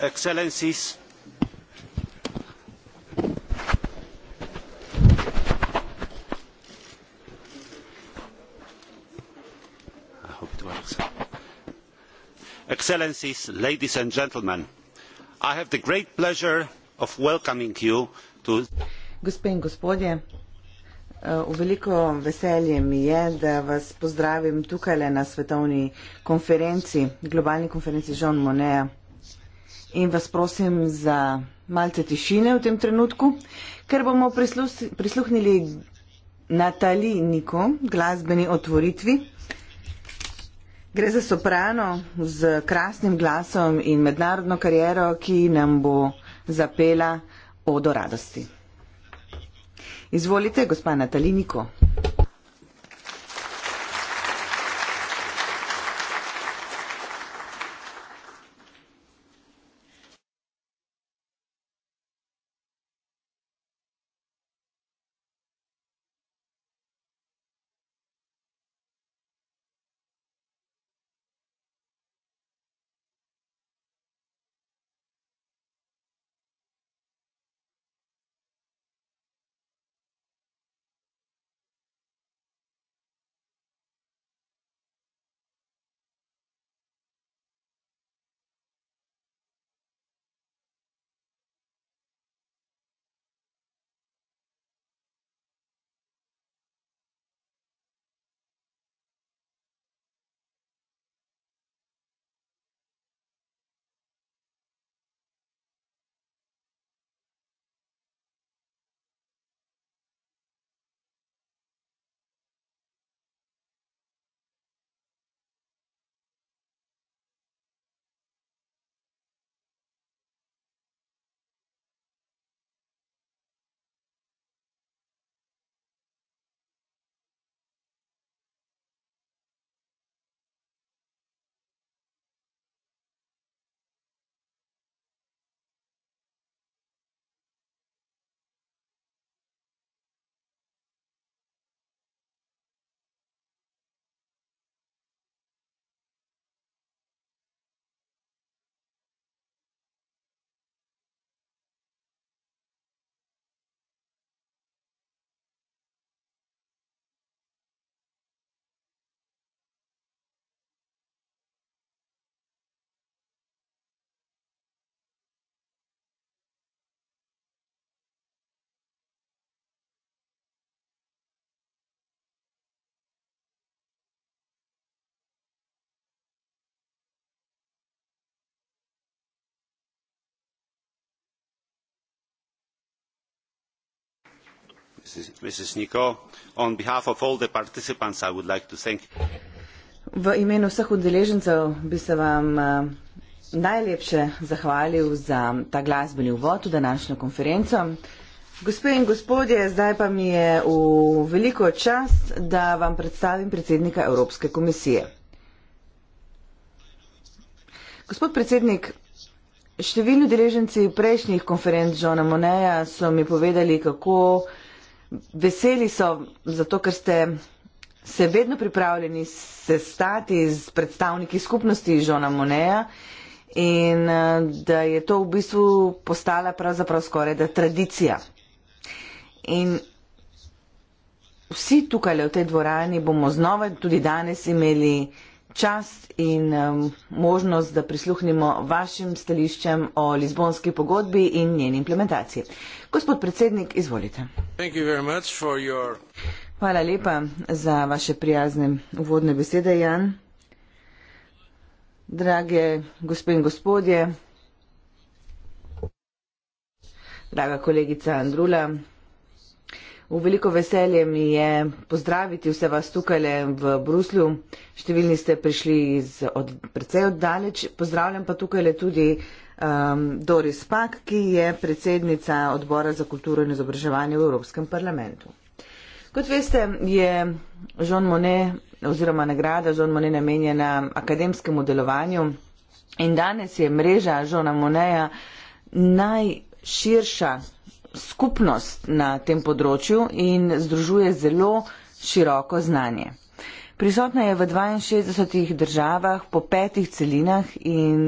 excellencies excellencies ladies and gentlemen i have the great pleasure of welcoming you to Gospe in gospodje, eh, v veliko veselje mi je, da vas pozdravim tukaj na svetovni konferenci, globalni konferenci Jean Moneta in vas prosim za malce tišine v tem trenutku, ker bomo prislus, prisluhnili Natali Niko, glasbeni otvoritvi. Gre za soprano z krasnim glasom in mednarodno kariero, ki nam bo zapela odo radosti. Izvolite, gospa Natali Niko. ms nicot v imenu vseh udeležencev bi se vam uh, najlepše zahvalil za ta glasbeni uvod v današnjo konferenco. Gospe in gospodje, zdaj pa mi je v veliko čast, da vam predstavim predsednika Evropske komisije. Gospod predsednik, številni udeleženci prejšnjih konferenc Žona Moneja so mi povedali, kako veseli so zato, ker ste se vedno pripravljeni sestati z predstavniki skupnosti Žona Moneja in eh, da je to v bistvu postala pravzaprav skoraj da tradicija. In vsi tukaj v tej dvorani bomo znova tudi danes imeli čast in um, možnost, da prisluhnimo vašim stališčem o Lizbonski pogodbi in njeni implementaciji. Gospod predsednik, izvolite. Your... Hvala lepa za vaše prijazne uvodne besede, Jan. Drage gospe in gospodje, draga kolegica Andrula. V veliko veselje mi je pozdraviti vse vas tukaj v Bruslju. Številni ste prišli iz od, precej oddaleč. Pozdravljam pa tukaj tudi um, Doris Pak, ki je predsednica odbora za kulturo in izobraževanje v Evropskem parlamentu. Kot veste, je Jean Monnet oziroma nagrada Jean Monnet namenjena akademskemu delovanju in danes je mreža Jeana Moneja najširša skupnost na tem področju in združuje zelo široko znanje. Prisotna je v 62 državah po petih celinah in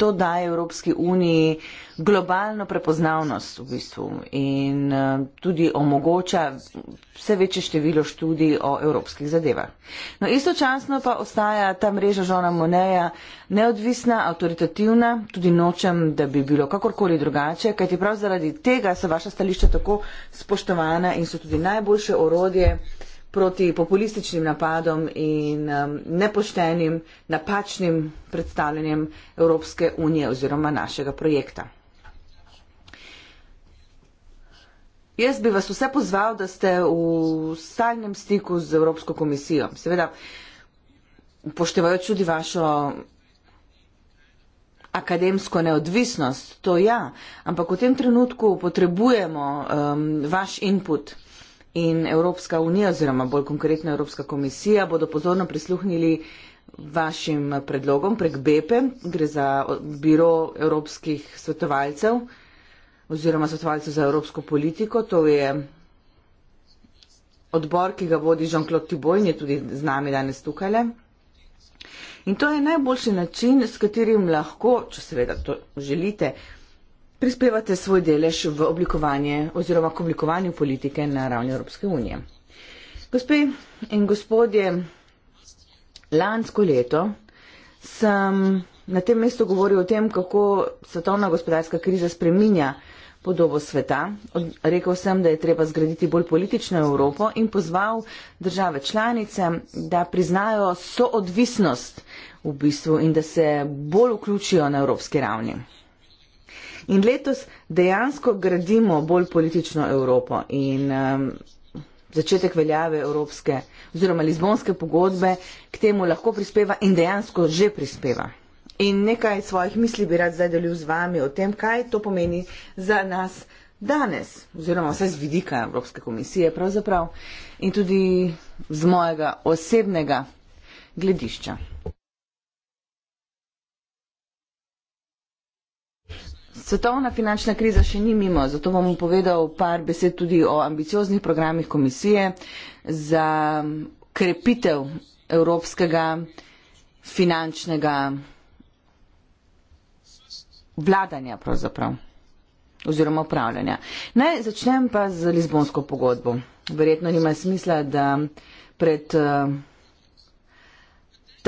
to daje Evropski uniji globalno prepoznavnost v bistvu in eh, tudi omogoča vse večje število študij o evropskih zadevah. No, istočasno pa ostaja ta mreža Žona Moneja neodvisna, autoritativna, tudi nočem, da bi bilo kakorkoli drugače, kajti prav zaradi tega so vaša stališča tako spoštovana in so tudi najboljše orodje proti populističnim napadom in um, nepoštenim, napačnim predstavljanjem Evropske unije oziroma našega projekta. Jaz bi vas vse pozval, da ste v stalnem stiku z Evropsko komisijo. Seveda, upoštevajo čudi vašo akademsko neodvisnost, to ja, ampak v tem trenutku potrebujemo um, vaš input in Evropska unija oziroma bolj konkretno Evropska komisija bodo pozorno prisluhnili vašim predlogom prek BEPE, gre za biro evropskih svetovalcev oziroma svetovalcev za evropsko politiko. To je odbor, ki ga vodi Jean-Claude Thibault in je tudi z nami danes tukaj. In to je najboljši način, s katerim lahko, če seveda to želite, prispevate svoj delež v oblikovanje oziroma k oblikovanju politike na ravni Evropske unije. Gospe in gospodje, lansko leto sem na tem mestu govoril o tem, kako svetovna gospodarska kriza spreminja podobo sveta. Rekel sem, da je treba zgraditi bolj politično Evropo in pozval države članice, da priznajo soodvisnost v bistvu in da se bolj vključijo na evropski ravni. In letos dejansko gradimo bolj politično Evropo in um, začetek veljave Evropske oziroma Lizbonske pogodbe k temu lahko prispeva in dejansko že prispeva. In nekaj svojih misli bi rad zdaj delil z vami o tem, kaj to pomeni za nas danes oziroma vse z vidika Evropske komisije pravzaprav in tudi z mojega osebnega gledišča. Svetovna finančna kriza še ni mimo, zato bom povedal par besed tudi o ambicioznih programih komisije za krepitev evropskega finančnega vladanja pravzaprav oziroma upravljanja. Naj začnem pa z Lizbonsko pogodbo. Verjetno nima smisla, da pred eh,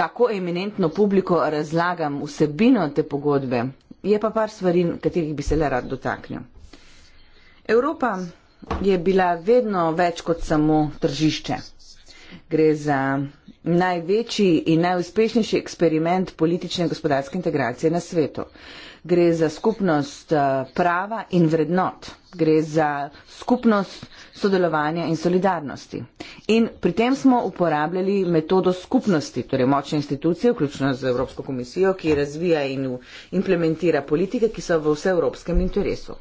tako eminentno publiko razlagam vsebino te pogodbe je pa par stvari, katerih bi se le rad dotaknil. Evropa je bila vedno več kot samo tržišče. Gre za največji in najuspešnejši eksperiment politične in gospodarske integracije na svetu gre za skupnost eh, prava in vrednot, gre za skupnost sodelovanja in solidarnosti. In pri tem smo uporabljali metodo skupnosti, torej močne institucije, vključno z Evropsko komisijo, ki razvija in implementira politike, ki so v vseevropskem interesu.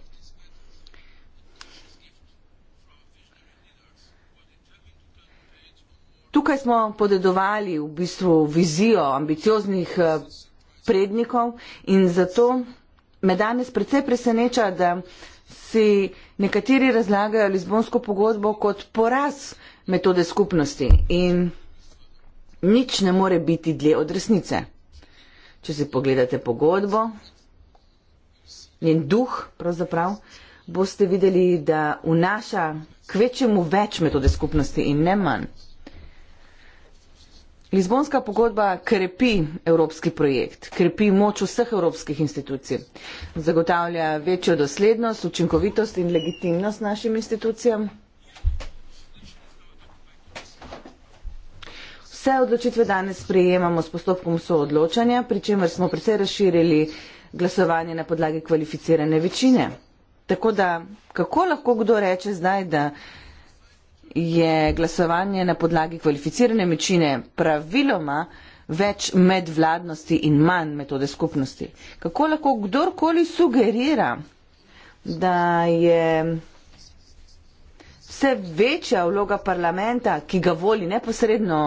Tukaj smo podedovali v bistvu vizijo ambicioznih eh, prednikov in zato me danes precej preseneča, da si nekateri razlagajo Lizbonsko pogodbo kot poraz metode skupnosti in nič ne more biti dlje od resnice. Če si pogledate pogodbo, njen duh pravzaprav, boste videli, da vnaša k večjemu več metode skupnosti in ne manj. Lizbonska pogodba krepi evropski projekt, krepi moč vseh evropskih institucij, zagotavlja večjo doslednost, učinkovitost in legitimnost našim institucijam. Vse odločitve danes sprejemamo s postopkom soodločanja, pri čemer smo precej razširili glasovanje na podlagi kvalificirane večine. Tako da, kako lahko kdo reče zdaj, da je glasovanje na podlagi kvalificirane večine praviloma več medvladnosti in manj metode skupnosti. Kako lahko kdorkoli sugerira, da je vse večja vloga parlamenta, ki ga voli neposredno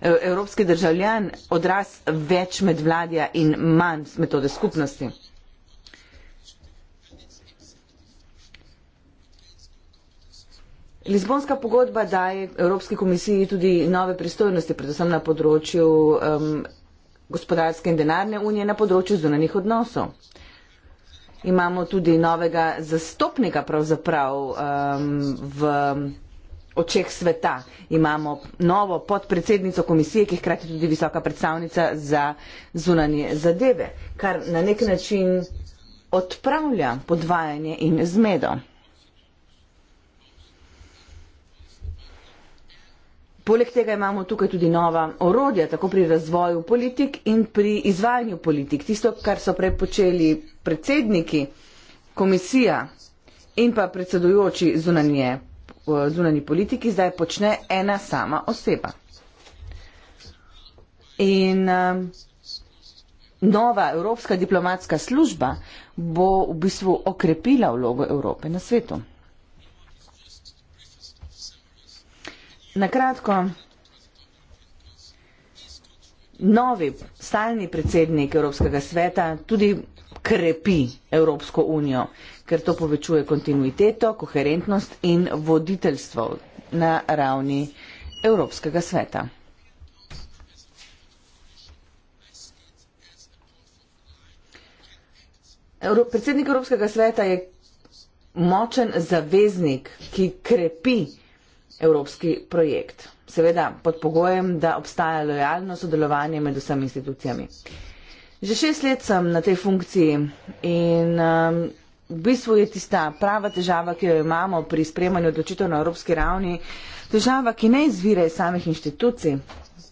eh, evropski državljan, odraz več medvladja in manj metode skupnosti? Lizbonska pogodba daje Evropski komisiji tudi nove pristojnosti, predvsem na področju um, gospodarske in denarne unije, na področju zunanih odnosov. Imamo tudi novega zastopnika pravzaprav um, v očeh sveta. Imamo novo podpredsednico komisije, ki je hkrati tudi visoka predstavnica za zunanje zadeve, kar na nek način odpravlja podvajanje in zmedo. Poleg tega imamo tukaj tudi nova orodja, tako pri razvoju politik in pri izvajanju politik. Tisto, kar so prej počeli predsedniki, komisija in pa predsedujoči zunanje, zunani politiki, zdaj počne ena sama oseba. In um, nova evropska diplomatska služba bo v bistvu okrepila vlogo Evrope na svetu. Na kratko, novi stalni predsednik Evropskega sveta tudi krepi Evropsko unijo, ker to povečuje kontinuiteto, koherentnost in voditeljstvo na ravni Evropskega sveta. Evrop, predsednik Evropskega sveta je močen zaveznik, ki krepi evropski projekt. Seveda pod pogojem, da obstaja lojalno sodelovanje med vsemi institucijami. Že šest let sem na tej funkciji in um, v bistvu je tista prava težava, ki jo imamo pri spremanju odločitev na evropski ravni, težava, ki ne izvira iz samih inštitucij,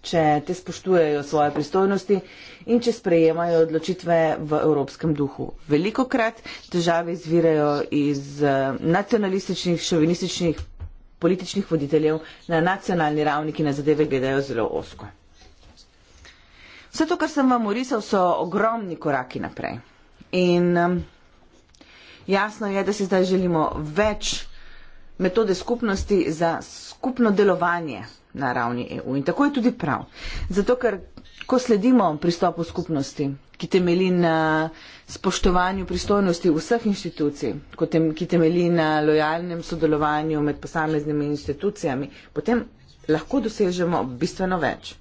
če te spoštujejo svoje pristojnosti in če sprejemajo odločitve v evropskem duhu. Veliko krat težave izvirajo iz uh, nacionalističnih, šovinističnih političnih voditeljev na nacionalni ravni, ki na zadeve gledajo zelo osko. Vse to, kar sem vam urisal, so ogromni koraki naprej. In um, jasno je, da si zdaj želimo več metode skupnosti za skupno delovanje na ravni EU. In tako je tudi prav. Zato, ker ko sledimo pristopu skupnosti, ki temeli na spoštovanju pristojnosti vseh institucij, tem, ki temelji na lojalnem sodelovanju med posameznimi institucijami, potem lahko dosežemo bistveno več.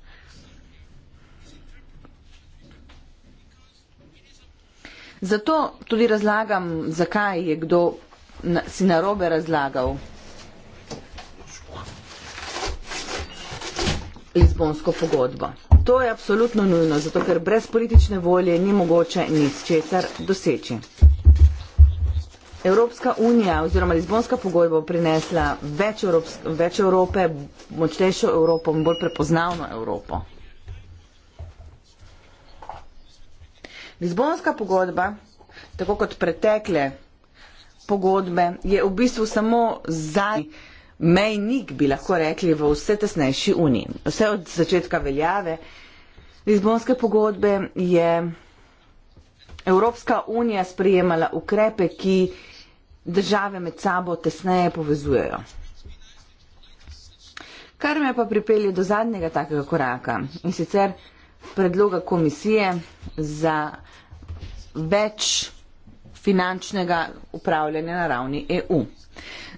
Zato tudi razlagam, zakaj je kdo si narobe razlagal Lizbonsko pogodbo. To je absolutno nujno, zato ker brez politične volje ni mogoče nič česar doseči. Evropska unija oziroma Lizbonska pogodba bo prinesla več, Evropske, več Evrope, močnejšo Evropo in bolj prepoznavno Evropo. Lizbonska pogodba, tako kot pretekle pogodbe, je v bistvu samo zadnji mejnik, bi lahko rekli, v vse tesnejši uniji. Vse od začetka veljave Lizbonske pogodbe je Evropska unija sprejemala ukrepe, ki države med sabo tesneje povezujejo. Kar me pa pripelje do zadnjega takega koraka in sicer predloga komisije za več finančnega upravljanja na ravni EU.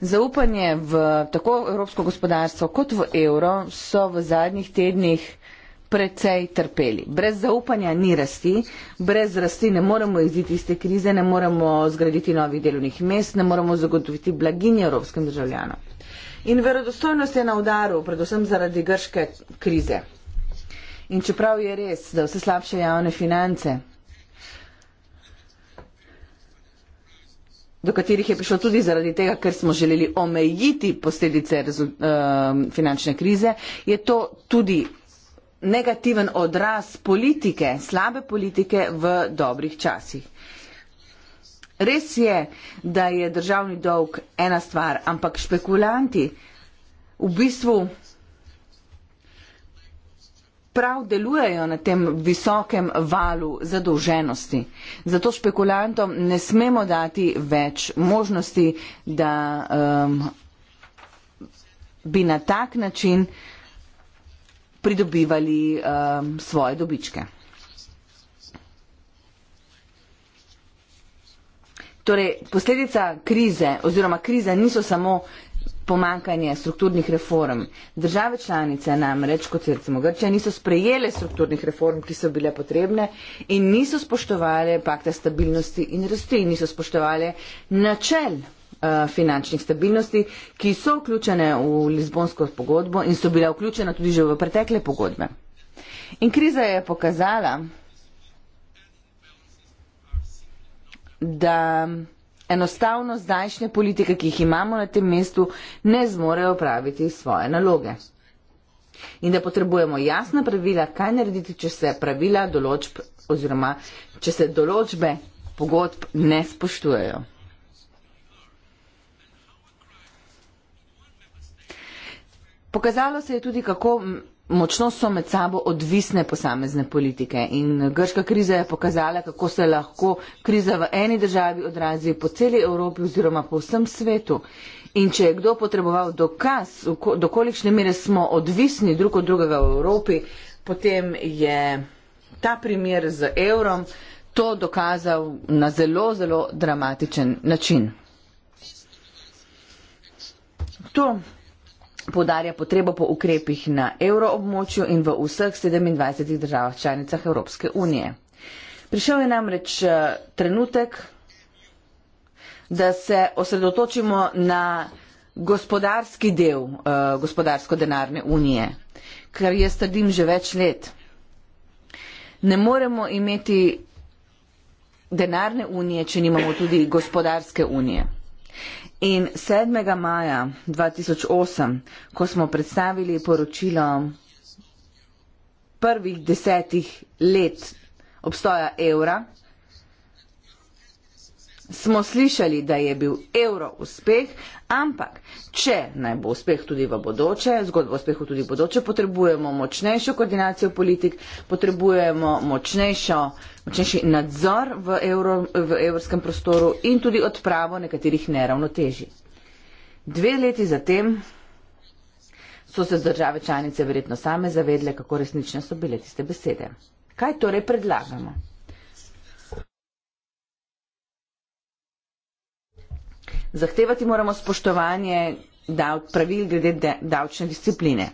Zaupanje v tako evropsko gospodarstvo kot v evro so v zadnjih tednih precej trpeli. Brez zaupanja ni rasti, brez rasti ne moremo iziti iz te krize, ne moremo zgraditi novih delovnih mest, ne moremo zagotoviti blaginje evropskim državljanom. In verodostojnost je na udaru, predvsem zaradi grške krize. In čeprav je res, da vse slabše javne finance, do katerih je prišlo tudi zaradi tega, ker smo želeli omejiti posledice um, finančne krize, je to tudi negativen odraz politike, slabe politike v dobrih časih. Res je, da je državni dolg ena stvar, ampak špekulanti v bistvu prav delujejo na tem visokem valu zadolženosti. Zato špekulantom ne smemo dati več možnosti, da um, bi na tak način pridobivali um, svoje dobičke. Torej, posledica krize oziroma kriza niso samo pomankanje strukturnih reform. Države članice namreč, kot se recimo Grčija, niso sprejele strukturnih reform, ki so bile potrebne in niso spoštovale pakta stabilnosti in rasti, niso spoštovale načel eh, finančnih stabilnosti, ki so vključene v Lizbonsko pogodbo in so bila vključena tudi že v pretekle pogodbe. In kriza je pokazala, da enostavno zdajšnje politike, ki jih imamo na tem mestu, ne zmorejo praviti svoje naloge. In da potrebujemo jasna pravila, kaj narediti, če se pravila določb oziroma če se določbe pogodb ne spoštujejo. Pokazalo se je tudi, kako Močno so med sabo odvisne posamezne politike in grška kriza je pokazala, kako se lahko kriza v eni državi odrazi po celi Evropi oziroma po vsem svetu. In če je kdo potreboval dokaz, do kolikšne mere smo odvisni drug od drugega v Evropi, potem je ta primer z evrom to dokazal na zelo, zelo dramatičen način. To podarja potrebo po ukrepih na evroobmočju in v vseh 27 državah članicah Evropske unije. Prišel je namreč eh, trenutek, da se osredotočimo na gospodarski del uh, gospodarsko-denarne unije, kar jaz trdim že več let. Ne moremo imeti denarne unije, če nimamo tudi gospodarske unije. In 7. maja 2008, ko smo predstavili poročilo prvih desetih let obstoja evra, smo slišali, da je bil evro uspeh, ampak če naj bo uspeh tudi v bodoče, zgodbo uspehu tudi v bodoče, potrebujemo močnejšo koordinacijo politik, potrebujemo močnejšo, močnejši nadzor v, evro, v evropskem prostoru in tudi odpravo nekaterih neravnoteži. Dve leti zatem so se države članice verjetno same zavedle, kako resnične so bile tiste besede. Kaj torej predlagamo? zahtevati moramo spoštovanje pravil glede davčne discipline.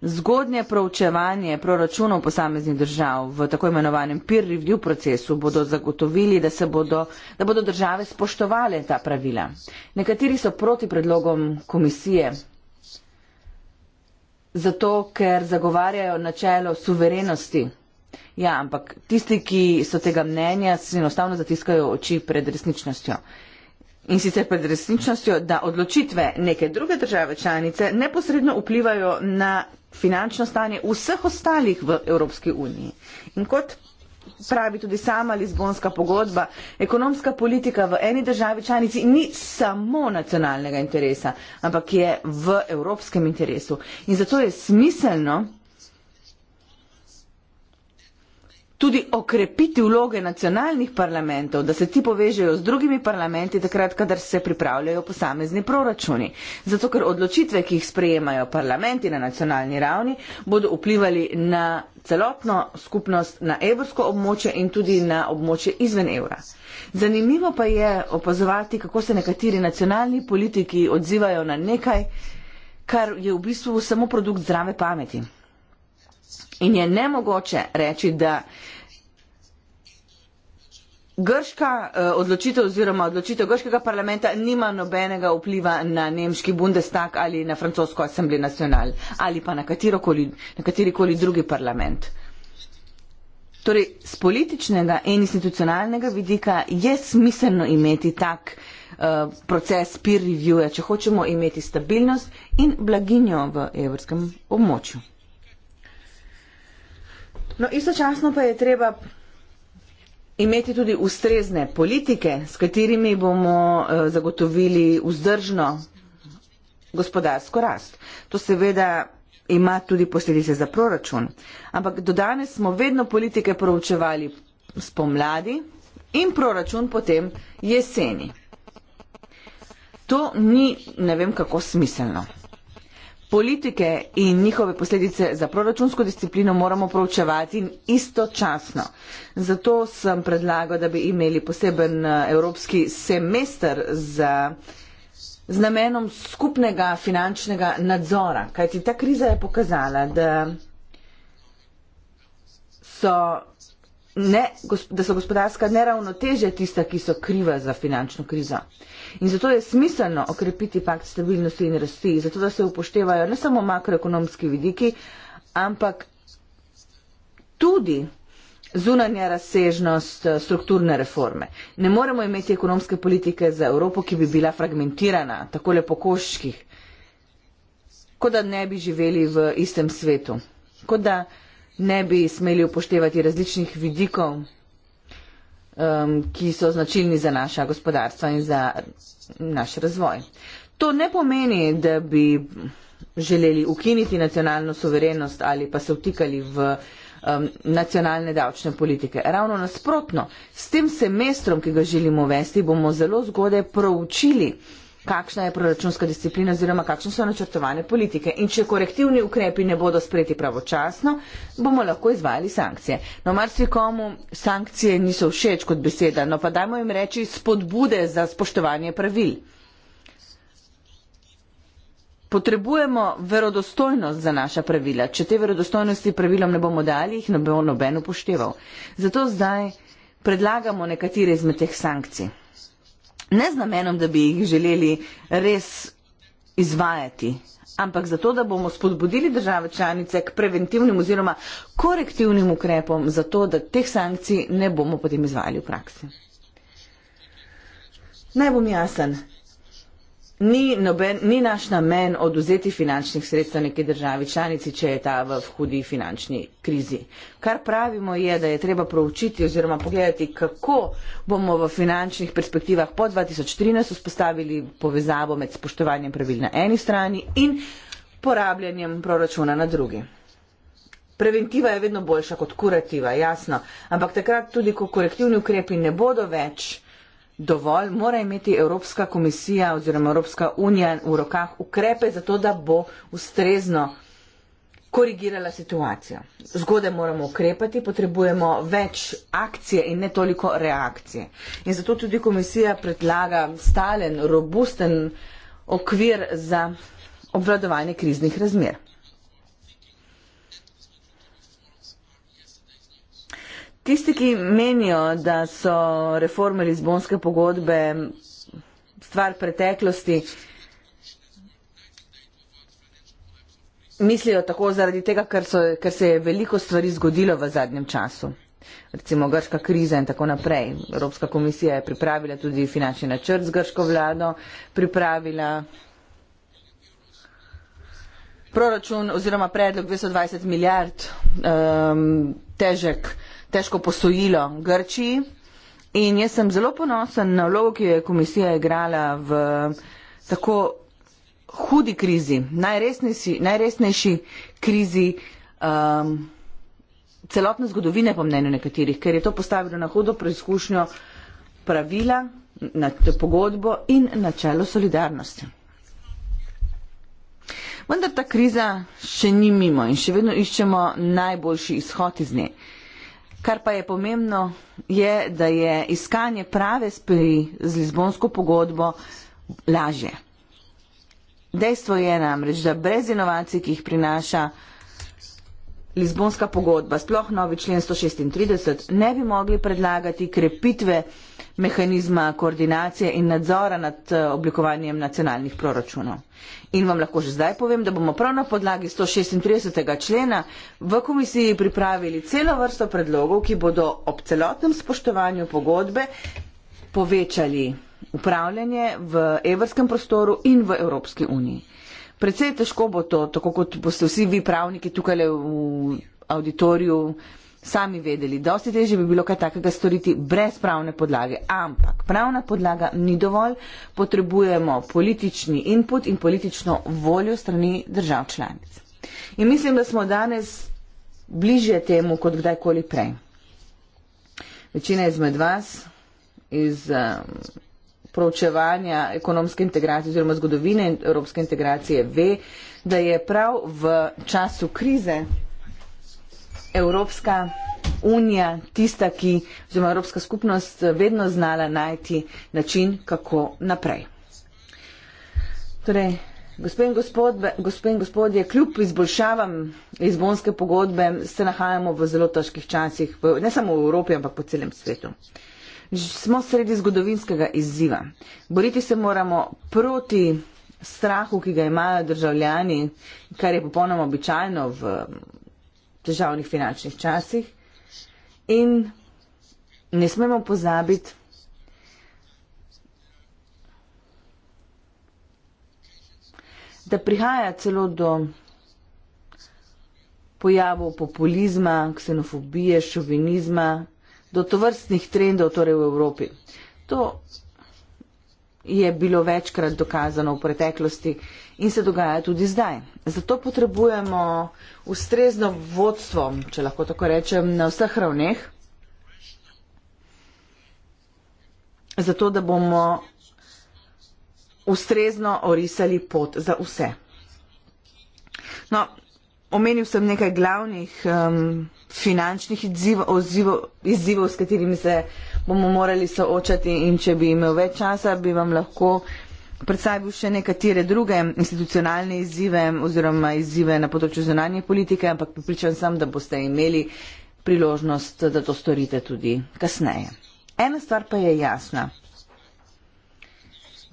Zgodnje proučevanje proračunov posameznih držav v tako imenovanem peer review procesu bodo zagotovili, da, bodo, da bodo države spoštovale ta pravila. Nekateri so proti predlogom komisije, zato ker zagovarjajo načelo suverenosti. Ja, ampak tisti, ki so tega mnenja, si enostavno zatiskajo oči pred resničnostjo. In sicer pred resničnostjo, da odločitve neke druge države članice neposredno vplivajo na finančno stanje vseh ostalih v Evropski uniji. In kot pravi tudi sama Lizbonska pogodba, ekonomska politika v eni državi članici ni samo nacionalnega interesa, ampak je v evropskem interesu. In zato je smiselno, tudi okrepiti vloge nacionalnih parlamentov, da se ti povežejo z drugimi parlamenti, takrat, kadar se pripravljajo posamezni proračuni. Zato, ker odločitve, ki jih sprejemajo parlamenti na nacionalni ravni, bodo vplivali na celotno skupnost, na evrsko območje in tudi na območje izven evra. Zanimivo pa je opazovati, kako se nekateri nacionalni politiki odzivajo na nekaj, kar je v bistvu samo produkt zdrave pameti. In je nemogoče reči, da grška uh, odločitev oziroma odločitev grškega parlamenta nima nobenega vpliva na nemški Bundestag ali na francosko asamblejo nacional ali pa na, na katerikoli drugi parlament. Torej, z političnega in institucionalnega vidika je smiselno imeti tak uh, proces peer review, če hočemo imeti stabilnost in blaginjo v evropskem območju. No, istočasno pa je treba imeti tudi ustrezne politike, s katerimi bomo eh, zagotovili vzdržno gospodarsko rast. To seveda ima tudi posledice za proračun. Ampak do danes smo vedno politike proučevali spomladi in proračun potem jeseni. To ni ne vem kako smiselno. Politike in njihove posledice za proračunsko disciplino moramo proučevati istočasno. Zato sem predlagal, da bi imeli poseben eh, evropski semester za, z namenom skupnega finančnega nadzora, kajti ta kriza je pokazala, da so ne, da so gospodarska neravnotežja tista, ki so kriva za finančno krizo. In zato je smiselno okrepiti pakt stabilnosti in rasti, zato da se upoštevajo ne samo makroekonomski vidiki, ampak tudi zunanja razsežnost eh, strukturne reforme. Ne moremo imeti ekonomske politike za Evropo, ki bi bila fragmentirana, tako lepo koščkih, kot da ne bi živeli v istem svetu. Kot da ne bi smeli upoštevati različnih vidikov, um, ki so značilni za naša gospodarstva in za naš razvoj. To ne pomeni, da bi želeli ukiniti nacionalno suverenost ali pa se vtikali v um, nacionalne davčne politike. Ravno nasprotno, s tem semestrom, ki ga želimo vesti, bomo zelo zgodaj proučili, kakšna je proračunska disciplina oziroma kakšne so načrtovane politike. In če korektivni ukrepi ne bodo sprejeti pravočasno, bomo lahko izvajali sankcije. No, marsikomu sankcije niso všeč kot beseda, no pa dajmo jim reči spodbude za spoštovanje pravil. Potrebujemo verodostojnost za naša pravila. Če te verodostojnosti pravilom ne bomo dali, jih ne bo noben upošteval. Zato zdaj predlagamo nekatere izmed teh sankcij ne z namenom, da bi jih želeli res izvajati, ampak zato, da bomo spodbudili države članice k preventivnim oziroma korektivnim ukrepom, zato da teh sankcij ne bomo potem izvajali v praksi. Naj bom jasen. Ni, noben, ni naš namen oduzeti finančnih sredstev neki državi članici, če je ta v hudi finančni krizi. Kar pravimo je, da je treba proučiti oziroma pogledati, kako bomo v finančnih perspektivah po 2013 vzpostavili povezavo med spoštovanjem pravil na eni strani in porabljanjem proračuna na drugi. Preventiva je vedno boljša kot kurativa, jasno, ampak takrat tudi, ko korektivni ukrepi ne bodo več dovolj, mora imeti Evropska komisija oziroma Evropska unija v rokah ukrepe za to, da bo ustrezno korigirala situacijo. Zgode moramo ukrepati, potrebujemo več akcije in ne toliko reakcije. In zato tudi komisija predlaga stalen, robusten okvir za obvladovanje kriznih razmer. Tisti, ki menijo, da so reforme Lizbonske pogodbe stvar preteklosti, mislijo tako zaradi tega, ker, so, ker se je veliko stvari zgodilo v zadnjem času. Recimo grška kriza in tako naprej. Evropska komisija je pripravila tudi finančni načrt z grško vlado, pripravila proračun oziroma predlog 220 milijard um, težek težko posojilo Grčiji. In jaz sem zelo ponosen na vlogo, ki jo je komisija igrala v tako hudi krizi, najresnejši krizi um, celotne zgodovine, po mnenju nekaterih, ker je to postavilo na hudo preizkušnjo pravila, na pogodbo in načelo solidarnosti. Vendar ta kriza še ni mimo in še vedno iščemo najboljši izhod iz nje. Kar pa je pomembno, je, da je iskanje prave spri z Lizbonsko pogodbo lažje. Dejstvo je namreč, da brez inovacij, ki jih prinaša Lizbonska pogodba, sploh novi člen 136, ne bi mogli predlagati krepitve mehanizma koordinacije in nadzora nad eh, oblikovanjem nacionalnih proračunov. In vam lahko že zdaj povem, da bomo prav na podlagi 136. člena v komisiji pripravili celo vrsto predlogov, ki bodo ob celotnem spoštovanju pogodbe povečali upravljanje v evrskem prostoru in v Evropski uniji. Predvsej težko bo to, tako kot boste vsi vi pravniki tukaj v auditoriju sami vedeli. Dosti težje bi bilo kaj takega storiti brez pravne podlage. Ampak pravna podlaga ni dovolj, potrebujemo politični input in politično voljo strani držav članic. In mislim, da smo danes bliže temu kot kdajkoli prej. Večina izmed vas iz. Um, proučevanja ekonomske integracije oziroma zgodovine evropske integracije ve, da je prav v času krize Evropska unija tista, ki oziroma Evropska skupnost vedno znala najti način, kako naprej. Torej, Gospod in, gospod, gospod in gospodje, kljub izboljšavam izbonske pogodbe se nahajamo v zelo težkih časih, ne samo v Evropi, ampak po celem svetu. Uh, smo sredi zgodovinskega izziva. Boriti se moramo proti strahu, ki ga imajo državljani, kar je popolnoma običajno v državnih finančnih časih. In ne smemo pozabiti, da prihaja celo do pojavov populizma, ksenofobije, šovinizma, do tovrstnih trendov torej v Evropi. To je bilo večkrat dokazano v preteklosti in se dogaja tudi zdaj. Zato potrebujemo ustrezno vodstvo, če lahko tako rečem, na vseh ravneh, zato da bomo ustrezno orisali pot za vse. No, Omenil sem nekaj glavnih um, finančnih izzivov, izzivo, izzivo, s katerimi se bomo morali soočati in če bi imel več časa, bi vam lahko predstavil še nekatere druge institucionalne izzive oziroma izzive na področju zunanje politike, ampak pripričan sem, da boste imeli priložnost, da to storite tudi kasneje. Ena stvar pa je jasna.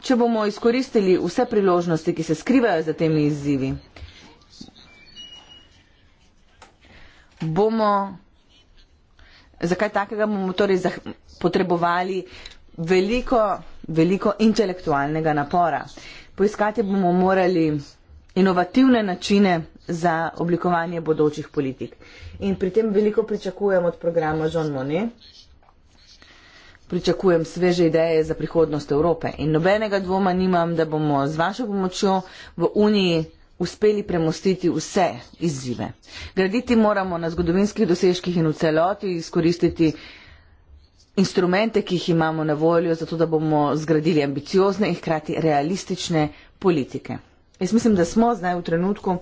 Če bomo izkoristili vse priložnosti, ki se skrivajo za temi izzivi, bomo, zakaj takega bomo torej zah, potrebovali veliko, veliko intelektualnega napora. Poiskati bomo morali inovativne načine za oblikovanje bodočih politik. In pri tem veliko pričakujem od programa Jean Monnet. Pričakujem sveže ideje za prihodnost Evrope. In nobenega dvoma nimam, da bomo z vašo pomočjo v Uniji uspeli premostiti vse izzive. Graditi moramo na zgodovinskih dosežkih in v celoti izkoristiti instrumente, ki jih imamo na voljo, zato da bomo zgradili ambiciozne in hkrati realistične politike. Jaz mislim, da smo zdaj v trenutku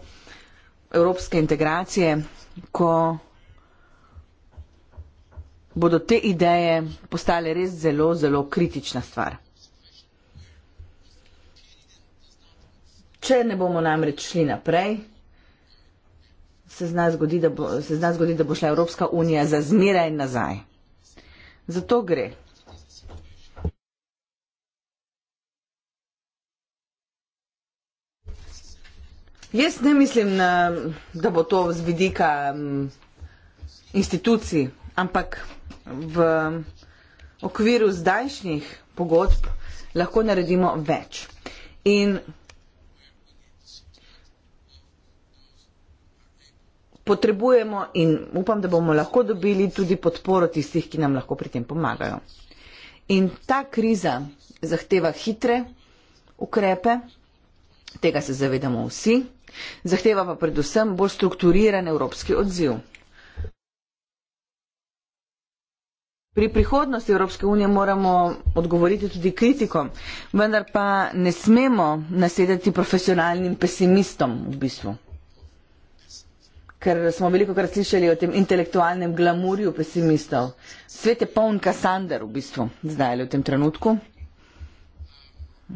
evropske integracije, ko bodo te ideje postale res zelo, zelo kritična stvar. Če ne bomo namreč šli naprej, se zna zgoditi, da, bo, zgodi, da bo šla Evropska unija za zmeraj nazaj. Zato gre. Jaz ne mislim, da bo to z vidika mm, institucij, ampak v okviru zdajšnjih pogodb lahko naredimo več. In potrebujemo in upam, da bomo lahko dobili tudi podporo tistih, ki nam lahko pri tem pomagajo. In ta kriza zahteva hitre ukrepe, tega se zavedamo vsi, zahteva pa predvsem bolj strukturiran evropski odziv. Pri prihodnosti Evropske unije moramo odgovoriti tudi kritikom, vendar pa ne smemo nasedati profesionalnim pesimistom v bistvu ker smo veliko krat slišali o tem intelektualnem glamurju pesimistov. Svet je poln Kassandr v bistvu, zdaj ali v tem trenutku.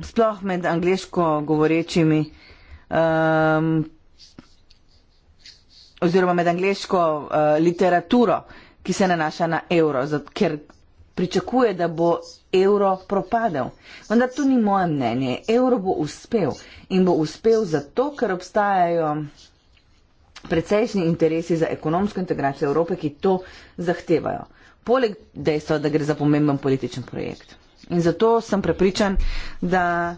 Sploh med angliško govorečimi, um, oziroma med angliško uh, eh, literaturo, ki se nanaša na evro, zato, ker pričakuje, da bo evro propadel. Vendar to ni moje mnenje. Evro bo uspel in bo uspel zato, ker obstajajo precejšnji interesi za ekonomsko integracijo Evrope, ki to zahtevajo. Poleg dejstva, da gre za pomemben političen projekt. In zato sem prepričan, da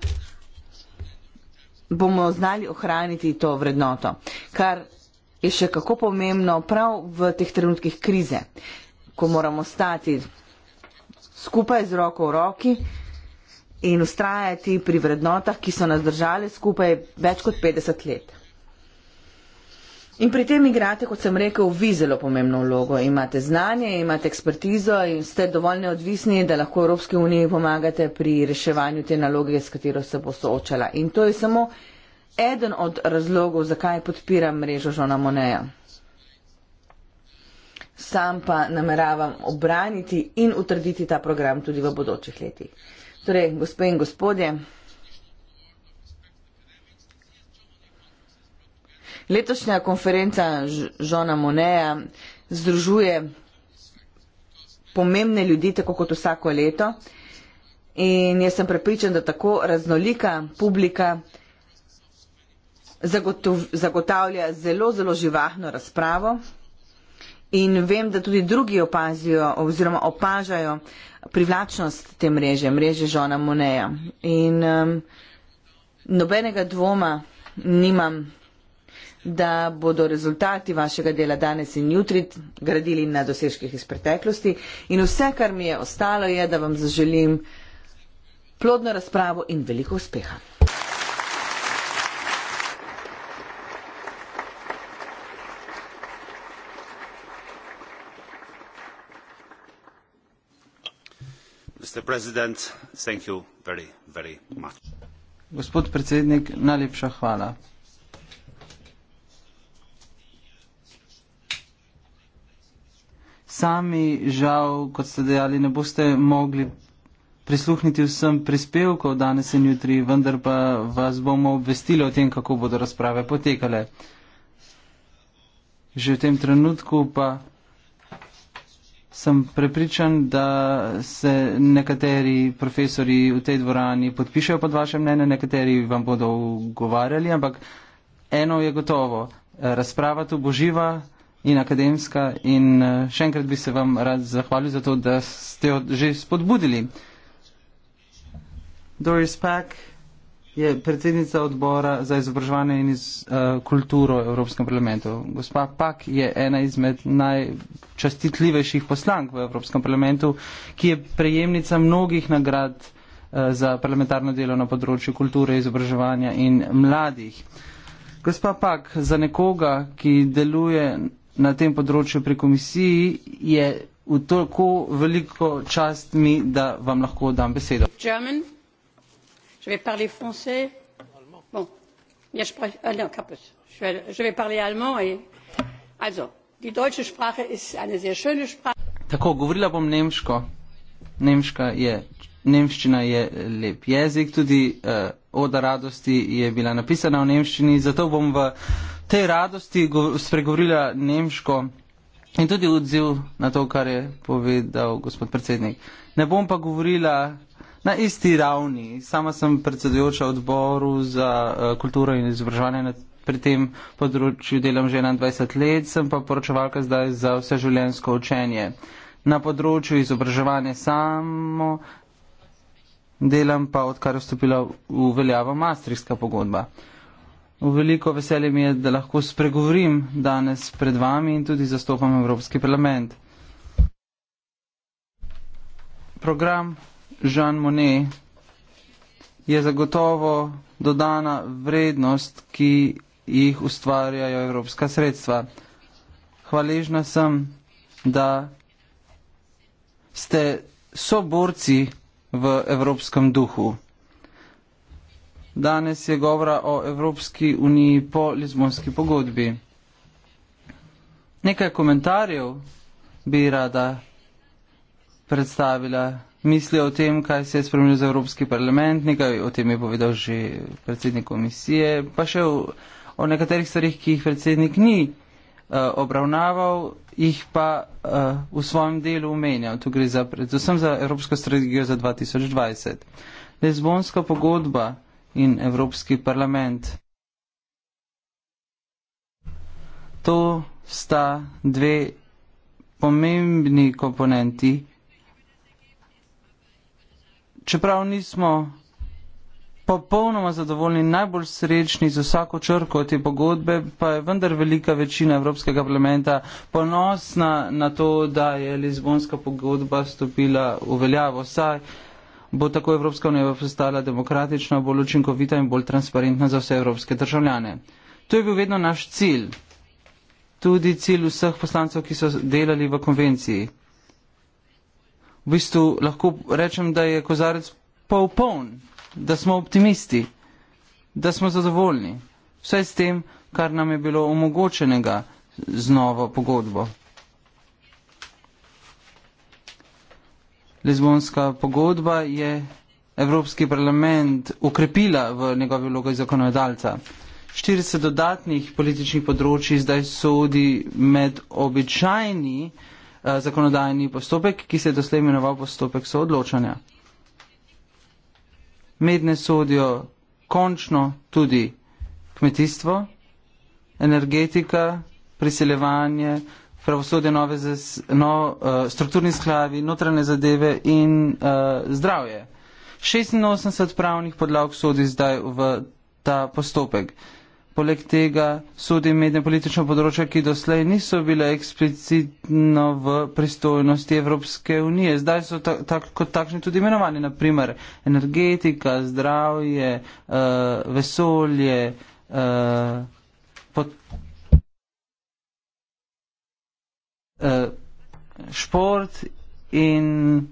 bomo znali ohraniti to vrednoto, kar je še kako pomembno prav v teh trenutkih krize, ko moramo stati skupaj z roko v roki in ustrajati pri vrednotah, ki so nas držali skupaj več kot 50 let. In pri tem igrate, kot sem rekel, vi zelo pomembno vlogo. Imate znanje, imate ekspertizo in ste dovolj neodvisni, da lahko Evropski uniji pomagate pri reševanju te naloge, s katero se bo soočala. In to je samo eden od razlogov, zakaj podpiram mrežo Žona Moneja. Sam pa nameravam obraniti in utrditi ta program tudi v bodočih letih. Torej, gospe in gospodje, Letošnja konferenca Žona Moneja združuje pomembne ljudi, tako kot vsako leto. In jaz sem prepričan, da tako raznolika publika zagotov, zagotavlja zelo, zelo živahno razpravo. In vem, da tudi drugi opazijo oziroma opažajo privlačnost te mreže, mreže Žona Moneja. In um, nobenega dvoma nimam da bodo rezultati vašega dela danes in jutri gradili na dosežkih iz preteklosti. In vse, kar mi je ostalo, je, da vam zaželim plodno razpravo in veliko uspeha. Mr. President, thank you very, very much. Gospod predsednik, najlepša hvala. sami, žal, kot ste dejali, ne boste mogli prisluhniti vsem prispevkov danes in jutri, vendar pa vas bomo obvestili o tem, kako bodo razprave potekale. Že v tem trenutku pa sem prepričan, da se nekateri profesori v tej dvorani podpišajo pod vaše mnenje, nekateri vam bodo ugovarjali, ampak eno je gotovo. Razprava tu bo živa in akademska. In eh, še enkrat bi se vam rad zahvalil za to, da ste jo že spodbudili. Doris Pack je predsednica odbora za izobraževanje in iz, uh, kulturo v Evropskem parlamentu. Gospa Pack je ena izmed najčastitljivejših poslank v Evropskem parlamentu, ki je prejemnica mnogih nagrad eh, za parlamentarno delo na področju kulture, izobraževanja in mladih. Gospa Pak, za nekoga, ki deluje na tem področju pri komisiji, je v toliko veliko čast mi, da vam lahko dam besedo. German? Je vais parler français. Bon, ja, je, spreche, ah, non, je, vais, je vais parler allemand. Et... Also, die deutsche Sprache ist eine sehr schöne Sprache. Tako, govorila bom nemško. Nemška je, nemščina je eh, lep jezik, tudi uh, Oda radosti je bila napisana v nemščini, zato bom v tej radosti spregovorila nemško in tudi odziv na to, kar je povedal gospod predsednik. Ne bom pa govorila na isti ravni. Sama sem predsedujoča odboru za eh, kulturo in izobraževanje na pri tem področju delam že 21 let, sem pa poročevalka zdaj za vse življenjsko učenje. Na področju izobraževanja samo delam pa, odkar je vstopila v veljavo Maastrichtska pogodba. Veliko veselje mi je, da lahko spregovorim danes pred vami in tudi zastopam Evropski parlament. Program Jean Monnet je zagotovo dodana vrednost, ki jih ustvarjajo evropska sredstva. Hvaležna sem, da ste soborci v evropskem duhu. Danes je govora o Evropski uniji po Lizbonski pogodbi. Nekaj komentarjev bi rada predstavila. Misli o tem, kaj se je spremenil za Evropski parlament, nekaj o tem je povedal že predsednik komisije, pa še o, o nekaterih stvarih, ki jih predsednik ni uh, obravnaval, jih pa uh, v svojem delu omenjal. Tu gre za, predvsem za Evropsko strategijo za 2020. Lizbonska pogodba in Evropski parlament. To sta dve pomembni komponenti. Čeprav nismo popolnoma zadovoljni, najbolj srečni z vsako črko te pogodbe, pa je vendar velika večina Evropskega parlamenta ponosna na to, da je Lizbonska pogodba stopila v veljavo. Saj bo tako Evropska unija postala demokratična, bolj učinkovita in bolj transparentna za vse evropske državljane. To je bil vedno naš cilj, tudi cilj vseh poslancev, ki so delali v konvenciji. V bistvu lahko rečem, da je kozarec polpoln, da smo optimisti, da smo zadovoljni, vsaj s tem, kar nam je bilo omogočenega z novo pogodbo. Lizbonska pogodba je Evropski parlament ukrepila v njegovi vlogi zakonodalca. 40 dodatnih političnih področji zdaj sodi med običajni eh, zakonodajni postopek, ki se je doslej imenoval postopek soodločanja. Medne sodijo končno tudi kmetijstvo, energetika, priseljevanje, pravosodje, nove zes, no, uh, strukturni sklavi, notranje zadeve in uh, zdravje. 86 pravnih podlag sodi zdaj v ta postopek. Poleg tega sodi medne politično področje, ki doslej niso bile eksplicitno v pristojnosti Evropske unije. Zdaj so ta, ta, kot takšni tudi imenovani, naprimer energetika, zdravje, uh, vesolje, uh, Eh, šport in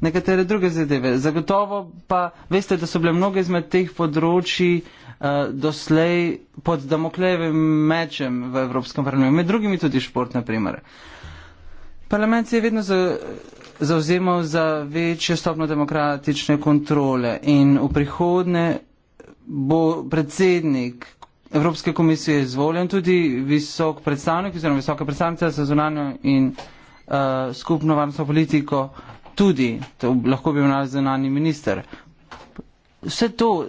nekatere druge zadeve. Zagotovo pa veste, da so bile mnoge izmed teh področji uh, doslej pod damoklejevim mečem v Evropskem parlamentu, med drugimi tudi šport, naprimer. Parlament se je vedno za, zauzemal za večjo stopno demokratične kontrole in v prihodne bo predsednik Evropske komisije izvoljen tudi visok predstavnik oziroma visoka predstavnica za zunanjo in uh, skupno varnostno politiko, tudi to lahko bi imenovali zunanji minister. Vse to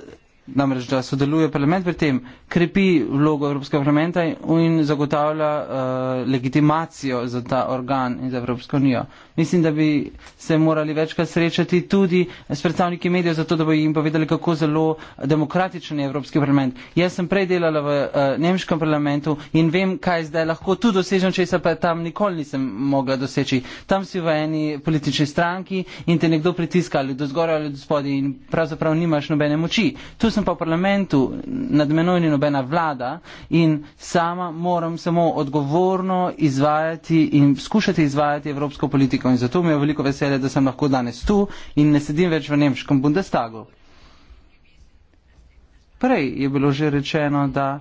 namreč, da sodeluje parlament pri tem, krepi vlogo Evropskega parlamenta in zagotavlja uh, legitimacijo za ta organ in za Evropsko unijo. Mislim, da bi se morali večkrat srečati tudi s predstavniki medijev, zato da bi jim povedali, kako zelo demokratičen je Evropski parlament. Jaz sem prej delala v uh, nemškem parlamentu in vem, kaj zdaj lahko tu dosežem, če se pa tam nikoli nisem mogla doseči. Tam si v eni politični stranki in te nekdo pritiska ali do zgoraj ali do spodaj in pravzaprav nimaš nobene moči. Tu sem pa v parlamentu nad menoj in nobene nobena vlada in sama moram samo odgovorno izvajati in skušati izvajati evropsko politiko. In zato mi je veliko veselje, da sem lahko danes tu in ne sedim več v nemškem Bundestagu. Prej je bilo že rečeno, da,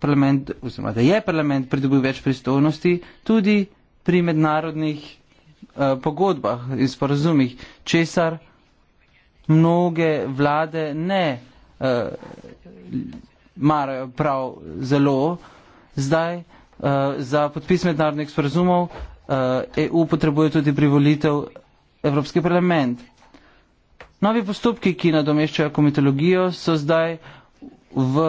parlament, oziroma, da je parlament pridobil več pristojnosti tudi pri mednarodnih eh, pogodbah in sporazumih, česar mnoge vlade ne eh, marajo prav zelo zdaj uh, za podpis mednarodnih sporazumov. Uh, eh, EU potrebuje tudi privolitev Evropski parlament. Novi postopki, ki nadomeščajo komitologijo, so zdaj v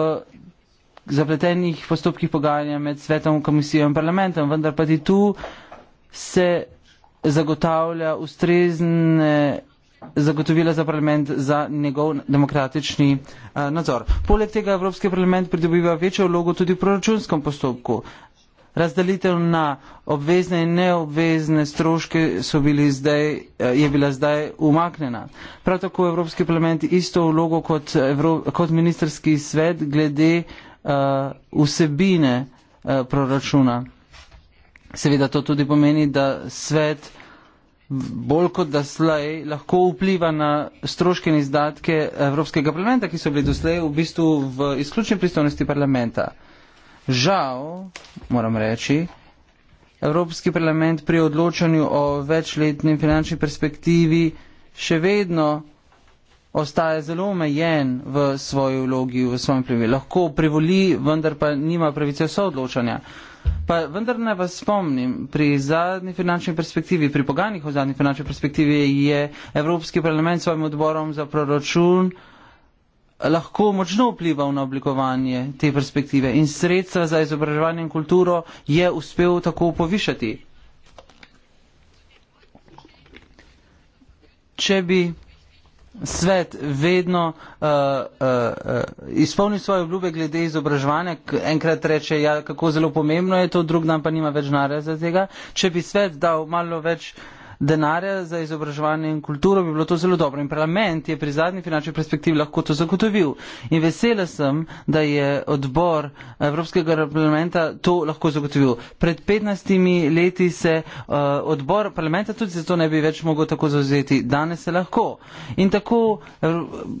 zapletenih postopkih pogajanja med svetom, komisijo in parlamentom, vendar pa tudi tu se zagotavlja ustrezne zagotovila za parlament za njegov demokratični eh, nadzor. Poleg tega Evropski parlament pridobiva večjo vlogo tudi v proračunskem postopku. Razdelitev na obvezne in neobvezne stroške bili zdaj, eh, je bila zdaj umaknjena. Prav tako Evropski parlament isto vlogo kot, Evro, kot ministerski svet glede uh, vsebine uh, proračuna. Seveda to tudi pomeni, da svet uh, bolj kot da slej lahko vpliva na stroške in izdatke Evropskega parlamenta, ki so bili doslej v bistvu v izključni pristojnosti parlamenta. Žal, moram reči, Evropski parlament pri odločanju o večletnem finančni perspektivi še vedno ostaje zelo omejen v svoji vlogi, v svojem privilegiju. Lahko privoli, vendar pa nima pravice soodločanja. odločanja. Pa vendar ne vas spomnim, pri zadnji finančni perspektivi, pri pogajanjih o zadnji finančni perspektivi je Evropski parlament s svojim odborom za proračun eh, lahko močno vplival na oblikovanje te perspektive in sredstva za izobraževanje in kulturo je uspel tako povišati. Če bi svet vedno uh, uh, uh, izpolnil svoje obljube glede izobraževanja, enkrat reče, ja, kako zelo pomembno je to, drug dan pa nima več nareza tega. Če bi svet dal malo več uh, denarja za izobraževanje in kulturo, bi bilo to zelo dobro. In parlament je pri zadnji finančni perspektivi lahko to zagotovil. In vesela sem, da je odbor Evropskega parlamenta to lahko zagotovil. Pred 15 leti se uh, odbor parlamenta tudi zato ne bi več mogel tako zauzeti. Danes se lahko. In tako eh,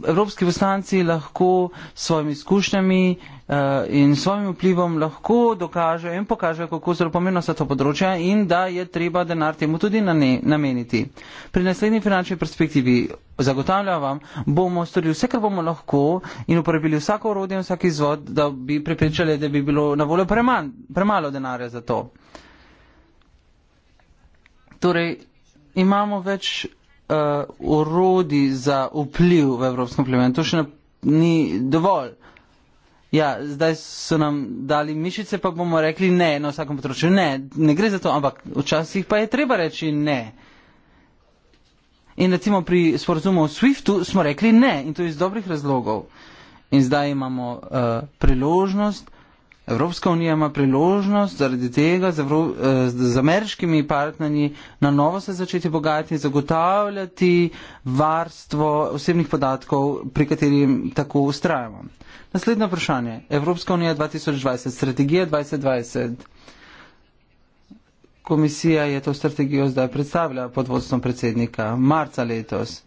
evropski poslanci lahko s svojimi izkušnjami Eh, in svojim vplivom lahko dokažejo in pokažejo, kako zelo pomembno so to področja in da je treba denar temu tudi na ne, nameniti. Pri naslednji finančni perspektivi zagotavljam vam, bomo storili vse, kar bomo lahko in uporabili vsako urodje in vsak izvod, da bi prepričali, da bi bilo na voljo preman, premalo denarja za to. Torej, imamo več uh, eh, orodi za vpliv v Evropskem parlamentu, še ne, ni dovolj. Ja, zdaj so nam dali mišice, pa bomo rekli ne na vsakem področju. Ne, ne gre za to, ampak včasih pa je treba reči ne. In recimo pri sporozumu o SWIFT-u smo rekli ne in to iz dobrih razlogov. In zdaj imamo uh, priložnost, Evropska unija ima priložnost zaradi tega z, Evro, eh, z ameriškimi partnerji na novo se začeti bogati in zagotavljati varstvo osebnih podatkov, pri katerim tako ustrajamo. Naslednje vprašanje. Evropska unija 2020, strategija 2020. Komisija je to strategijo zdaj predstavila pod vodstvom predsednika marca letos.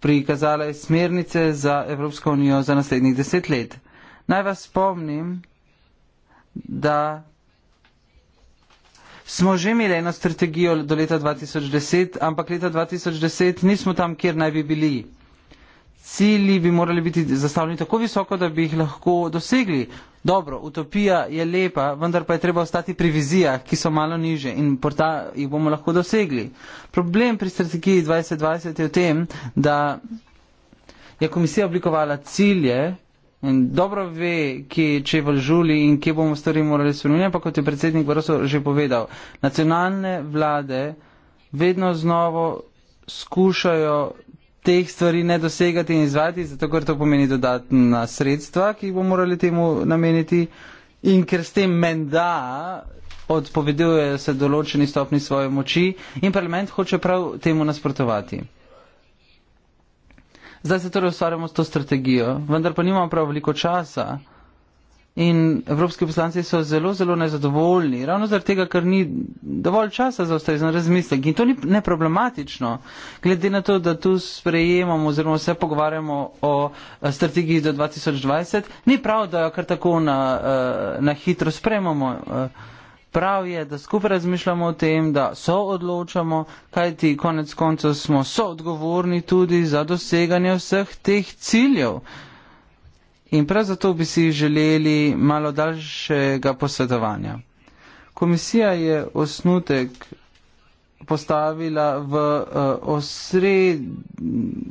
Prikazala je smernice za Evropsko unijo za naslednjih deset let. Naj vas spomnim, da smo že imeli eno strategijo do leta 2010, ampak leta 2010 nismo tam, kjer naj bi bili. Cili bi morali biti zastavljeni tako visoko, da bi jih lahko dosegli. Dobro, utopija je lepa, vendar pa je treba ostati pri vizijah, ki so malo niže in porta jih bomo lahko dosegli. Problem pri strategiji 2020 je v tem, da je komisija oblikovala cilje, In dobro ve, kje če v žuli in kje bomo stvari morali spremeniti, pa kot je predsednik Vrso že povedal, nacionalne vlade vedno znovo skušajo teh stvari ne dosegati in izvajati, zato ker to pomeni dodatna sredstva, ki jih bomo morali temu nameniti in ker s tem menda odpovedujejo se določeni stopni svoje moči in parlament hoče prav temu nasprotovati. Zdaj se torej ustvarjamo s to strategijo, vendar pa nimamo prav veliko časa. In evropski poslanci so zelo, zelo nezadovoljni, ravno zaradi tega, ker ni dovolj časa za ustrezen razmislek. In to ni neproblematično, glede na to, da tu sprejemamo oziroma se pogovarjamo o eh, strategiji do 2020, ni prav, da jo kar tako na, eh, na hitro sprejemamo. Eh, Prav je, da skupaj razmišljamo o tem, da so odločamo, kajti konec koncev smo soodgovorni tudi za doseganje vseh teh ciljev. In prav zato bi si želeli malo daljšega posvetovanja. Komisija je osnutek postavila v, eh, osred,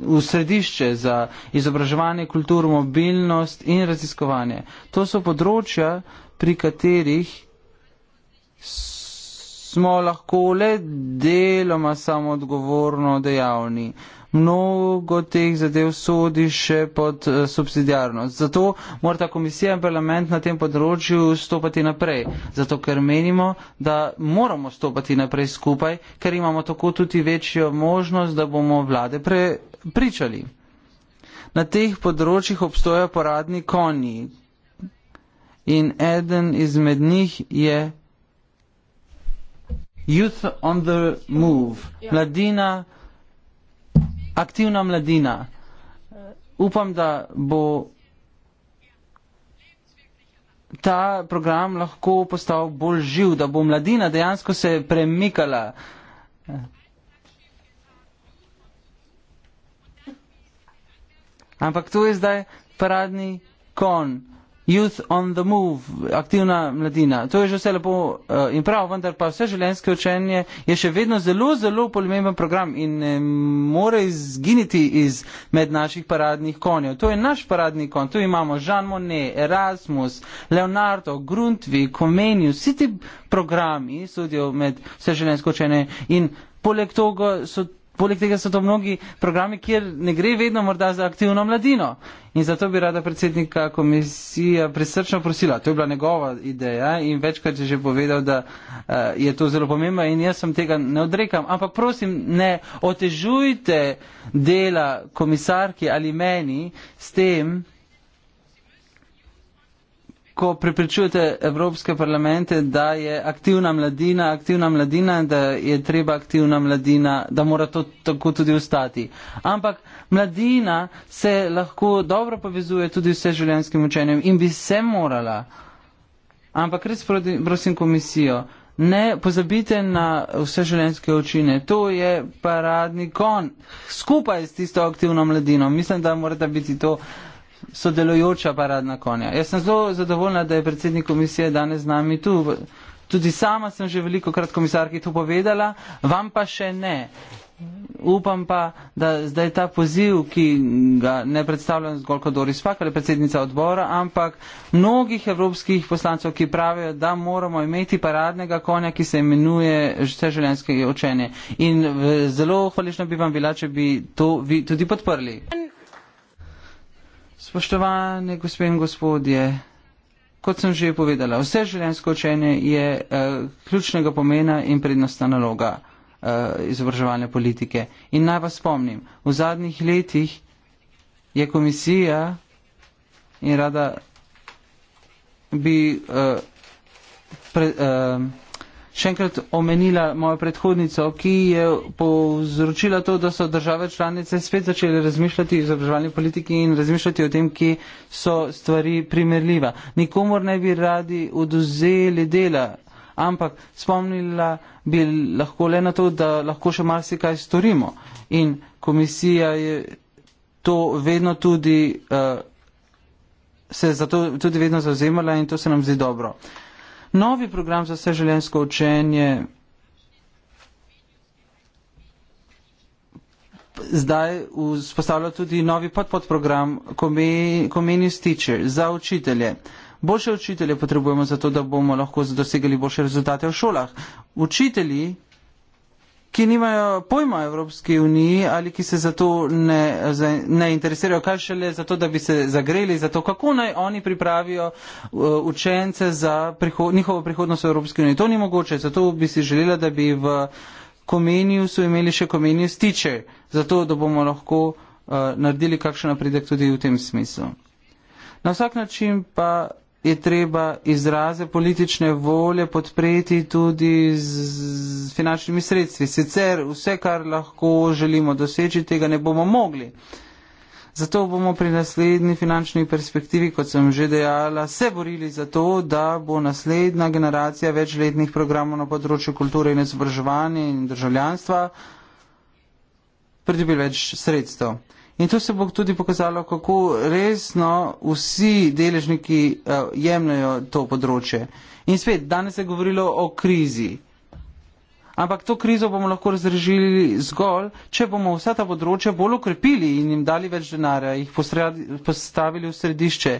v središče za izobraževanje, kulturo, mobilnost in raziskovanje. To so področja, pri katerih smo lahko le deloma samodgovorno dejavni. Mnogo teh zadev sodi še pod uh, eh, subsidijarnost. Zato morata komisija in parlament na tem področju stopati naprej. Zato, ker menimo, da moramo stopati naprej skupaj, ker imamo tako tudi večjo možnost, da bomo vlade prepričali. Na teh področjih obstoja poradni konji in eden izmed njih je Youth on the Move, ja. mladina, aktivna mladina. Upam, da bo ta program lahko postal bolj živ, da bo mladina dejansko se premikala. Ampak to je zdaj paradni kon. Youth on the Move, aktivna mladina. To je že vse lepo uh, in prav, vendar pa vse življenjsko učenje je še vedno zelo, zelo pomemben program in ne more izginiti iz med naših paradnih konjev. To je naš paradni kon. Tu imamo Jean Monnet, Erasmus, Leonardo, Gruntvi, Komenju. Vsi ti programi sodijo med vse življenjsko učenje in poleg toga so. Poleg tega so to mnogi programi, kjer ne gre vedno morda za aktivno mladino. In zato bi rada predsednika komisije presrčno prosila. To je bila njegova ideja in večkrat je že povedal, da uh, je to zelo pomembno in jaz sem tega ne odrekam. Ampak prosim, ne otežujte dela komisarki ali meni s tem, ko prepričujete evropske parlamente, da je aktivna mladina, aktivna mladina, da je treba aktivna mladina, da mora to tako tudi ostati. Ampak mladina se lahko dobro povezuje tudi vse življenjskim učenjem in bi se morala. Ampak res prosim komisijo, ne pozabite na vse življenjske učine. To je paradni kon skupaj s tisto aktivno mladino. Mislim, da morate biti to sodelujoča paradna konja. Jaz sem zelo zadovoljna, da je predsednik komisije danes z nami tu. Tudi sama sem že veliko krat komisarki to povedala, vam pa še ne. Upam pa, da zdaj ta poziv, ki ga ne predstavljam zgolj kot Doris Fak ali predsednica odbora, ampak mnogih evropskih poslancev, ki pravijo, da moramo imeti paradnega konja, ki se imenuje vse življenjske učenje. In eh, zelo hvališno bi vam bila, če bi to vi tudi podprli. Spoštovane gospe in gospodje, kot sem že povedala, vse življenjsko učenje je eh, ključnega pomena in prednostna naloga eh, izobraževalne politike. In naj vas spomnim, v zadnjih letih je komisija in rada bi eh, pre, eh, še enkrat omenila mojo predhodnico, ki je povzročila to, da so države članice spet začele razmišljati o izobraževalni politiki in razmišljati o tem, kje so stvari primerljiva. Nikomor ne bi radi oduzeli dela, ampak spomnila bi lahko le na to, da lahko še marsikaj storimo. In komisija je to vedno tudi. Uh, se je zato tudi vedno zauzemala in to se nam zdi dobro. Uh, novi program za vseživljenjsko učenje zdaj vzpostavlja tudi novi podprogram Community Teacher za učitelje. Boljše učitelje potrebujemo zato, da bomo lahko dosegali boljše rezultate v šolah. Učitelji ki nimajo pojma o Evropski uniji ali ki se za to ne, ne interesirajo, kaj šele za to, da bi se zagreli, za to, kako naj oni pripravijo uh, učence za priho njihovo prihodnost v Evropski uniji. To ni mogoče, zato bi si želela, da bi v Komeniju so imeli še Komeniju stiče, zato da bomo lahko uh, naredili kakšen napredek tudi v tem smislu. Na vsak način pa je treba izraze politične volje podpreti tudi z finančnimi sredstvi. Sicer vse, kar lahko želimo doseči, tega ne bomo mogli. Zato bomo pri naslednji finančni perspektivi, kot sem že dejala, se borili za to, da bo naslednja generacija večletnih programov na področju kulture in izobraževanja in državljanstva pridobila več sredstev. In to se bo tudi pokazalo, kako resno vsi deležniki uh, eh, jemljajo to področje. In svet, danes je govorilo o krizi. Ampak to krizo bomo lahko razrežili zgolj, če bomo vsa ta področja bolj ukrepili in jim dali več denarja, jih postavili v središče.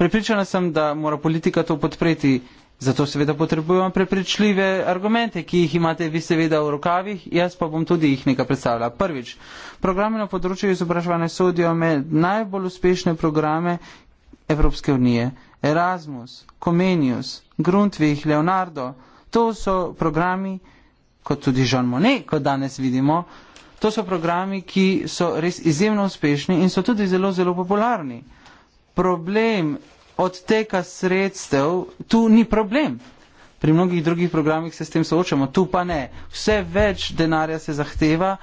Prepričana sem, da mora politika to podpreti. Zato seveda potrebujemo prepričljive argumente, ki jih imate vi seveda v rokavih, jaz pa bom tudi jih nekaj predstavila. Prvič, programe na področju izobraževanja sodijo med najbolj uspešne programe Evropske unije. Erasmus, Comenius, Grundtvig, Leonardo, to so programi, kot tudi Jean Monnet, kot danes vidimo, to so programi, ki so res izjemno uspešni in so tudi zelo, zelo popularni. Problem odteka sredstev, tu ni problem. Pri mnogih drugih programih se s tem soočamo, tu pa ne. Vse več denarja se zahteva,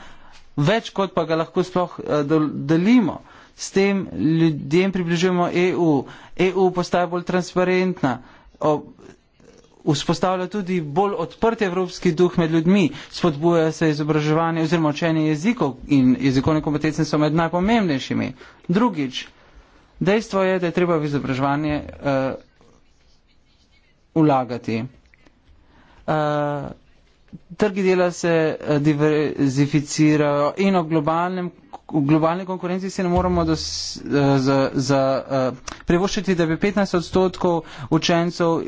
več kot pa ga lahko sploh eh, delimo. S tem ljudem približujemo EU. EU postaja bolj transparentna. Ob Vzpostavlja tudi bolj odprt evropski duh med ljudmi, spodbuja se izobraževanje oziroma učenje jezikov in jezikovne kompetence so med najpomembnejšimi. Drugič, Dejstvo je, da je treba v izobraževanje uh, eh, ulagati. Uh, eh, trgi dela se uh, diverzificirajo in v, globalnem, v globalni konkurenci se ne moremo dos, uh, za, uh, privoščiti, da bi 15 odstotkov učencev uh,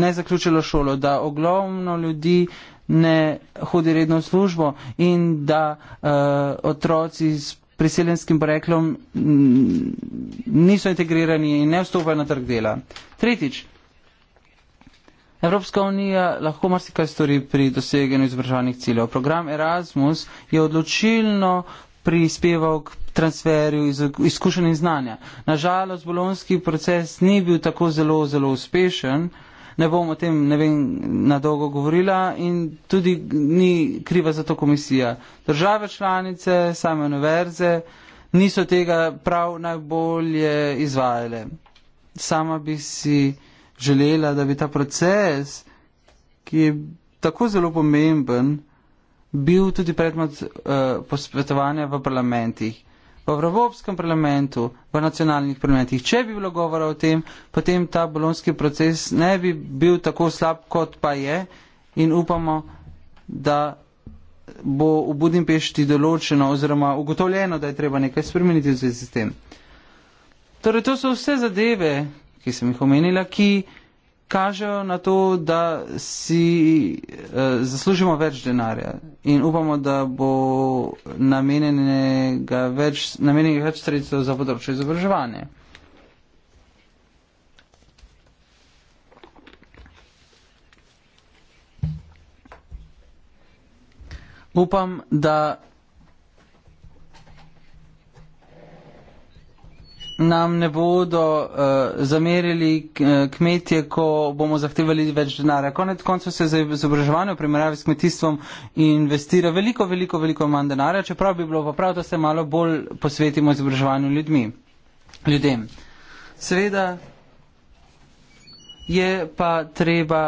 ne zaključilo šolo, da ogromno ljudi ne hodi redno v službo in da uh, otroci s priseljenskim breklom mm, niso integrirani in ne vstopajo na trg dela. Tretjič, Evropska unija lahko marsikaj stori pri doseganju izobraževanih ciljev. Program Erasmus je odločilno prispeval k transferju izkušenj in znanja. Nažalost, bolonski proces ni bil tako zelo, zelo uspešen ne bom o tem ne vem na dolgo govorila in tudi ni kriva za to komisija. Države članice, same univerze niso tega prav najbolje izvajale. Sama bi si želela, da bi ta proces, ki je tako zelo pomemben, bil tudi predmet uh, posvetovanja v parlamentih v Evropskem parlamentu, v nacionalnih parlamentih, če bi bilo govora o tem, potem ta bolonski proces ne bi bil tako slab, kot pa je in upamo, da bo v Budimpešti določeno oziroma ugotovljeno, da je treba nekaj spremeniti v zvezi s tem. Torej, to so vse zadeve, ki sem jih omenila, ki kažejo na to, da si eh, zaslužimo več denarja in upamo, da bo namenjenega več, več sredstev za področje izobraževanja. Upam, da nam ne bodo uh, zamerili eh, kmetje, ko bomo zahtevali več denarja. Konec koncev se za izobraževanje v primerjavi s kmetijstvom investira veliko, veliko, veliko manj denarja, čeprav bi bilo pa prav, da se malo bolj posvetimo izobraževanju ljudmi, ljudem. Seveda je pa treba.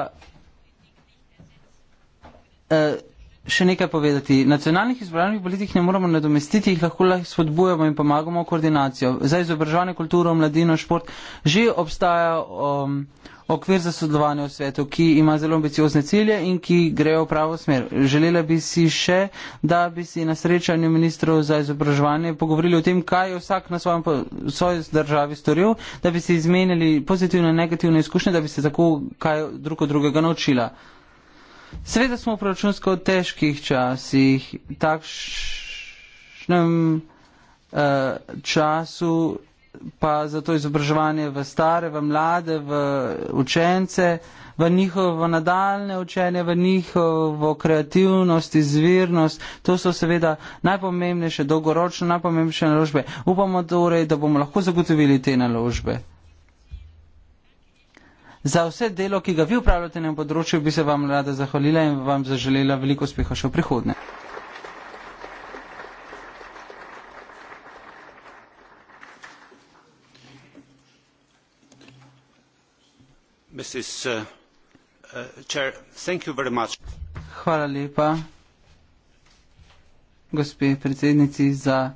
Uh, še nekaj povedati. Nacionalnih izobraževalnih politik ne moramo nadomestiti, jih lahko lahko spodbujamo in pomagamo v koordinacijo. Za izobraževanje, kulturo, mladino, šport že obstaja um, okvir za sodelovanje v svetu, ki ima zelo ambiciozne cilje in ki grejo v pravo smer. Želela bi si še, da bi si na srečanju ministrov za izobraževanje pogovorili o tem, kaj je vsak na svojem, svoji državi storil, da bi si izmenili pozitivne in negativne izkušnje, da bi se tako kaj drugo drugega naučila. Sveda smo v proračunsko težkih časih, takšnem uh, času pa za to izobraževanje v stare, v mlade, v učence, v njihovo nadaljne učenje, v njihovo kreativnost, izvirnost. To so seveda najpomembnejše, dolgoročno najpomembnejše naložbe. Upamo torej, da bomo lahko zagotovili te naložbe. Za vse delo, ki ga vi upravljate na področju, bi se vam rada zahvalila in vam zaželela veliko uspeha še v prihodnje. Uh, uh, Hvala lepa, gospe predsednici, za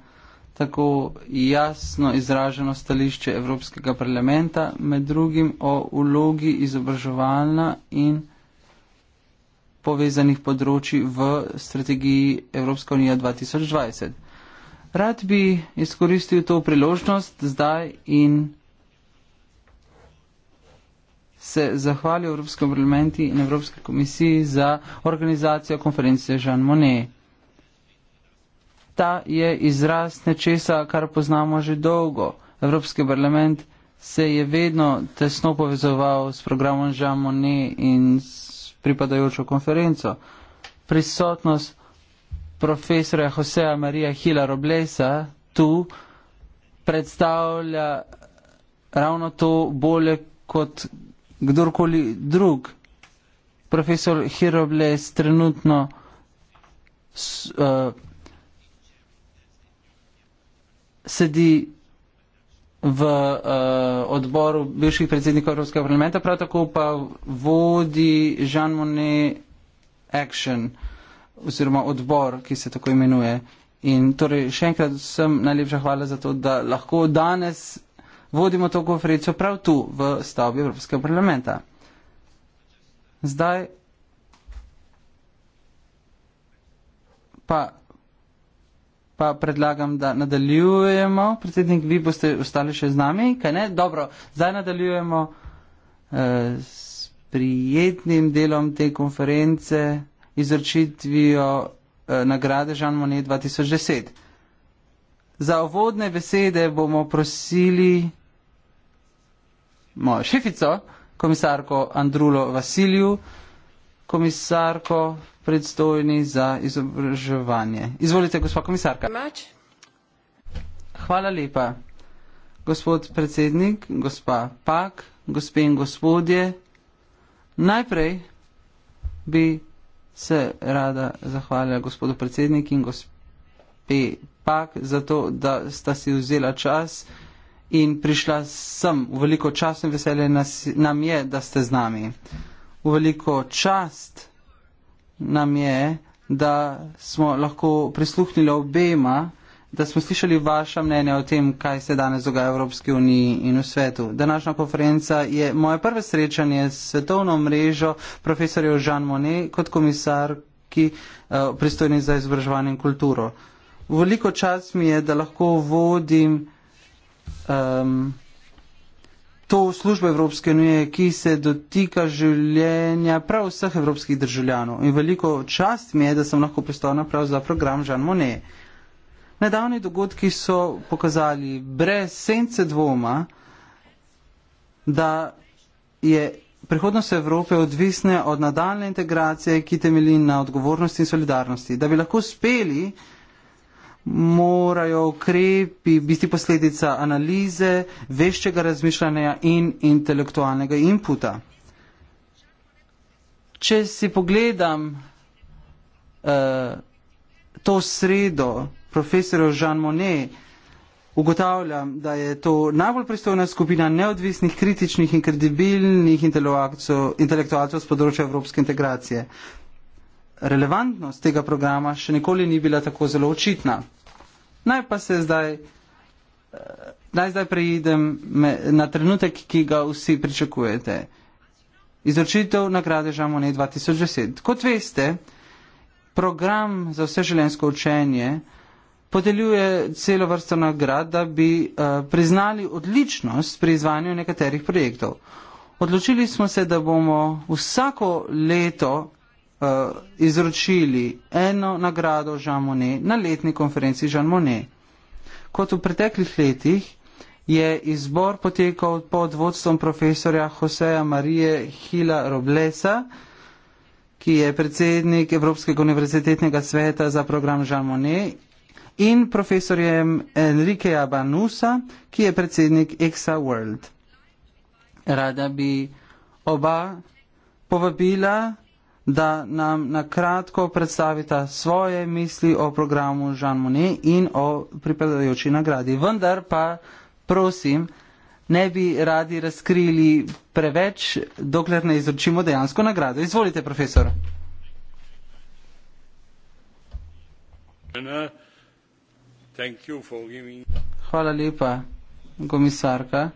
tako jasno izraženo stališče Evropskega parlamenta, med drugim o vlogi izobraževalna in povezanih področji v strategiji Evropska unija 2020. Rad bi izkoristil to priložnost zdaj in se zahvalil Evropskem parlamentu in Evropski komisiji za organizacijo konference Jean Monnet. Ta je izraz nečesa, kar poznamo že dolgo. Evropski parlament se je vedno tesno povezoval s programom Jean Monnet in s pripadajočo konferenco. Prisotnost profesora Josea Marija Hila Roblesa tu predstavlja ravno to bolje kot kdorkoli drug. Profesor Hirobles trenutno s, uh, sedi v uh, odboru bivših predsednikov Evropskega parlamenta, prav tako pa vodi Jean Monnet Action oziroma odbor, ki se tako imenuje. In torej še enkrat vsem najlepša hvala za to, da lahko danes vodimo to konferenco prav tu v stavbi Evropskega parlamenta. Zdaj pa pa predlagam, da nadaljujemo. Predsednik, vi boste ostali še z nami, kaj ne? Dobro, zdaj nadaljujemo eh, s prijetnim delom te konference, izročitvijo eh, nagrade Žan Monet 2010. Za uvodne besede bomo prosili mojo šefico, komisarko Andrulo Vasilju, komisarko predstojni za izobraževanje. Izvolite, gospa komisarka. Hvala lepa. Gospod predsednik, gospa Pak, gospe in gospodje, najprej bi se rada zahvalila gospodu predsedniku in gospe Pak za to, da sta si vzela čas in prišla sem. V veliko čast in veselje nas, nam je, da ste z nami. V veliko čast nam je, da smo lahko prisluhnili obema, da smo slišali vaša mnenja o tem, kaj se danes dogaja v Evropski uniji in v svetu. Današnja konferenca je moje prve srečanje s svetovno mrežo profesorjev Jean Monet kot komisarki uh, pristojni za izobraževanje in kulturo. Veliko čas mi je, da lahko vodim um, to službo Evropske unije, ki se dotika življenja prav vseh evropskih državljanov. In veliko čast mi je, da sem lahko pristojna prav za program Žan Monet. Nedavni dogodki so pokazali brez sence dvoma, da je prihodnost Evrope odvisna od nadaljne integracije, ki temelji na odgovornosti in solidarnosti. Da bi lahko speli, morajo ukrepi biti posledica analize, veščega razmišljanja in intelektualnega inputa. Če si pogledam uh, to sredo profesorja Jean Monnet, ugotavljam, da je to najbolj pristojna skupina neodvisnih, kritičnih in kredibilnih intelektualcev z področja evropske integracije relevantnost tega programa še nikoli ni bila tako zelo očitna. Naj pa se zdaj, eh, naj zdaj prejdem na trenutek, ki ga vsi pričakujete. Izročitev nagrade Žan Monet 2010. Kot veste, program za vseživljenjsko učenje podeljuje celo vrsto nagrad, da bi uh, priznali odličnost pri izvanju nekaterih projektov. Odločili smo se, da bomo vsako leto uh, izročili eno nagrado Jean Monnet na letni konferenci Jean Monnet. Kot v preteklih letih je izbor potekal pod vodstvom profesorja Joseja Marije Hila Roblesa, ki je predsednik Evropskega univerzitetnega sveta za program Jean Monnet in profesorjem Enrikeja Banusa, ki je predsednik EXA World. Rada bi oba povabila da nam na kratko predstavita svoje misli o programu Jean Monnet in o pripadajoči nagradi. Vendar pa prosim, ne bi radi razkrili preveč, dokler ne izročimo dejansko nagrado. Izvolite, profesor. Hvala lepa, komisarka.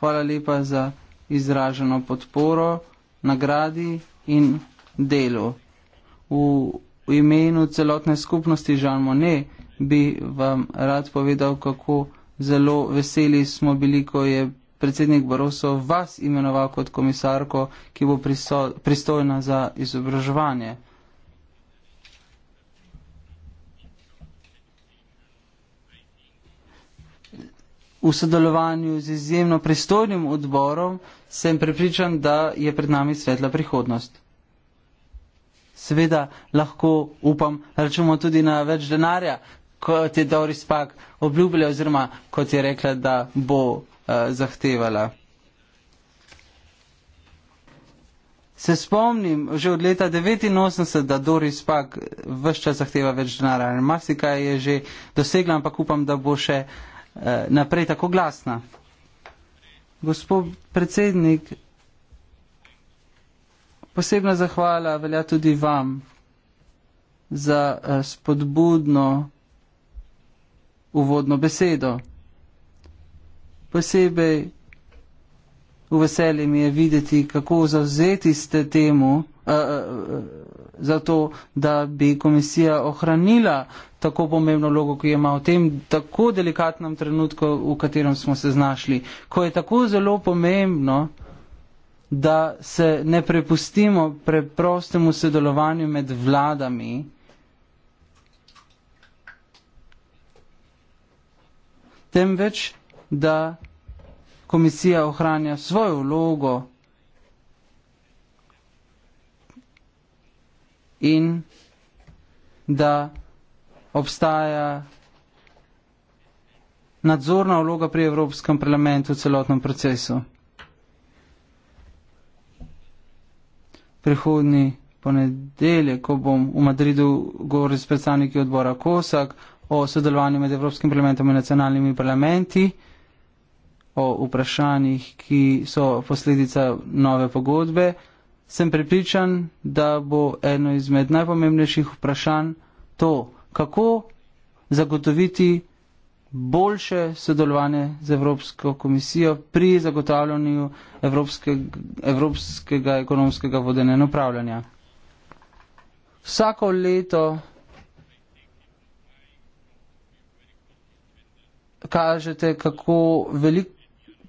Hvala lepa za izraženo podporo, nagradi in delu. V, v imenu celotne skupnosti Žan Monet bi vam rad povedal, kako zelo veseli smo bili, ko je predsednik Baroso vas imenoval kot komisarko, ki bo priso, pristojna za izobraževanje. V sodelovanju z izjemno pristojnim odborom sem prepričan, da je pred nami svetla prihodnost. Seveda lahko upam, računamo tudi na več denarja, kot je Doris Pak obljubila oziroma kot je rekla, da bo uh, zahtevala. Se spomnim že od leta 1989, da Doris Pak vse čas zahteva več denarja. Marsika je že dosegla, ampak upam, da bo še uh, naprej tako glasna. Gospod predsednik, posebna zahvala velja tudi vam za eh, spodbudno uvodno besedo. Posebej v veselje mi je videti, kako zavzeti ste temu, uh, uh, uh, zato, da bi komisija ohranila tako pomembno logo, ki jo ima v tem tako delikatnem trenutku, v katerem smo se znašli, ko je tako zelo pomembno, da se ne prepustimo preprostemu sodelovanju med vladami. Temveč, da komisija ohranja svojo vlogo. in da obstaja nadzorna vloga pri Evropskem parlamentu v celotnem procesu. Prihodni ponedeljek, ko bom v Madridu govoril s predstavniki odbora Kosak o sodelovanju med Evropskim parlamentom in nacionalnimi parlamenti, o vprašanjih, ki so posledica nove pogodbe, sem prepričan, da bo eno izmed najpomembnejših vprašanj to, kako zagotoviti boljše sodelovanje z Evropsko komisijo pri zagotavljanju evropske, evropskega ekonomskega vodenja in upravljanja. Vsako leto kažete, kako veliko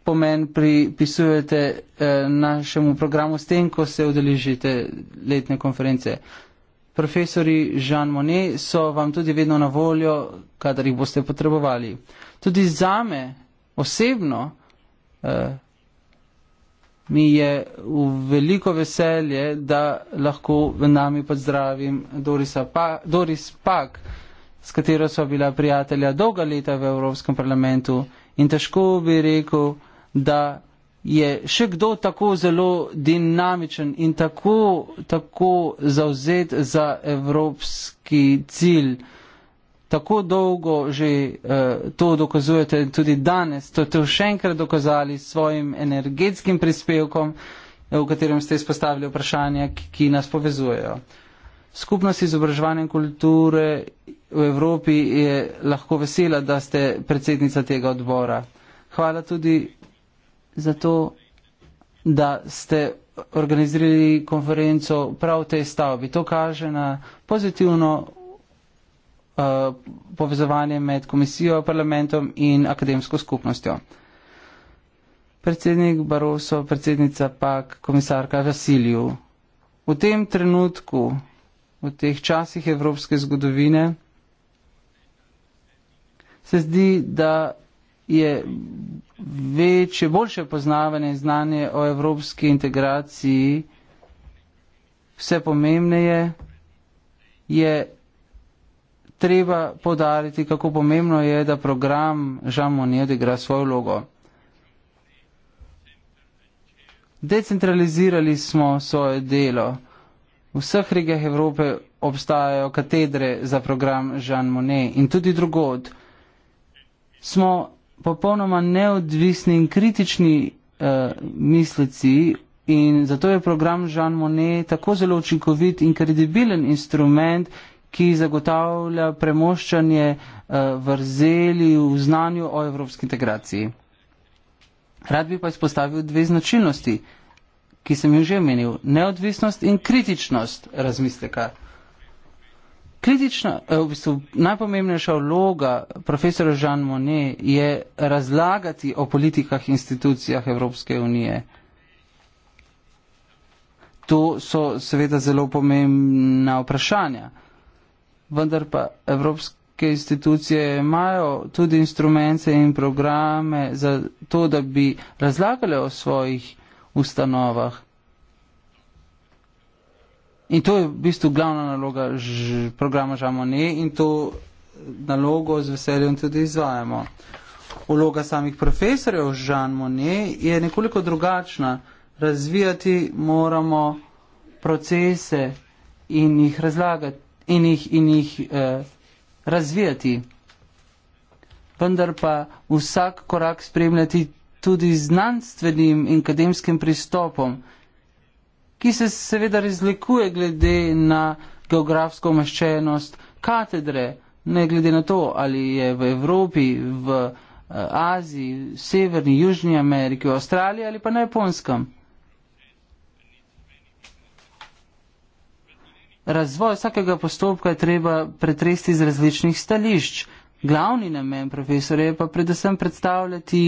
pomen pripisujete eh, našemu programu s tem, ko se udeležite letne konference? Profesori Jean Monet so vam tudi vedno na voljo, kadar jih boste potrebovali. Tudi zame osebno eh, mi je v veliko veselje, da lahko v nami pozdravim pa, Doris Pak, s katero so bila prijatelja dolga leta v Evropskem parlamentu. In težko bi rekel, da je še kdo tako zelo dinamičen in tako, tako zauzet za evropski cilj. Tako dolgo že eh, to dokazujete in tudi danes to ste še enkrat dokazali s svojim energetskim prispevkom, eh, v katerem ste izpostavili vprašanja, ki, ki nas povezujejo. Skupnost izobraževanja in kulture v Evropi je lahko vesela, da ste predsednica tega odbora. Hvala tudi zato, da ste organizirali konferenco prav v tej stavbi. To kaže na pozitivno uh, povezovanje med komisijo, parlamentom in akademsko skupnostjo. Predsednik Baroso, predsednica pak, komisarka Vasilju. V tem trenutku, v teh časih evropske zgodovine, se zdi, da je večje, boljše poznavanje in znanje o evropski integraciji, vse pomembneje je treba podariti, kako pomembno je, da program Jean Monnet igra svojo vlogo. Decentralizirali smo svoje delo. V vseh regijah Evrope obstajajo katedre za program Jean Monnet in tudi drugod. Smo popolnoma neodvisni in kritični uh, mislici in zato je program Jean Monnet tako zelo učinkovit in kredibilen instrument, ki zagotavlja premoščanje uh, vrzeli v znanju o evropski integraciji. Rad bi pa izpostavil dve značilnosti, ki sem jih že omenil. Neodvisnost in kritičnost razmisleka. Kritična, eh, v bistvu najpomembnejša vloga profesora Jean Monnet je razlagati o politikah in institucijah Evropske unije. To so seveda zelo pomembna vprašanja, vendar pa evropske institucije imajo tudi instrumente in programe za to, da bi razlagale o svojih ustanovah. In to je v bistvu glavna naloga ž, programa Žamone in to nalogo z veseljem tudi izvajamo. Uloga samih profesorjev Žan Monet je nekoliko drugačna. Razvijati moramo procese in jih razlagati in jih, in jih eh, razvijati. Vendar pa vsak korak spremljati tudi znanstvenim in akademskim pristopom, ki se seveda razlikuje glede na geografsko omeščenost katedre, ne glede na to, ali je v Evropi, v eh, Aziji, v Severni, Južni Ameriki, v Avstraliji ali pa na Japonskem. Razvoj vsakega postopka je treba pretresti z različnih stališč. Glavni namen profesora je pa predvsem predstavljati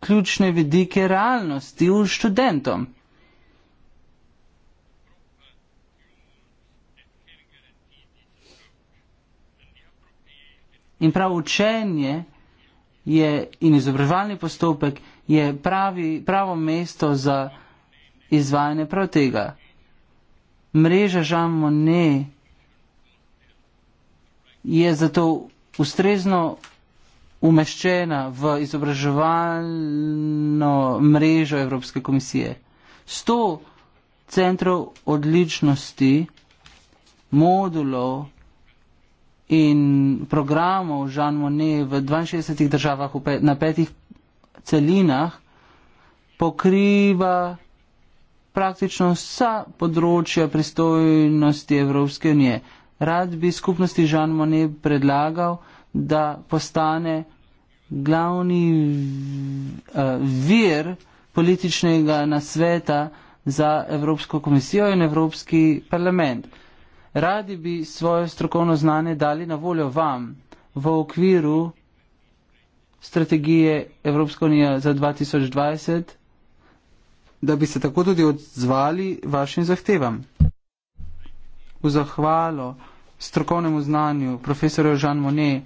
ključne vidike realnosti v študentom. In prav učenje je, in izobraževalni postopek je pravi, pravo mesto za izvajanje prav tega. Mreža Jean Monnet je zato ustrezno umeščena v izobraževalno mrežo Evropske komisije. Sto centrov odličnosti, modulov, in programov Jean Monnet v 62 državah v pet, na petih celinah pokriva praktično vsa področja pristojnosti Evropske unije. Rad bi skupnosti Jean Monnet predlagal, da postane glavni eh, vir političnega nasveta za Evropsko komisijo in Evropski parlament radi bi svoje strokovno znanje dali na voljo vam v okviru strategije Evropske unije za 2020, da bi se tako tudi odzvali vašim zahtevam. V zahvalo strokovnemu znanju profesorja Jean Monet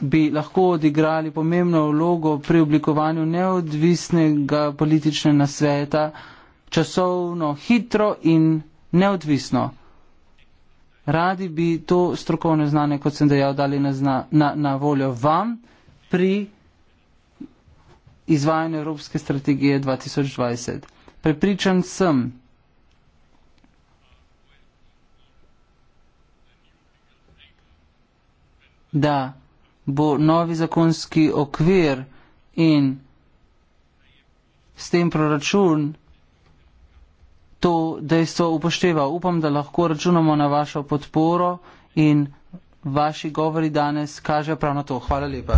bi lahko odigrali pomembno vlogo pri oblikovanju neodvisnega političnega sveta časovno, hitro in neodvisno. Radi bi to strokovno znanje, kot sem dejal, dali na, zna, na, na voljo vam pri izvajanju Evropske strategije 2020. Prepričan sem, da bo novi zakonski okvir in s tem proračun to dejstvo upošteva. Upam, da lahko računamo na vašo podporo in vaši govori danes kažejo prav na to. Hvala lepa.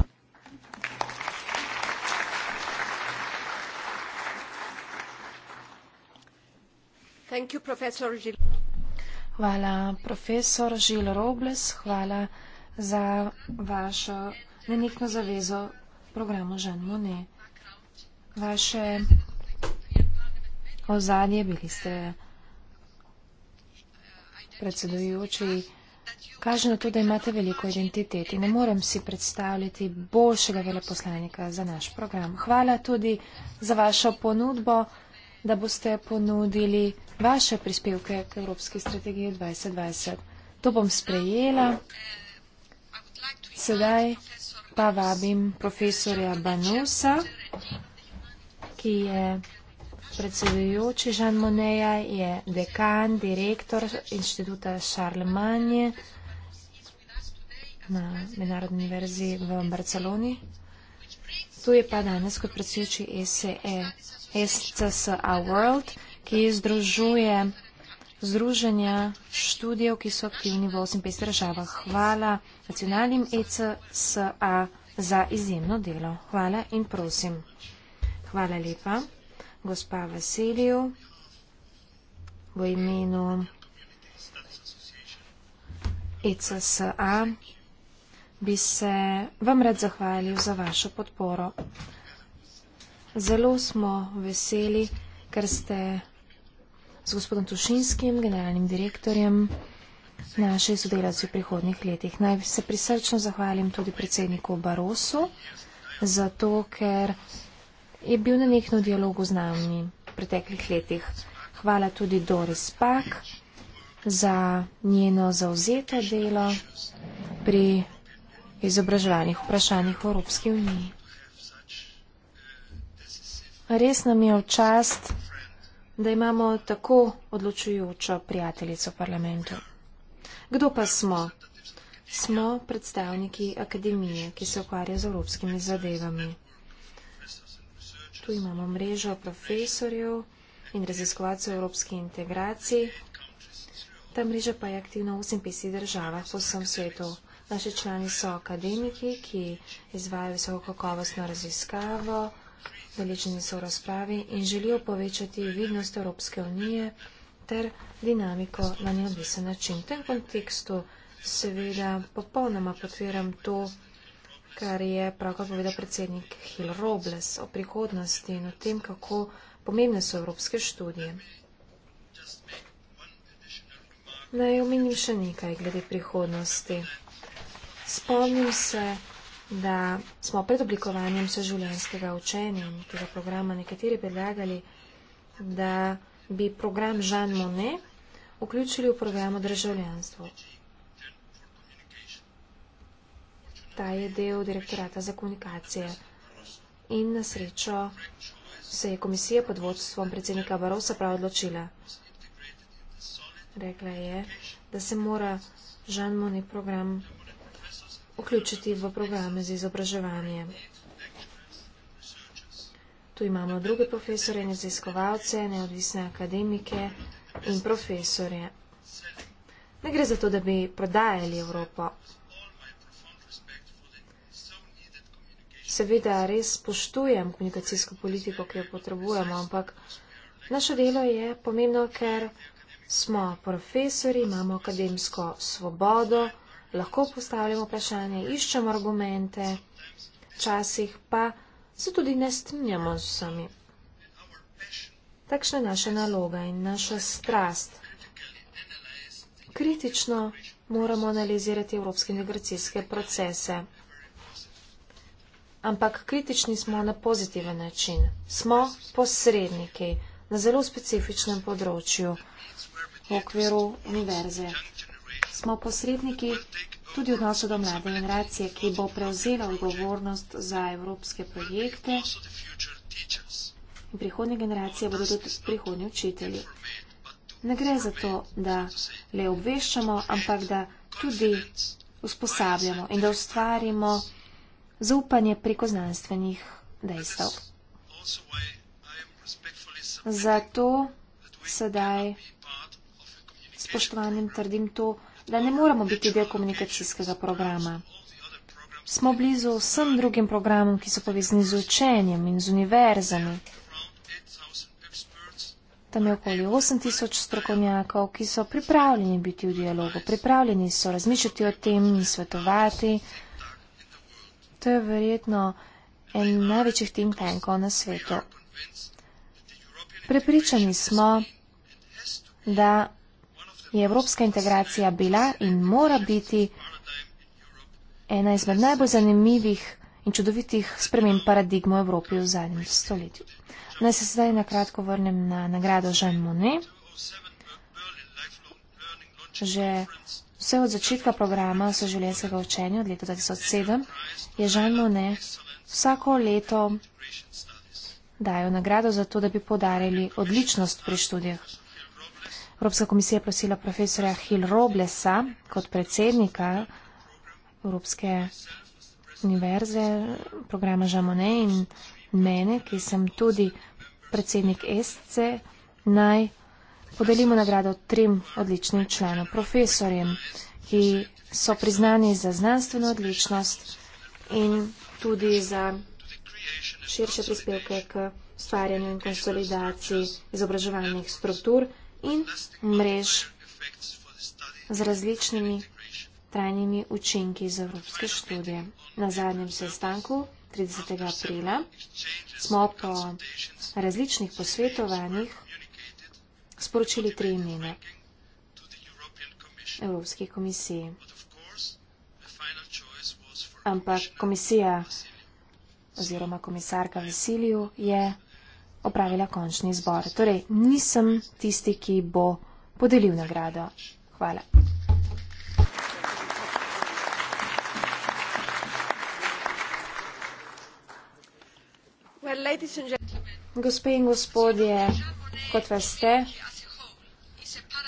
Hvala, profesor Žil Robles, hvala za vašo nenehno zavezo programu Žan Mone. Vaše ozadje, bili ste predsedujoči. Kaže na to, da imate veliko identitet in ne morem si predstavljati boljšega veleposlanika za naš program. Hvala tudi za vašo ponudbo, da boste ponudili vaše prispevke k Evropski strategiji 2020. To bom sprejela. Sedaj pa vabim profesorja Banusa, ki je predsedujoči Žan Moneja, je dekan, direktor inštituta Šarlemanje na Mednarodni univerzi v Barceloni. Tu je pa danes kot predsedujoči SCE, SCSA World, ki združuje združenja študijev, ki so aktivni v 58 državah. Hvala nacionalnim ECSA za izjemno delo. Hvala in prosim. Hvala lepa gospa Vasiliju v imenu ECSA bi se vam rad zahvalil za vašo podporo. Zelo smo veseli, ker ste z gospodom Tušinskim, generalnim direktorjem, naši sodelavci v prihodnih letih. Naj se prisrčno zahvalim tudi predsedniku Barosu, zato ker je bil na nekno dialogu z nami v preteklih letih. Hvala tudi Doris Pak za njeno zauzeto delo pri izobraževanih vprašanjih v Evropski uniji. Res nam je v čast, da imamo tako odločujočo prijateljico v parlamentu. Kdo pa smo? Smo predstavniki akademije, ki se ukvarja z evropskimi zadevami tu imamo mrežo profesorjev in raziskovalcev evropskih integracij. Ta mreža pa je aktivna v 58 državah po vsem svetu. Naši člani so akademiki, ki izvajo visoko kakovostno raziskavo, deležni so v razpravi in želijo povečati vidnost Evropske unije ter dinamiko na neodvisen način. V tem kontekstu seveda popolnoma podpiram to, kar je pravkar povedal predsednik Hil Robles o prihodnosti in o tem, kako pomembne so evropske študije. Naj omenim še nekaj glede prihodnosti. Spomnim se, da smo pred oblikovanjem vseživljenjskega učenja in tega programa nekateri predlagali, da bi program Žan Mone vključili v program o državljanstvu. ta je del direktorata za komunikacije. In na srečo se je komisija pod vodstvom predsednika Barosa prav odločila. Rekla je, da se mora Žan Moni program vključiti v programe za izobraževanje. Tu imamo druge profesore in raziskovalce, neodvisne akademike in profesore. Ne gre za to, da bi prodajali Evropo, seveda res spoštujem komunikacijsko politiko, ki jo potrebujemo, ampak naše delo je pomembno, ker smo profesori, imamo akademsko svobodo, lahko postavljamo vprašanje, iščemo argumente, včasih pa se tudi ne strinjamo z vsemi. Takšna je naša naloga in naša strast. Kritično moramo analizirati evropske integracijske procese ampak kritični smo na pozitiven način. Smo posredniki na zelo specifičnem področju v okviru univerze. Smo posredniki tudi v odnosu do mlade generacije, ki bo prevzela odgovornost za evropske projekte in prihodne generacije bodo tudi prihodni učitelji. Ne gre za to, da le obveščamo, ampak da tudi usposabljamo in da ustvarimo zaupanje preko znanstvenih dejstev. Zato sedaj spoštovanim trdim to, da ne moramo biti del komunikacijskega programa. Smo blizu vsem drugim programom, ki so povezani z učenjem in z univerzami. Tam je okoli 8000 strokovnjakov, ki so pripravljeni biti v dialogu, pripravljeni so razmišljati o tem in svetovati. To je verjetno en največjih think tankov na svetu. Pripričani smo, da je evropska integracija bila in mora biti ena izmed najbolj zanimivih in čudovitih sprememb paradigm v Evropi v zadnjem stoletju. Naj se zdaj na kratko vrnem na nagrado Jean Monnet. Že Vse od začetka programa soživljenjskega učenja od leta 2007 je Žan Mone vsako leto dajo nagrado za to, da bi podarili odličnost pri študijah. Evropska komisija je prosila profesorja Hil Roblesa kot predsednika Evropske univerze programa Žan Mone in mene, ki sem tudi predsednik ESCE, naj podelimo nagrado trem odličnim členom, profesorjem, ki so priznani za znanstveno odličnost in tudi za širše prispevke k stvarjanju in konsolidaciji izobraževalnih struktur in mrež z različnimi trajnimi učinki za evropske študije. Na zadnjem sestanku 30. aprila smo po različnih posvetovanjih sporočili tri imena Evropski komisiji. Ampak komisija oziroma komisarka Vesilju je opravila končni izbor. Torej, nisem tisti, ki bo podelil nagrado. Hvala. Gospe in gospodje, Kot veste,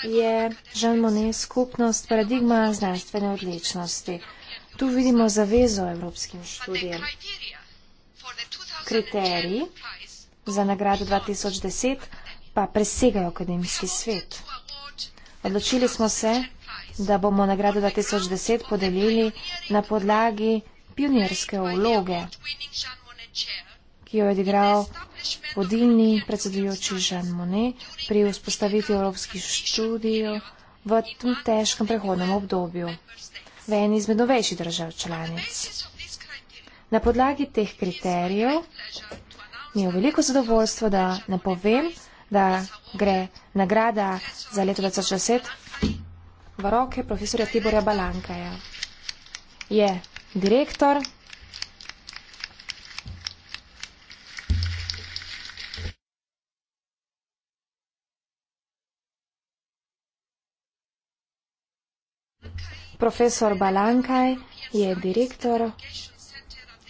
je Žan Mone skupnost paradigma znanstvene odličnosti. Tu vidimo zavezo evropskim študijem. Kriteriji za nagrado 2010 pa presegajo akademski svet. Odločili smo se, da bomo nagrado 2010 podelili na podlagi pionirske vloge, ki jo je odigral vodilni predsedujoči Žan Mone pri vzpostavitvi evropskih študij v tem težkem prehodnem obdobju v eni izmed novejših držav članic. Na podlagi teh kriterijev mi je veliko zadovoljstvo, da ne povem, da gre nagrada za leto 2010 v roke profesorja Tiborja Balankaja. Je direktor Profesor Balankaj je direktor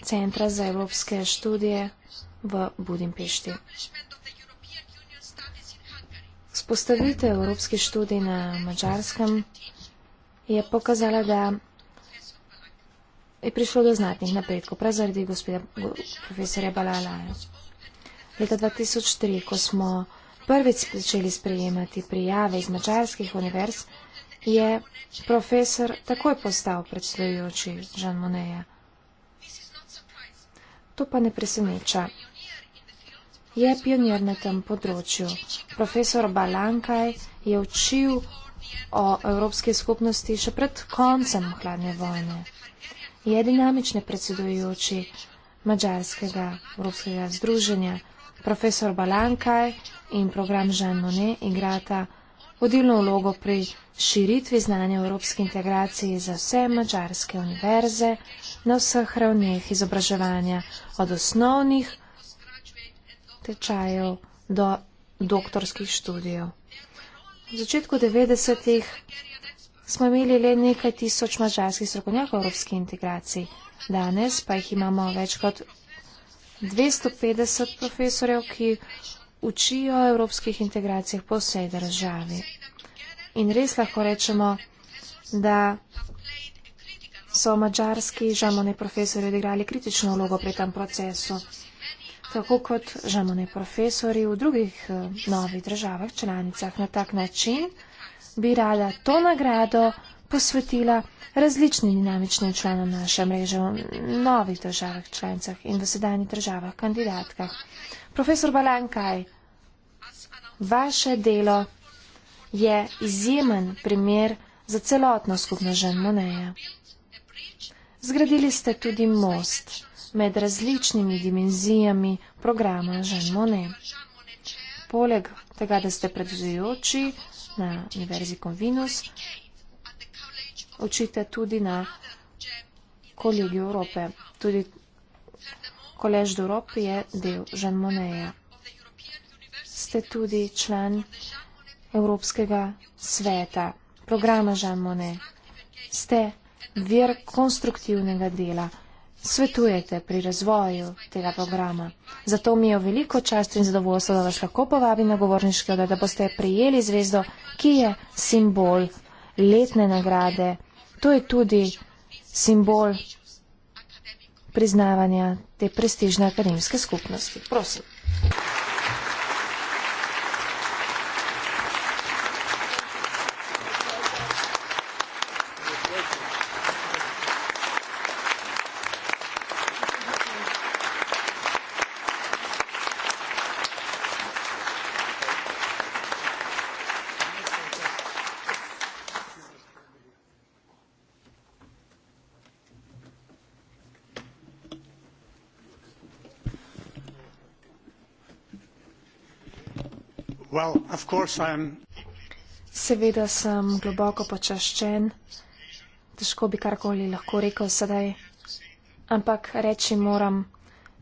Centra za evropske študije v Budimpešti. Spostavitev evropskih študij na Mačarskem je pokazala, da je prišlo do znatnih napredkov, prav zaradi gospoda profesorja Balalaja. Leta 2003, ko smo prvič začeli sprejemati prijave iz mačarskih univerz, je profesor takoj postal predstavljajoči Žan Moneja. To pa ne preseneča. Je pionir na tem področju. Profesor Balankaj je učil o Evropske skupnosti še pred koncem hladne vojne. Je dinamični predsedujoči Mačarskega Evropskega združenja. Profesor Balankaj in program Žan Monet igrata vodilno vlogo pri širitvi znanja evropske integracije za vse mačarske univerze na vseh ravneh izobraževanja, od osnovnih tečajev do doktorskih študijev. V začetku 90-ih smo imeli le nekaj tisoč mačarskih strokovnjakov evropske integracije, danes pa jih imamo več kot 250 profesorjev, ki učijo o evropskih integracijah po vsej državi. In res lahko rečemo, da so mađarski žamone profesori odigrali kritično vlogo pri tem procesu, tako kot žamone profesori v drugih eh, novih državah, članicah. Na tak način bi rada to nagrado posvetila različnim dinamičnim članom naše mreže v novih državah, članicah in v sedanjih državah, kandidatkah. Profesor Balankaj, vaše delo je izjemen primer za celotno skupno žen Moneja. Zgradili ste tudi most med različnimi dimenzijami programa Žen Mone. Poleg tega, da ste predvzujoči na Univerzi Convinus, učite tudi na kolegi Evrope. Tudi Collège d'Europe je del Jean Moneja. Ste tudi član Evropskega sveta, programa Jean Monet. Ste vir konstruktivnega dela. Svetujete pri razvoju tega programa. Zato mi je veliko čast in zadovoljstvo, da vas lahko povabim na govorniški odr, da boste prijeli zvezdo, ki je simbol letne nagrade. To je tudi simbol priznavanja te prestižne akademske skupnosti. Prosim. Seveda sem globoko počaščen, težko bi karkoli lahko rekel sedaj, ampak reči moram,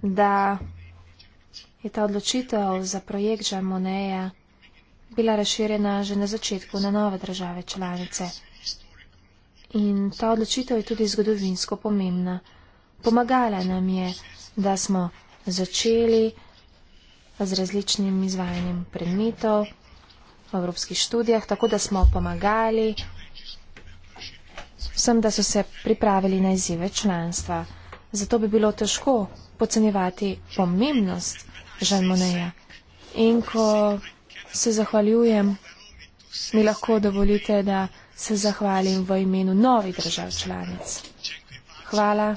da je ta odločitev za projekt Žarmoneja bila razširjena že na začetku na nove države članice. In ta odločitev je tudi zgodovinsko pomembna. Pomagala nam je, da smo začeli z različnim izvajanjem predmetov v evropskih študijah, tako da smo pomagali vsem, da so se pripravili na izzive članstva. Zato bi bilo težko pocenjevati pomembnost Žalmoneja. In ko se zahvaljujem, mi lahko dovolite, da se zahvalim v imenu novih držav članic. Hvala.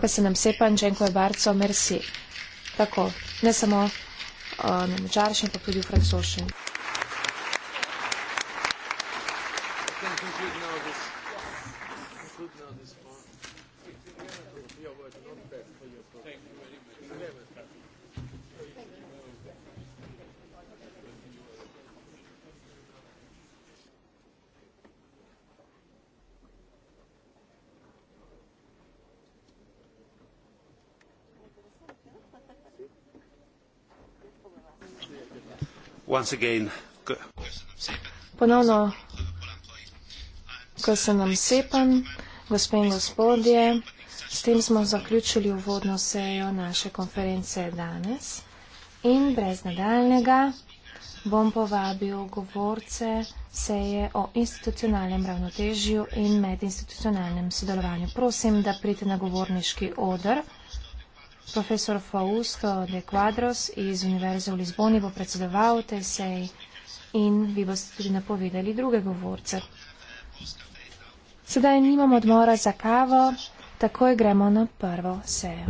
Pa se nam sepan, Čenko je barco, merci. Tako, ne samo Eh, na mačarščini, pa tudi v francoščini. Ponovno, ko se nam sepam, gospe in gospodje, s tem smo zaključili uvodno sejo naše konference danes in brez nadaljnega bom povabil govorce seje o institucionalnem ravnotežju in medinstitucionalnem sodelovanju. Prosim, da prite na govorniški odr. Profesor Fausto de Quadros iz Univerze v Lizboni bo predsedoval tej seji in vi boste tudi napovedali druge govorce. Sedaj nimamo odmora za kavo, takoj gremo na prvo sejo.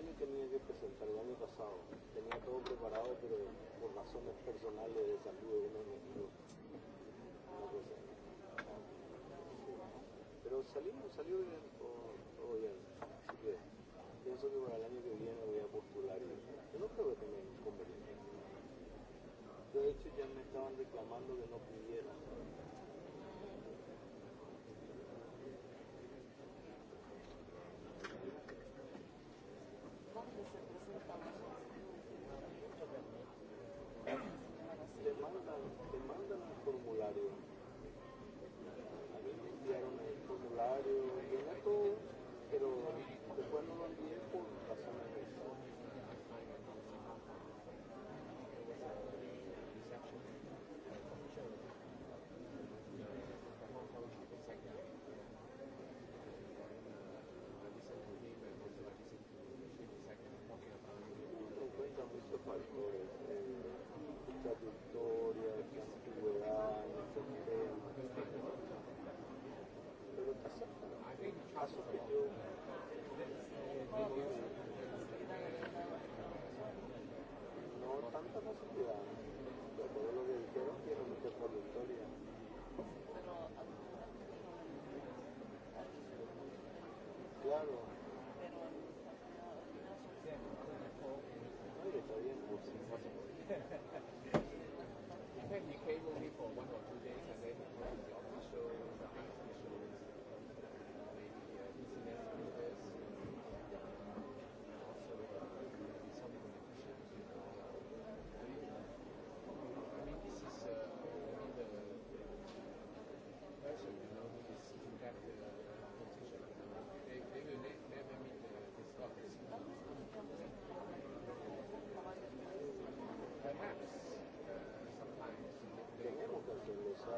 año tenía que presentar el año pasado. Tenía todo preparado, pero por razones personales de salud de uno de mis hijos. Pero salimos, salió bien, todo, todo bien. Así que pienso que para el año que viene voy a postular. Y, yo no creo que tenga inconveniente. De hecho, ya me estaban reclamando que no pudiera.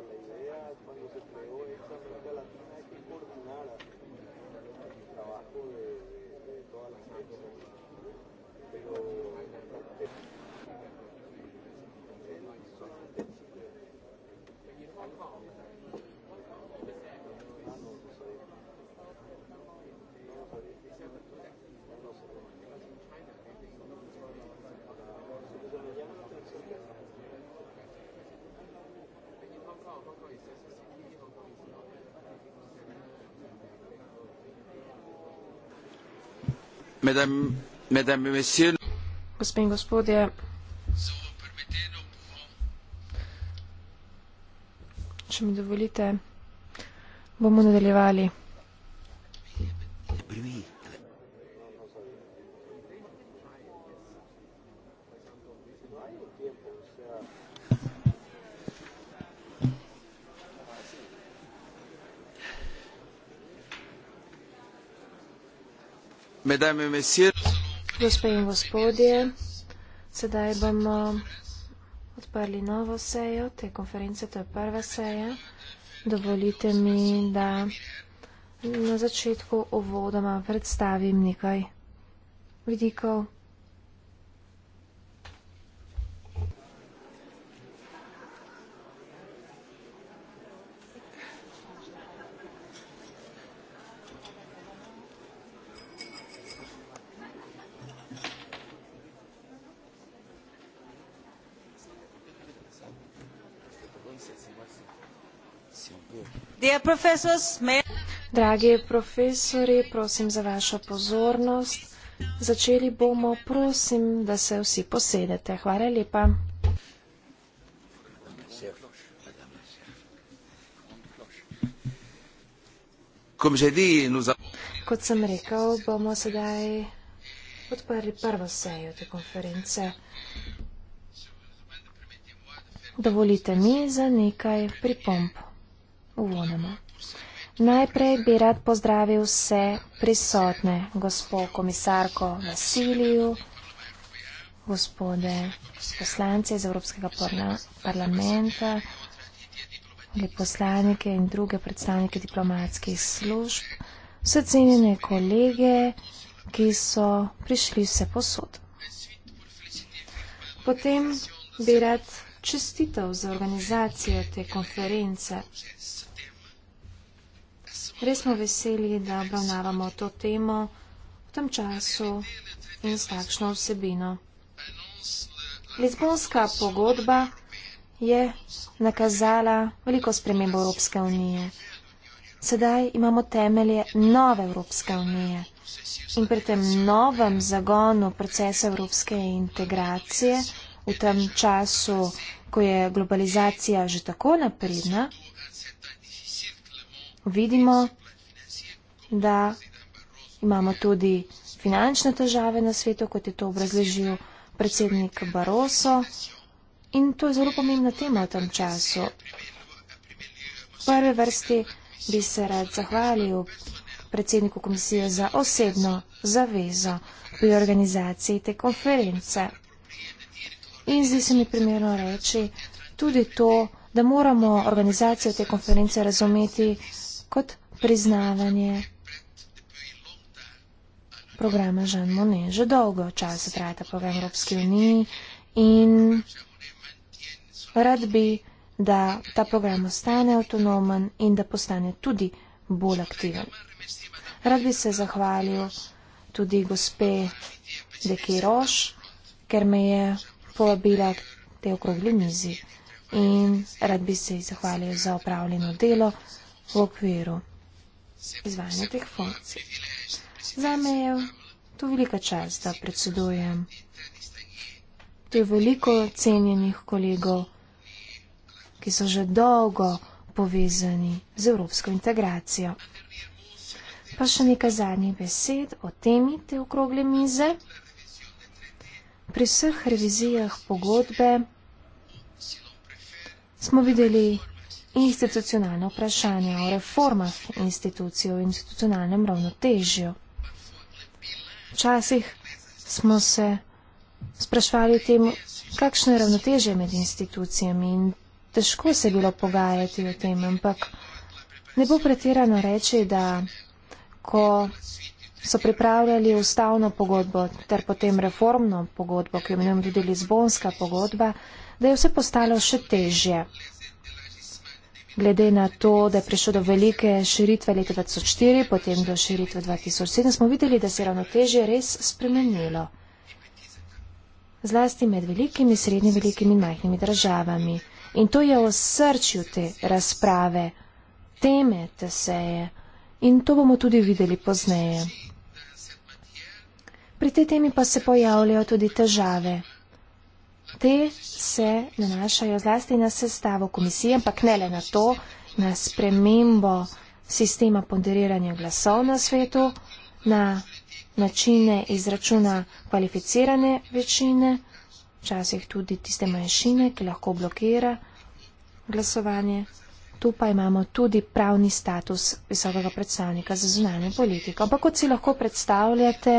Amen. Gospe in gospodje, če mi dovolite, bomo nadaljevali. Gospe in gospodje, sedaj bomo odprli novo sejo te konference, to je prva seja. Dovolite mi, da na začetku uvodoma predstavim nekaj vidikov. Dragi profesori, prosim za vašo pozornost. Začeli bomo, prosim, da se vsi posedete. Hvala lepa. Kot sem rekel, bomo sedaj odprli prvo sejo te konference. Dovolite mi za nekaj pripomp v onemu. Najprej bi rad pozdravil vse prisotne, gospod komisarko Vasiliju, gospode poslance iz Evropskega parlamenta, poslanike in druge predstavnike diplomatskih služb, vse cenjene kolege, ki so prišli vse posod. Potem bi rad čestitev za organizacijo te konference Res smo veseli, da obravnavamo to temo v tem času in s takšno vsebino. Lizbonska pogodba je nakazala veliko sprememb Evropske unije. Sedaj imamo temelje nove Evropske unije in pri tem novem zagonu procesa Evropske integracije v tem času, ko je globalizacija že tako napredna, vidimo, da imamo tudi finančne težave na svetu, kot je to obrazložil predsednik Baroso. In to je zelo pomembna tema v tem času. V prvi vrsti bi se rad zahvalil predsedniku komisije za osebno zavezo pri organizaciji te konference. In zdi se mi primerno reči tudi to, da moramo organizacijo te konference razumeti kot priznavanje programa Žan Mone. Že dolgo časa traja ta program Evropske unije in rad bi, da ta program ostane avtonomen in da postane tudi bolj aktiven. Rad bi se zahvalil tudi gospe Deki Roš, ker me je povabila k tej okrogli mizi. In rad bi se ji zahvalil za opravljeno delo v okviru izvajanja teh funkcij. Zame je to velika čast, da predsedujem. To je veliko cenjenih kolegov, ki so že dolgo povezani z evropsko integracijo. Pa še nekaj zadnjih besed o temi te okrogle mize. Pri vseh revizijah pogodbe smo videli institucionalno vprašanje o reformah institucij, o institucionalnem ravnotežju. Včasih smo se sprašvali tem, kakšno je ravnotežje med institucijami in težko se je bilo pogajati o tem, ampak ne bo pretirano reči, da ko so pripravljali ustavno pogodbo ter potem reformno pogodbo, ki jo imenujem tudi Lizbonska pogodba, da je vse postalo še težje glede na to, da je prišlo do velike širitve leta 2004, potem do širitve 2007, smo videli, da se je ravnotežje res spremenilo. Zlasti med velikimi, srednji, velikimi in majhnimi državami. In to je v srčju te razprave, teme te seje. In to bomo tudi videli pozneje. Pri tej temi pa se pojavljajo tudi težave. Te se nanašajo zlasti na sestavo komisije, ampak ne le na to, na spremembo sistema ponderiranja glasov na svetu, na načine izračuna kvalificirane večine, včasih tudi tiste manjšine, ki lahko blokira glasovanje. Tu pa imamo tudi pravni status visokega predstavnika za zunanje politiko. Ampak kot si lahko predstavljate,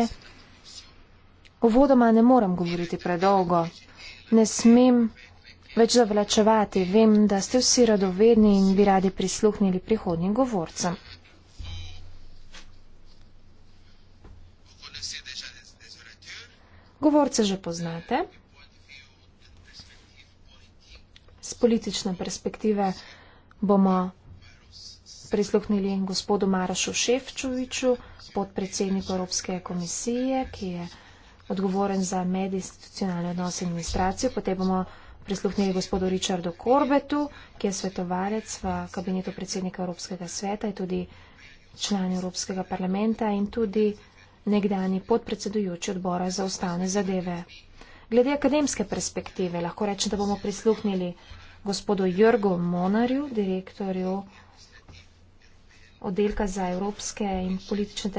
uvodoma ne morem govoriti predolgo ne smem več zavlačevati. Vem, da ste vsi radovedni in bi radi prisluhnili prihodnjim govorcem. Govorce že poznate. Z politične perspektive bomo prisluhnili gospodu Marošu Ševčoviču, podpredsedniku Evropske komisije, ki je odgovoren za medinstitucionalne odnose in administracijo. Potem bomo prisluhnili gospodu Richardu Korbetu, ki je svetovalec v kabinetu predsednika Evropskega sveta in tudi član Evropskega parlamenta in tudi nekdani podpredsedujoči odbora za ustavne zadeve. Glede akademske perspektive lahko rečem, da bomo prisluhnili gospodu Jrgu Monarju, direktorju oddelka za evropske in politične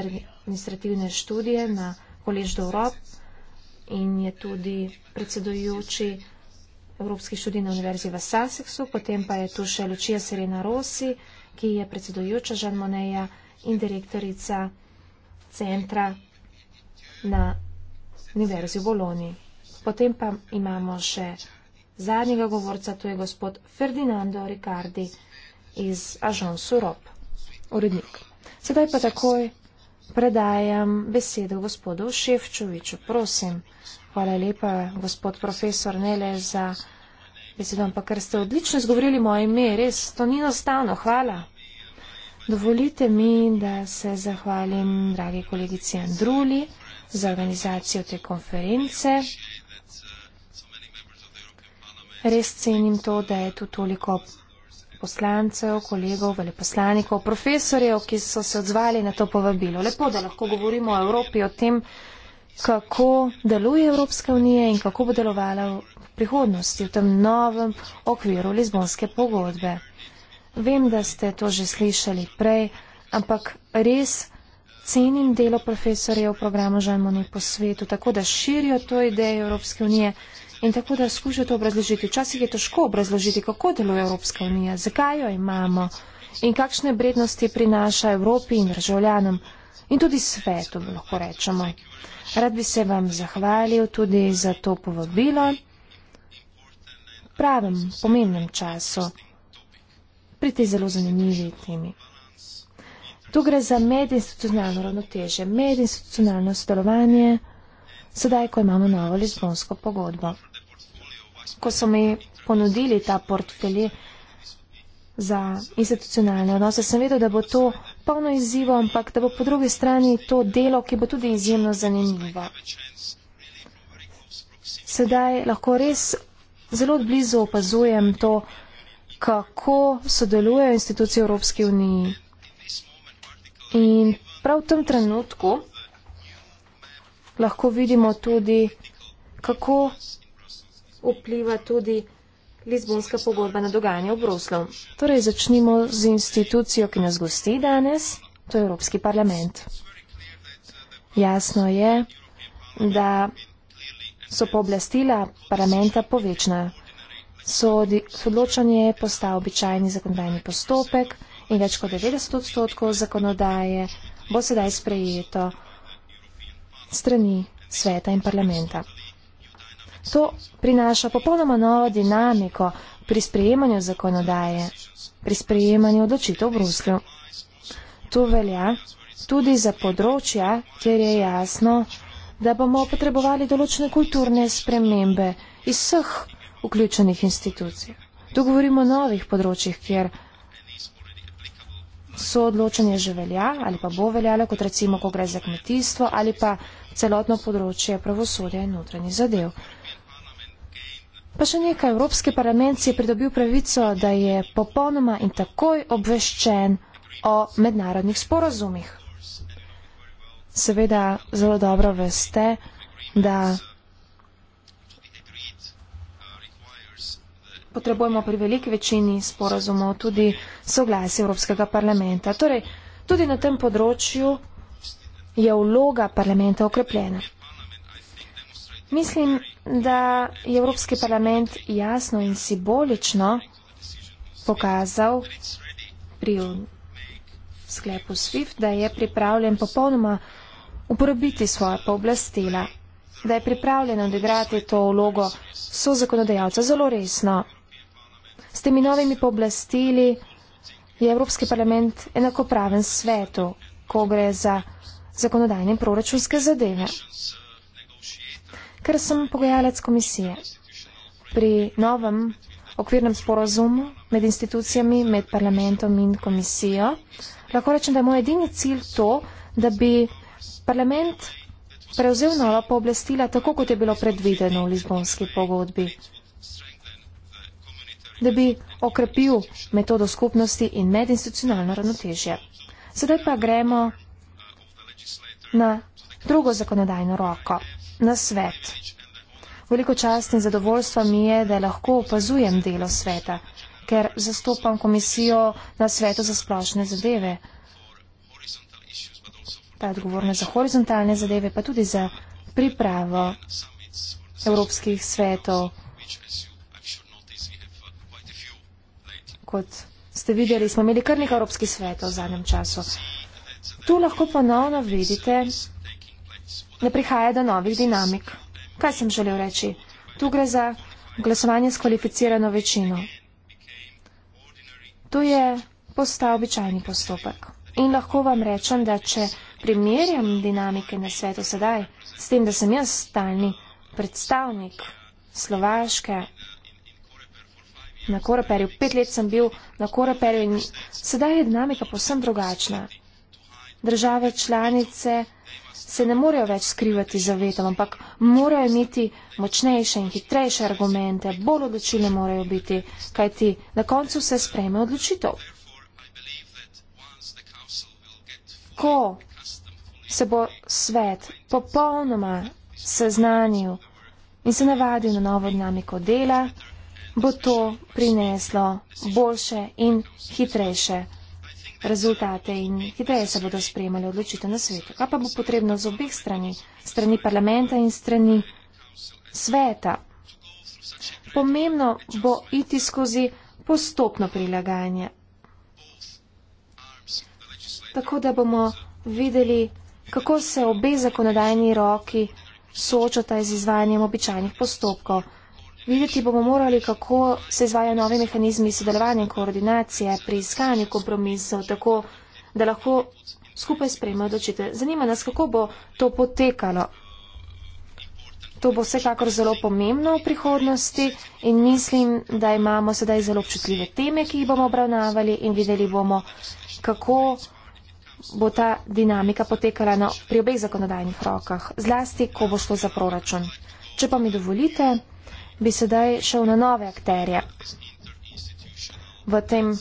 administrativne študije na Kolež Dovrop in je tudi predsedujoči Evropski študij na univerzi v Sussexu, potem pa je tu še Lučija Serena Rossi, ki je predsedujoča Žan Moneja in direktorica centra na univerzi v Boloniji. Potem pa imamo še zadnjega govorca, to je gospod Ferdinando Riccardi iz Ažon Surop, urednik. Sedaj pa takoj Predajam besedo gospodu Ševčoviču. Prosim, hvala lepa, gospod profesor, ne le za besedo, ampak ker ste odlično izgovorili moje ime, res, to ni enostavno, hvala. Dovolite mi, da se zahvalim dragi kolegici Andruli za organizacijo te konference. Res cenim to, da je tu toliko poslancev, kolegov, veleposlanikov, profesorjev, ki so se odzvali na to povabilo. Lepo, da lahko govorimo o Evropi, o tem, kako deluje Evropska unija in kako bo delovala v prihodnosti v tem novem okviru Lizbonske pogodbe. Vem, da ste to že slišali prej, ampak res cenim delo profesorjev v programu Žanmoni po svetu, tako da širijo to idejo Evropske unije in tako da skuša to obrazložiti. Včasih je težko obrazložiti, kako deluje Evropska unija, zakaj jo imamo in kakšne vrednosti prinaša Evropi in državljanom in tudi svetu, lahko rečemo. Rad bi se vam zahvalil tudi za to povabilo v pravem, pomembnem času pri tej zelo zanimivi temi. Tu gre za medinstitucionalno ravnoteže, medinstitucionalno sodelovanje, sedaj, ko imamo novo lizbonsko pogodbo ko so mi ponudili ta portfelj za institucionalne odnose, sem vedel, da bo to polno izzivo, ampak da bo po drugi strani to delo, ki bo tudi izjemno zanimivo. Sedaj lahko res zelo blizu opazujem to, kako sodelujejo institucije Evropske unije. In prav v tem trenutku lahko vidimo tudi, kako vpliva tudi Lizbonska pogodba na dogajanje v Bruslu. Torej začnimo z institucijo, ki nas gosti danes, to je Evropski parlament. Jasno je, da so pooblastila parlamenta povečna. Sodločanje je postal običajni zakonodajni postopek in več kot 90 odstotkov zakonodaje bo sedaj sprejeto strani sveta in parlamenta. To prinaša popolnoma novo dinamiko pri sprejemanju zakonodaje, pri sprejemanju odločitev v Bruslju. To velja tudi za področja, kjer je jasno, da bomo potrebovali določene kulturne spremembe iz vseh vključenih institucij. Tu govorimo o novih področjih, kjer so odločanje že velja ali pa bo veljalo, kot recimo, ko gre za kmetijstvo ali pa celotno področje pravosodja in notranjih zadev. Pa še nekaj, Evropski parlament si je pridobil pravico, da je popolnoma in takoj obveščen o mednarodnih sporazumih. Seveda zelo dobro veste, da potrebujemo pri veliki večini sporazumov tudi soglasje Evropskega parlamenta. Torej, tudi na tem področju je vloga parlamenta okrepljena. Mislim, da je Evropski parlament jasno in simbolično pokazal pri sklepu SWIFT, da je pripravljen popolnoma uporabiti svoje pooblastila, da je pripravljen odigrati to vlogo so zakonodajalca zelo resno. S temi novimi pooblastili je Evropski parlament enakopraven svetu, ko gre za zakonodajne in proračunske zadeve ker sem pogojalec komisije. Pri novem okvirnem sporozumu med institucijami, med parlamentom in komisijo, lahko rečem, da je moj edini cilj to, da bi parlament prevzel nova pooblastila, tako kot je bilo predvideno v Lizbonski pogodbi, da bi okrepil metodo skupnosti in medinstitucionalno ravnotežje. Sedaj pa gremo na drugo zakonodajno roko na svet. Veliko čast in zadovoljstva mi je, da lahko opazujem delo sveta, ker zastopam komisijo na svetu za splošne zadeve. Ta odgovorna za horizontalne zadeve, pa tudi za pripravo evropskih svetov. Kot ste videli, smo imeli kar nekaj evropskih svetov v zadnjem času. Tu lahko ponovno vidite, ne prihaja do novih dinamik. Kaj sem želel reči? Tu gre za glasovanje s kvalificirano večino. To je postal običajni postopek. In lahko vam rečem, da če primerjam dinamike na svetu sedaj, s tem, da sem jaz stalni predstavnik Slovaške, na Koraperju, pet let sem bil na Koraperju in sedaj je dinamika posem drugačna. Države članice se ne morejo več skrivati za vetrom, ampak morajo imeti močnejše in hitrejše argumente, bolj odločilne morajo biti, kajti na koncu se sprejme odločitev. Ko se bo svet popolnoma seznanil in se navadil na novo dinamiko dela, bo to prineslo boljše in hitrejše rezultate in hitreje se bodo sprejemali odločitev na svetu. Kaj pa bo potrebno z obeh strani, strani parlamenta in strani sveta? Pomembno bo iti skozi postopno prilagajanje. Tako da bomo videli, kako se obe zakonodajni roki soočata z izvajanjem običajnih postopkov. Videti bomo morali, kako se izvajajo novi mehanizmi sodelovanja in koordinacije pri iskanju kompromisov, tako da lahko skupaj spremljajo odločitev. Zanima nas, kako bo to potekalo. To bo vsekakor zelo pomembno v prihodnosti in mislim, da imamo sedaj zelo občutljive teme, ki jih bomo obravnavali in videli bomo, kako bo ta dinamika potekala no, pri obeh zakonodajnih rokah, zlasti, ko bo šlo za proračun. Če pa mi dovolite, bi sedaj šel na nove akterje v tem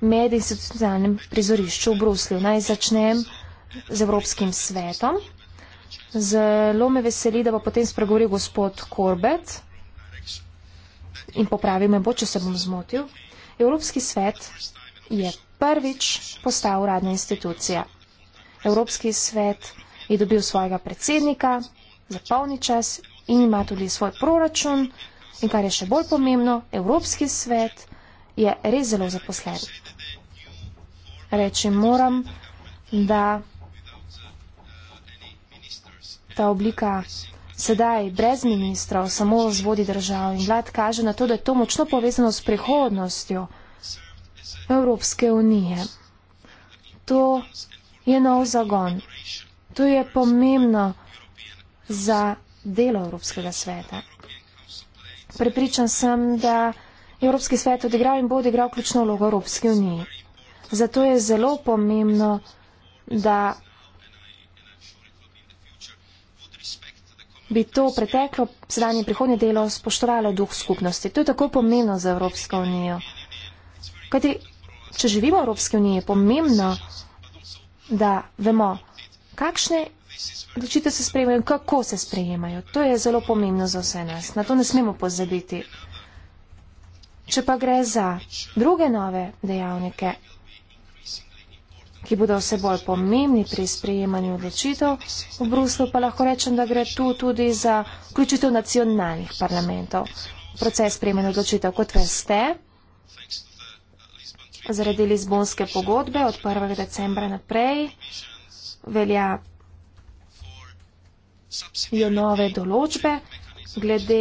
medinstitucionalnem prizorišču v Bruslju. Naj začnem z Evropskim svetom. Zelo me veseli, da bo potem spregovoril gospod Korbet in popravil me bo, če se bom zmotil. Evropski svet je prvič postal uradna institucija. Evropski svet je dobil svojega predsednika za polni čas in ima tudi svoj proračun in kar je še bolj pomembno, Evropski svet je res zelo zaposlen. Reči moram, da ta oblika sedaj brez ministrov samo zvodi državo in vlad kaže na to, da je to močno povezano s prihodnostjo Evropske unije. To je nov zagon. To je pomembno za delo Evropskega sveta. Prepričan sem, da Evropski svet odigral in bo odigral ključno vlogo Evropske unije. Zato je zelo pomembno, da bi to preteklo, sedanje in prihodnje delo spoštovalo duh skupnosti. To je tako pomembno za Evropsko unijo. Kajti, če živimo v Evropski uniji, je pomembno, da vemo, kakšne Odločitev se sprejemajo, kako se sprejemajo. To je zelo pomembno za vse nas. Na to ne smemo pozabiti. Če pa gre za druge nove dejavnike, ki bodo vse bolj pomembni pri sprejemanju odločitev, v Bruslu pa lahko rečem, da gre tu tudi za vključitev nacionalnih parlamentov. Proces sprejemanja odločitev, kot veste, zaradi Lizbonske pogodbe od 1. decembra naprej velja je nove določbe glede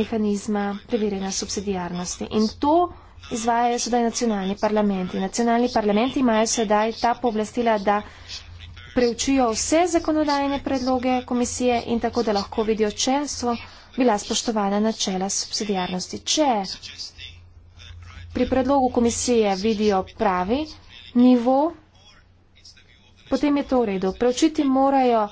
mehanizma preverjanja subsidijarnosti. In to izvajajo sedaj nacionalni parlamenti. Nacionalni parlamenti imajo sedaj ta povlastila, da preučijo vse zakonodajne predloge komisije in tako, da lahko vidijo, če so bila spoštovana načela subsidijarnosti. Če pri predlogu komisije vidijo pravi nivo, potem je to v redu. Preučiti morajo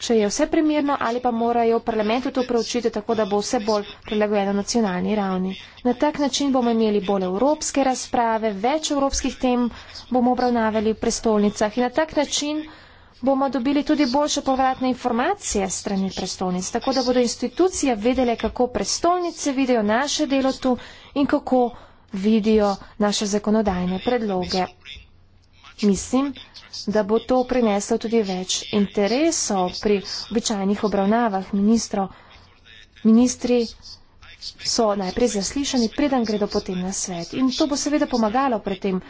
če je vse primerno ali pa morajo v parlamentu to preučiti tako, da bo vse bolj prilagojeno nacionalni ravni. Na tak način bomo imeli bolj evropske razprave, več evropskih tem bomo obravnavali v prestolnicah in na tak način bomo dobili tudi boljše povratne informacije strani prestolnic, tako da bodo institucije vedele, kako prestolnice vidijo naše delo tu in kako vidijo naše zakonodajne predloge. Mislim, da bo to prineslo tudi več interesov pri običajnih obravnavah ministrov. Ministri so najprej zaslišani, preden gredo potem na svet. In to bo seveda pomagalo pred tem.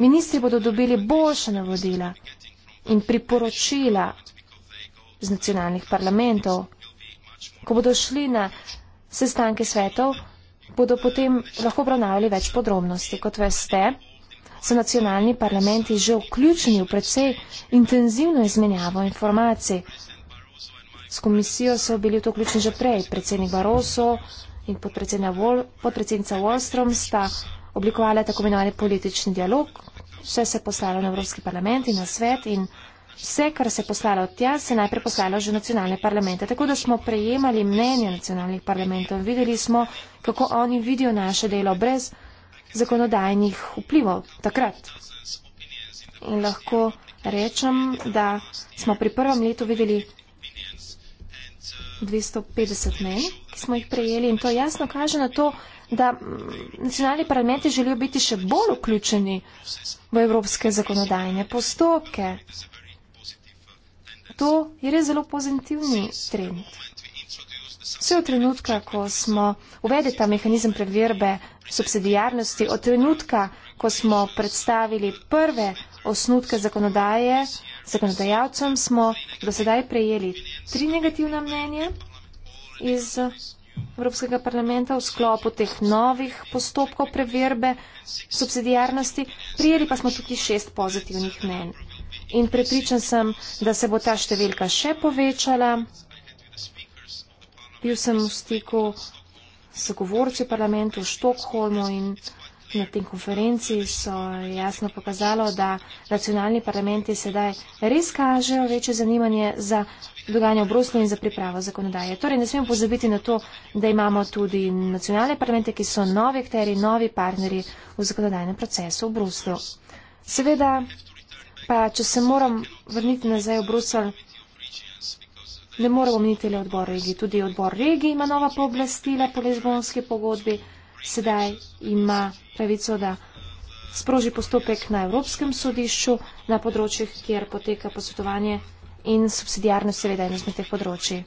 Ministri bodo dobili boljša navodila in priporočila z nacionalnih parlamentov. Ko bodo šli na sestanke svetov, bodo potem lahko obravnavali več podrobnosti. Kot veste, so nacionalni parlamenti že vključeni v precej intenzivno izmenjavo informacij. S komisijo so bili v to vključeni že prej. Predsednik Barroso in podpredsednica Wallstrom sta oblikovala tako imenovani politični dialog. Vse se je poslalo na Evropski parlament in na svet in vse, kar se je poslalo od tja, se je najprej poslalo že v nacionalne parlamente. Tako da smo prejemali mnenje nacionalnih parlamentov in videli smo, kako oni vidijo naše delo brez zakonodajnih vplivov takrat. In lahko rečem, da smo pri prvem letu videli 250 mnen, ki smo jih prejeli in to jasno kaže na to, da mm, nacionalni parlamenti želijo biti še bolj vključeni v evropske zakonodajne postopke. To je res zelo pozitivni trend. Vse od trenutka, ko smo uvedli ta mehanizem preverbe subsidijarnosti, od trenutka, ko smo predstavili prve osnutke zakonodaje, zakonodajalcem smo do sedaj prejeli tri negativna mnenja iz Evropskega parlamenta v sklopu teh novih postopkov preverbe subsidijarnosti, prijeli pa smo tudi šest pozitivnih mnen. In prepričan sem, da se bo ta številka še povečala. Bil sem v stiku s govorci v parlamentu v Štokholmu in na tem konferenci so jasno pokazalo, da nacionalni parlamenti sedaj res kažejo večje zanimanje za dogajanje v Bruslu in za pripravo zakonodaje. Torej ne smemo pozabiti na to, da imamo tudi nacionalne parlamente, ki so novi akteri, novi partneri v zakonodajnem procesu v Bruslu. Seveda pa, če se moram vrniti nazaj v Bruselj, ne moremo omeniti le odbor regij. Tudi odbor regij ima nova pooblastila po lezbonske pogodbi. Sedaj ima pravico, da sproži postopek na Evropskem sodišču na področjih, kjer poteka posvetovanje in subsidijarno seveda eno izmed teh področji.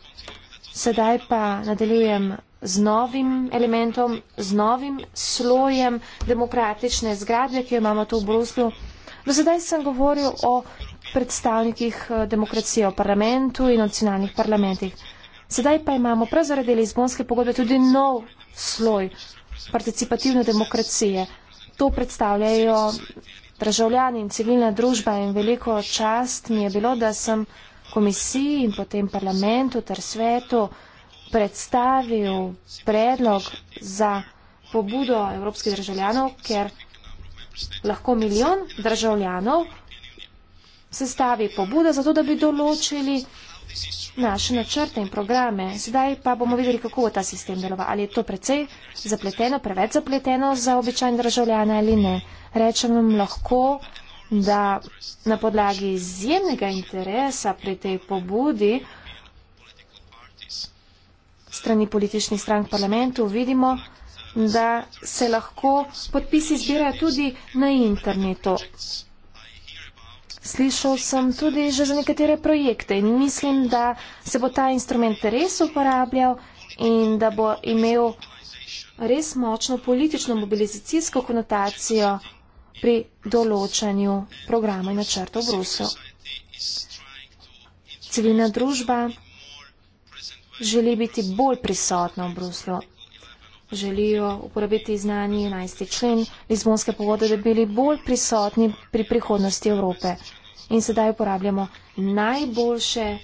Sedaj pa nadaljujem z novim elementom, z novim slojem demokratične zgradbe, ki jo imamo tu v Bruslju. Do sedaj sem govoril o predstavnikih eh, demokracije v parlamentu in nacionalnih parlamentih. Sedaj pa imamo prav zaradi Lizbonske pogodbe tudi nov sloj participativne demokracije. To predstavljajo državljani in civilna družba in veliko čast mi je bilo, da sem komisiji in potem parlamentu ter svetu predstavil predlog za pobudo evropskih državljanov, ker lahko milijon državljanov sestavi pobudo za to, da bi določili naše načrte in programe. Sedaj pa bomo videli, kako bo ta sistem deloval. Ali je to precej zapleteno, preveč zapleteno za običajne državljane ali ne. Rečem vam lahko, da na podlagi izjemnega interesa pri tej pobudi strani političnih strank parlamentu vidimo, da se lahko podpisi zbirajo tudi na internetu. Slišal sem tudi že za nekatere projekte in mislim, da se bo ta instrument res uporabljal in da bo imel res močno politično mobilizacijsko konotacijo pri določanju programa in načrta v Bruslju. Civilna družba želi biti bolj prisotna v Bruslju želijo uporabiti znani 11. člen Lizbonske pogodbe, da bi bili bolj prisotni pri prihodnosti Evrope. In sedaj uporabljamo najboljše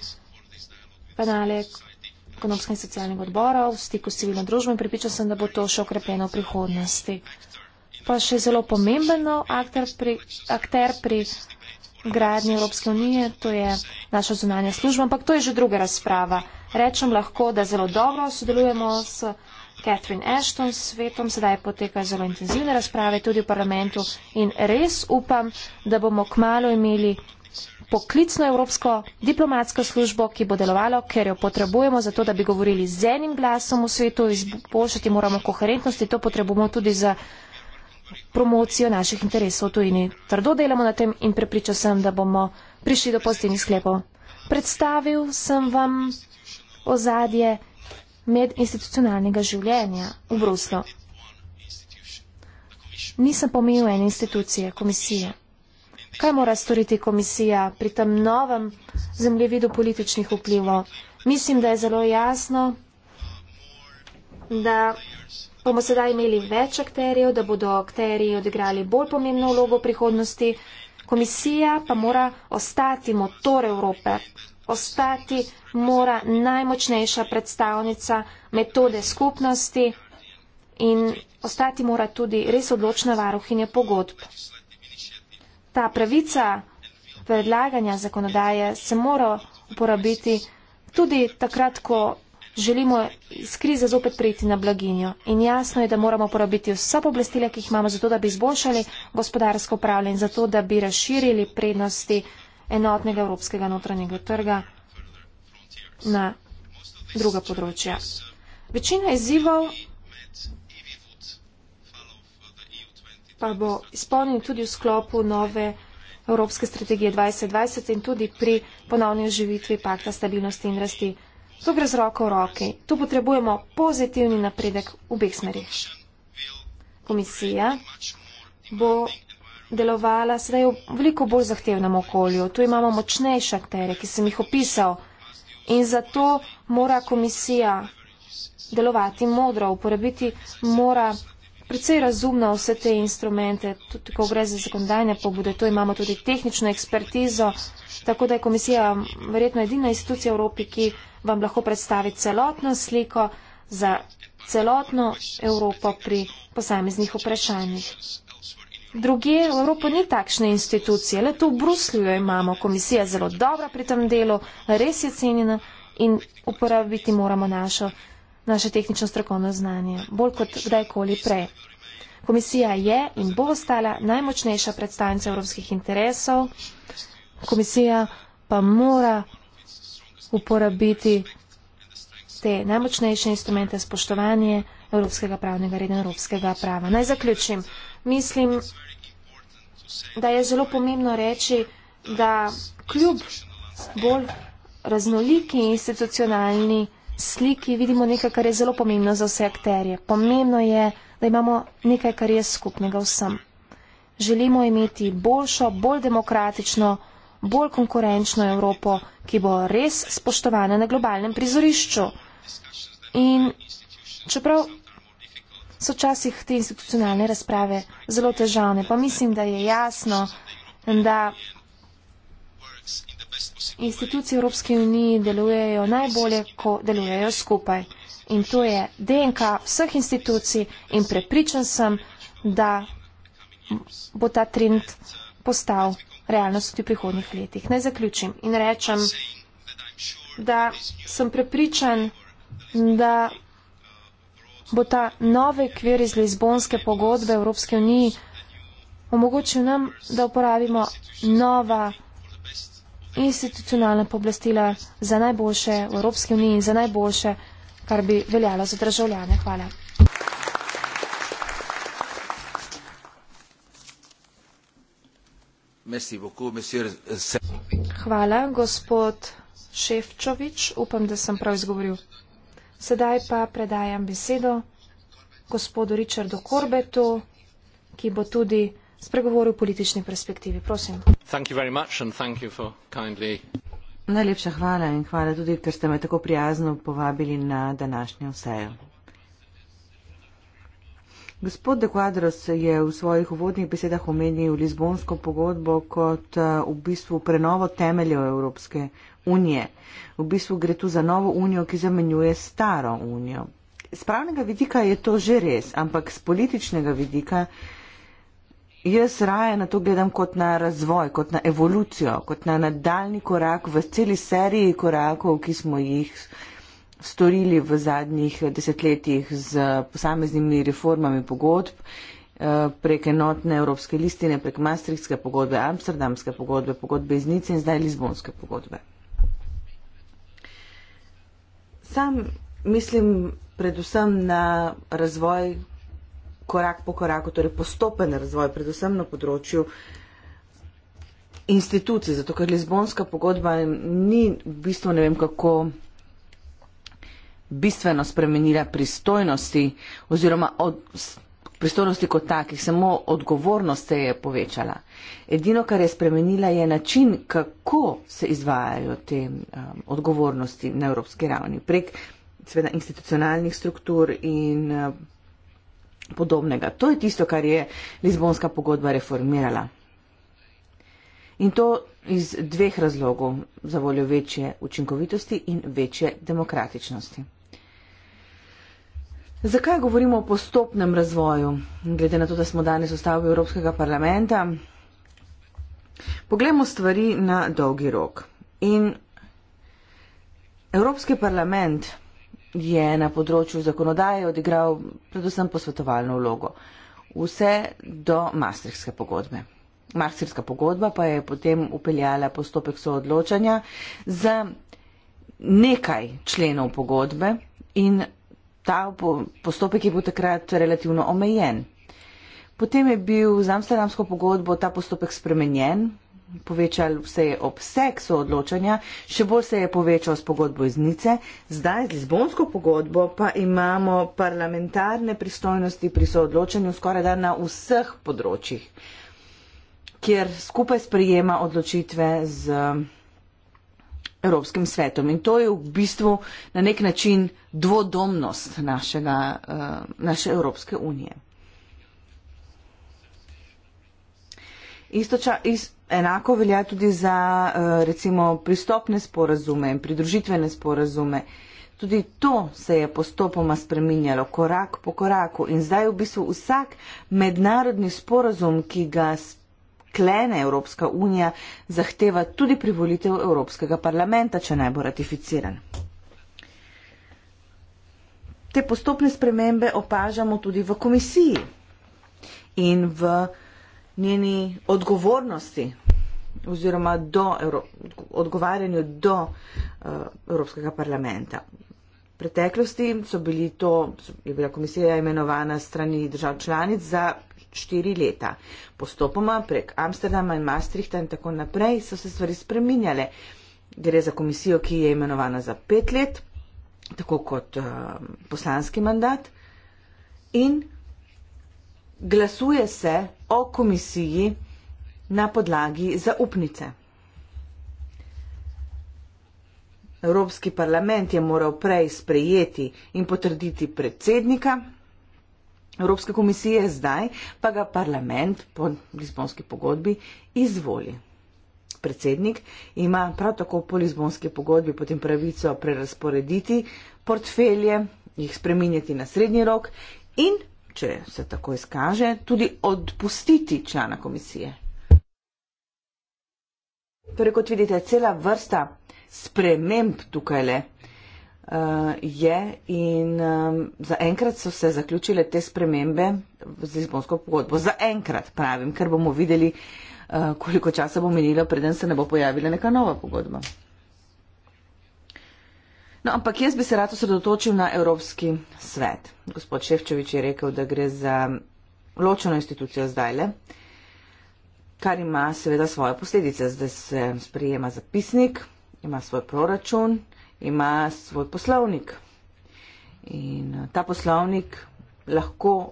kanale ekonomskega in socialnega odbora v stiku s civilno družbo in pripričal sem, da bo to še okrepeno v prihodnosti. Pa še zelo pomembno akter pri, akter pri gradnji Evropske unije, to je naša zunanja služba, ampak to je že druga razprava. Rečem lahko, da zelo dobro sodelujemo s Catherine Ashton s svetom, sedaj potekajo zelo intenzivne razprave tudi v parlamentu in res upam, da bomo kmalo imeli poklicno evropsko diplomatsko službo, ki bo delovalo, ker jo potrebujemo za to, da bi govorili z enim glasom v svetu, izboljšati moramo koherentnost in to potrebujemo tudi za promocijo naših interesov v tujini. Trdo delamo na tem in prepriča sem, da bomo prišli do pozitivnih sklepov. Predstavil sem vam ozadje medinstitucionalnega življenja v Bruslu. Nisem pomenil ene institucije, komisije. Kaj mora storiti komisija pri tem novem zemljevidu političnih vplivov? Mislim, da je zelo jasno, da bomo sedaj imeli več akterjev, da bodo akterji odigrali bolj pomembno vlogo v prihodnosti. Komisija pa mora ostati motor Evrope ostati mora najmočnejša predstavnica metode skupnosti in ostati mora tudi res odločna varuhinja pogodb. Ta pravica predlaganja zakonodaje se mora uporabiti tudi takrat, ko želimo iz krize zopet prijeti na blaginjo. In jasno je, da moramo uporabiti vsa poblestila, ki jih imamo, zato da bi izboljšali gospodarsko pravljanje, zato da bi razširili prednosti enotnega evropskega notranjega trga na druga področja. Večina izzivov pa bo izpolnjen tudi v sklopu nove evropske strategije 2020 in tudi pri ponovni oživitvi pakta stabilnosti in rasti. To gre z roko v roki. Tu potrebujemo pozitivni napredek v obeh smerih. Komisija bo delovala sedaj v veliko bolj zahtevnem okolju. Tu imamo močnejše aktere, ki sem jih opisal. In zato mora komisija delovati modro, uporabiti mora predvsej razumno vse te instrumente, tudi ko gre za zakonodajne pobude. Tu imamo tudi tehnično ekspertizo, tako da je komisija verjetno edina institucija v Evropi, ki vam lahko predstavi celotno sliko za celotno Evropo pri posameznih vprašanjih. Drugi v Evropi ni takšne institucije, le tu v Bruslju imamo. Komisija je zelo dobra pri tem delu, res je cenjena in uporabiti moramo našo, naše tehnično strokovno znanje, bolj kot kdajkoli prej. Komisija je in bo ostala najmočnejša predstavnica evropskih interesov. Komisija pa mora uporabiti te najmočnejše instrumente spoštovanje evropskega pravnega reda in evropskega prava. Naj zaključim. Mislim, da je zelo pomembno reči, da kljub bolj raznoliki institucionalni sliki vidimo nekaj, kar je zelo pomembno za vse akterje. Pomembno je, da imamo nekaj, kar je skupnega vsem. Želimo imeti boljšo, bolj demokratično, bolj konkurenčno Evropo, ki bo res spoštovana na globalnem prizorišču. In čeprav so včasih te institucionalne razprave zelo težavne. Pa mislim, da je jasno, da institucije Evropske unije delujejo najbolje, ko delujejo skupaj. In to je DNK vseh institucij in prepričan sem, da bo ta trend postal realnost tudi v prihodnih letih. Naj zaključim in rečem, da sem prepričan, da bo ta novi kvir iz Lizbonske pogodbe Evropske unije omogočil nam, da uporabimo nova institucionalna poblastila za najboljše v Evropski uniji in za najboljše, kar bi veljalo za državljane. Hvala. Hvala, gospod Ševčovič. Upam, da sem prav izgovoril. Sedaj pa predajam besedo gospodu Richardu Corbetu, ki bo tudi spregovoril o politični perspektivi. Prosim. Najlepša hvala in hvala tudi, ker ste me tako prijazno povabili na današnjo sejo. Gospod De Quadros je v svojih uvodnih besedah omenil Lizbonsko pogodbo kot eh, v bistvu prenovo temeljev Evropske unije v bistvu gre tu za novo unijo, ki zamenjuje staro unijo. Z pravnega vidika je to že res, ampak z političnega vidika jaz raje na to gledam kot na razvoj, kot na evolucijo, kot na nadaljni korak v celi seriji korakov, ki smo jih storili v zadnjih desetletjih z posameznimi reformami pogodb eh, prek enotne evropske listine, prek Maastrichtske pogodbe, Amsterdamske pogodbe, pogodbe iz Nice in zdaj Lizbonske pogodbe. Sam mislim predvsem na razvoj korak po koraku, torej postopen razvoj, predvsem na področju institucij, zato ker Lizbonska pogodba ni v bistvu ne vem kako bistveno spremenila pristojnosti oziroma od, pristojnosti kot takih, samo odgovornost se je povečala. Edino, kar je spremenila, je način, kako se izvajajo te um, odgovornosti na evropski ravni, prek sveda, institucionalnih struktur in uh, podobnega. To je tisto, kar je Lizbonska pogodba reformirala. In to iz dveh razlogov za voljo večje učinkovitosti in večje demokratičnosti. Zakaj govorimo o postopnem razvoju, glede na to, da smo danes v stavbi Evropskega parlamenta? Poglejmo stvari na dolgi rok. In Evropski parlament je na področju zakonodaje odigral predvsem posvetovalno vlogo. Vse do Maastrichtske pogodbe. Maastrichtska pogodba pa je potem upeljala postopek soodločanja za nekaj členov pogodbe in ta postopek je bil takrat relativno omejen. Potem je bil z amsterdamsko pogodbo ta postopek spremenjen. Povečal se je obseg soodločanja, še bolj se je povečal s pogodbo iz Nice, zdaj z Lizbonsko pogodbo pa imamo parlamentarne pristojnosti pri soodločanju skoraj da na vseh področjih, kjer skupaj sprejema odločitve z Evropskim svetom. In to je v bistvu na nek način dvodomnost našega, eh, naše Evropske unije. Istoča, is, enako velja tudi za eh, recimo pristopne sporazume in pridružitvene sporazume. Tudi to se je postopoma spreminjalo, korak po koraku. In zdaj v bistvu vsak mednarodni sporazum, ki ga spremljamo, klene Evropska unija zahteva tudi privolitev Evropskega parlamenta, če naj bo ratificiran. Te postopne spremembe opažamo tudi v komisiji in v njeni odgovornosti oziroma do, odgovarjanju do uh, Evropskega parlamenta. V preteklosti so bili to, so, je bila komisija imenovana strani držav članic za štiri leta. Postopoma prek Amsterdama in Maastrichta in tako naprej so se stvari spreminjale. Gre za komisijo, ki je imenovana za pet let, tako kot uh, poslanski mandat. In glasuje se o komisiji na podlagi zaupnice. Evropski parlament je moral prej sprejeti in potrditi predsednika Evropske komisije, zdaj pa ga parlament po Lizbonski pogodbi izvoli. Predsednik ima prav tako po Lizbonski pogodbi potem pravico prerasporediti portfelje, jih spreminjati na srednji rok in, če se tako izkaže, tudi odpustiti člana komisije. Torej, kot vidite, cela vrsta sprememb tukaj le uh, je in um, zaenkrat so se zaključile te spremembe z izbonsko pogodbo. Zaenkrat pravim, ker bomo videli, uh, koliko časa bo minilo, preden se ne bo pojavila neka nova pogodba. No, ampak jaz bi se rad osredotočil na Evropski svet. Gospod Ševčevič je rekel, da gre za ločeno institucijo zdajle, kar ima seveda svoje posledice. Zdaj se sprijema zapisnik, ima svoj proračun ima svoj poslovnik. In eh, ta poslovnik lahko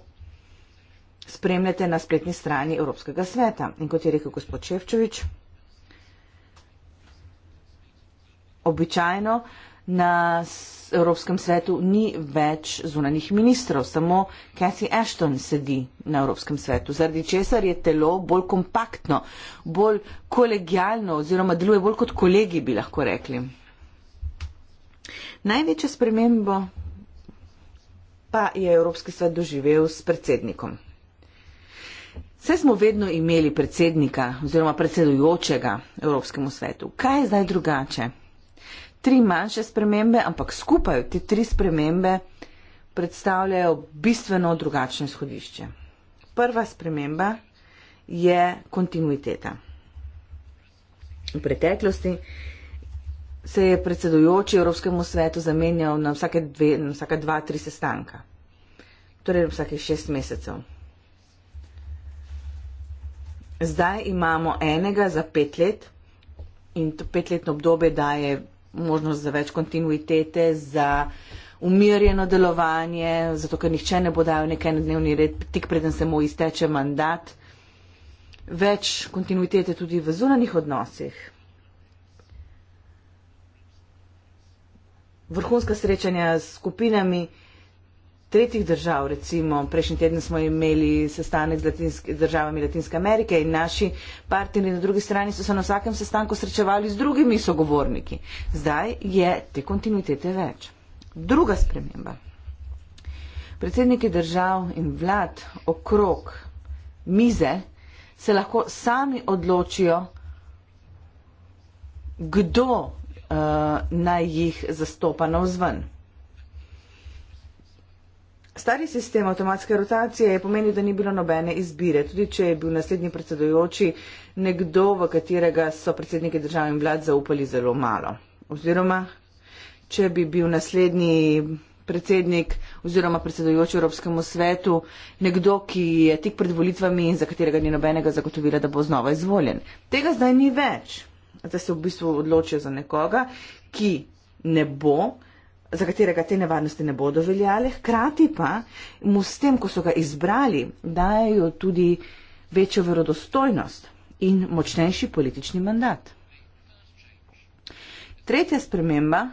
spremljate na spletni strani Evropskega sveta. In kot je rekel gospod Ševčevič, običajno na Evropskem svetu ni več zunanih ministrov, samo Cathy Ashton sedi na Evropskem svetu, zaradi česar je telo bolj kompaktno, bolj kolegijalno oziroma deluje bolj kot kolegi, bi lahko rekli. Največjo spremembo pa je Evropski svet doživel s predsednikom. Vse smo vedno imeli predsednika oziroma predsedujočega Evropskemu svetu. Kaj je zdaj drugače? Tri manjše spremembe, ampak skupaj te tri spremembe predstavljajo bistveno drugačno izhodišče. Prva sprememba je kontinuiteta. V preteklosti se je predsedujoči Evropskemu svetu zamenjal na vsake, dve, na vsake dva, tri sestanka. Torej vsake šest mesecev. Zdaj imamo enega za pet let in to petletno obdobje daje možnost za več kontinuitete, za umirjeno delovanje, zato ker nihče ne bo dal nekaj na dnevni red, tik preden se mu izteče mandat. Več kontinuitete tudi v zunanih odnosih. vrhunska srečanja s skupinami tretjih držav. Recimo, prejšnji teden smo imeli sestanek z Latinske, državami Latinske Amerike in naši partnerji na drugi strani so se na vsakem sestanku srečevali z drugimi sogovorniki. Zdaj je te kontinuitete več. Druga sprememba. Predsedniki držav in vlad okrog mize se lahko sami odločijo, kdo uh, naj jih zastopa navzven. Stari sistem avtomatske rotacije je pomenil, da ni bilo nobene izbire. Tudi če je bil naslednji predsedujoči nekdo, v katerega so predsedniki državnih vlad zaupali zelo malo. Oziroma, če bi bil naslednji predsednik oziroma predsedujoči Evropskemu svetu nekdo, ki je tik pred volitvami in za katerega ni nobenega zagotovila, da bo znova izvoljen. Tega zdaj ni več da se v bistvu odločijo za nekoga, ki ne bo, za katerega te nevarnosti ne bodo veljale, hkrati pa mu s tem, ko so ga izbrali, dajo tudi večjo verodostojnost in močnejši politični mandat. Tretja sprememba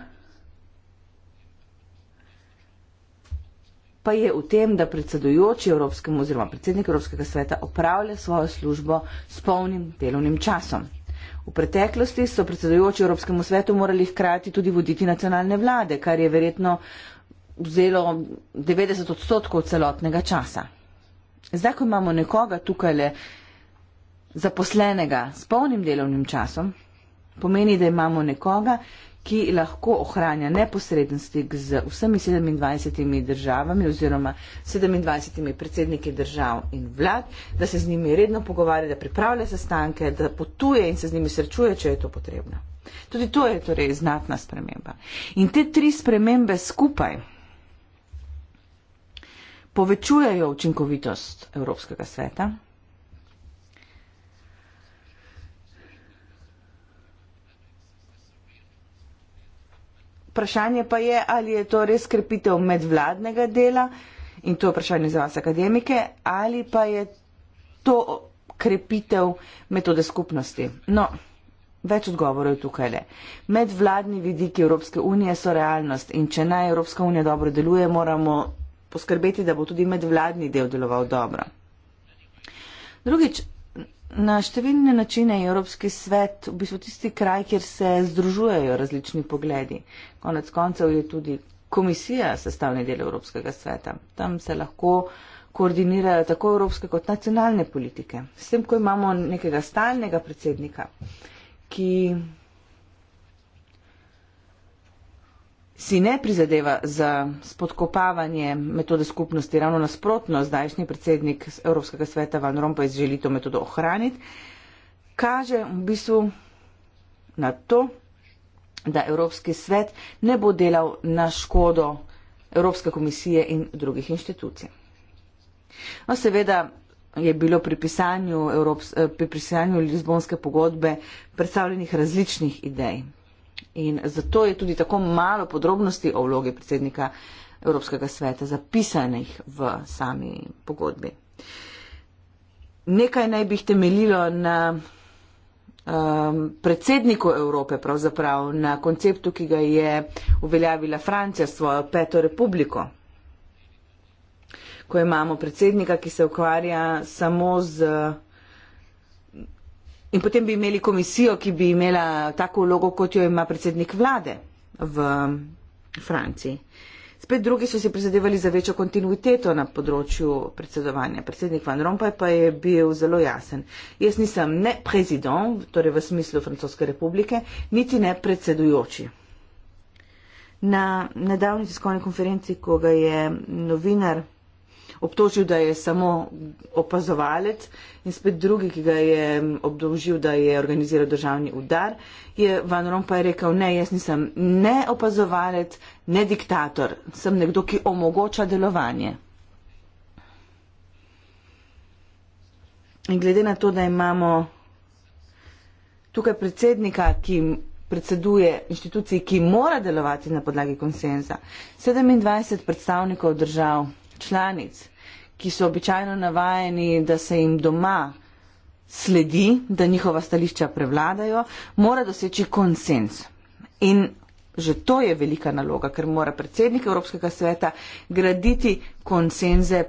pa je v tem, da predsedujoči Evropskemu oziroma predsednik Evropskega sveta opravlja svojo službo s polnim delovnim časom. V preteklosti so predsedujoči Evropskemu svetu morali hkrati tudi voditi nacionalne vlade, kar je verjetno vzelo 90 odstotkov celotnega časa. Zdaj, ko imamo nekoga tukaj le zaposlenega s polnim delovnim časom, pomeni, da imamo nekoga, ki lahko ohranja neposreden stik z vsemi 27 državami oziroma 27 predsedniki držav in vlad, da se z njimi redno pogovarja, da pripravlja sestanke, da potuje in se z njimi srečuje, če je to potrebno. Tudi to je torej znatna sprememba. In te tri spremembe skupaj povečujejo učinkovitost Evropskega sveta. Vprašanje pa je, ali je to res krepitev medvladnega dela in to je vprašanje za vas akademike, ali pa je to krepitev metode skupnosti. No, več odgovorov je tukaj le. Medvladni vidiki Evropske unije so realnost in če naj Evropska unija dobro deluje, moramo poskrbeti, da bo tudi medvladni del deloval dobro. Drugič, Na številne načine je Evropski svet v bistvu tisti kraj, kjer se združujejo različni pogledi. Konec koncev je tudi komisija sestavni del Evropskega sveta. Tam se lahko koordinirajo tako evropske kot nacionalne politike. S tem, ko imamo nekega stalnega predsednika, ki si ne prizadeva za spodkopavanje metode skupnosti, ravno nasprotno, zdajšnji predsednik Evropskega sveta Van Rompuy želi to metodo ohraniti, kaže v bistvu na to, da Evropski svet ne bo delal na škodo Evropske komisije in drugih inštitucij. No, seveda je bilo pri pisanju, Evrops eh, pri pisanju Lizbonske pogodbe predstavljenih različnih idej. In zato je tudi tako malo podrobnosti o vlogi predsednika Evropskega sveta zapisanih v sami pogodbi. Nekaj naj bi jih temeljilo na um, predsedniku Evrope, pravzaprav na konceptu, ki ga je uveljavila Francija s svojo peto republiko. Ko imamo predsednika, ki se ukvarja samo z uh, In potem bi imeli komisijo, ki bi imela tako vlogo, kot jo ima predsednik vlade v um, Franciji. Spet drugi so si prizadevali za večjo kontinuiteto na področju predsedovanja. Predsednik Van Rompuy pa je bil zelo jasen. Jaz nisem ne prezident, torej v smislu Francoske republike, niti ne predsedujoči. Na nedavni tiskovni konferenci, ko ga je novinar obtožil, da je samo opazovalec in spet drugi, ki ga je mm, obdolžil, da je organiziral državni udar, je Van Rompuy rekel, ne, jaz nisem ne opazovalec, ne diktator, sem nekdo, ki omogoča delovanje. In glede na to, da imamo tukaj predsednika, ki predseduje inštituciji, ki mora delovati na podlagi konsenza, 27 predstavnikov držav članic, ki so običajno navajeni, da se jim doma sledi, da njihova stališča prevladajo, mora doseči konsens. In že to je velika naloga, ker mora predsednik Evropskega sveta graditi konsenze,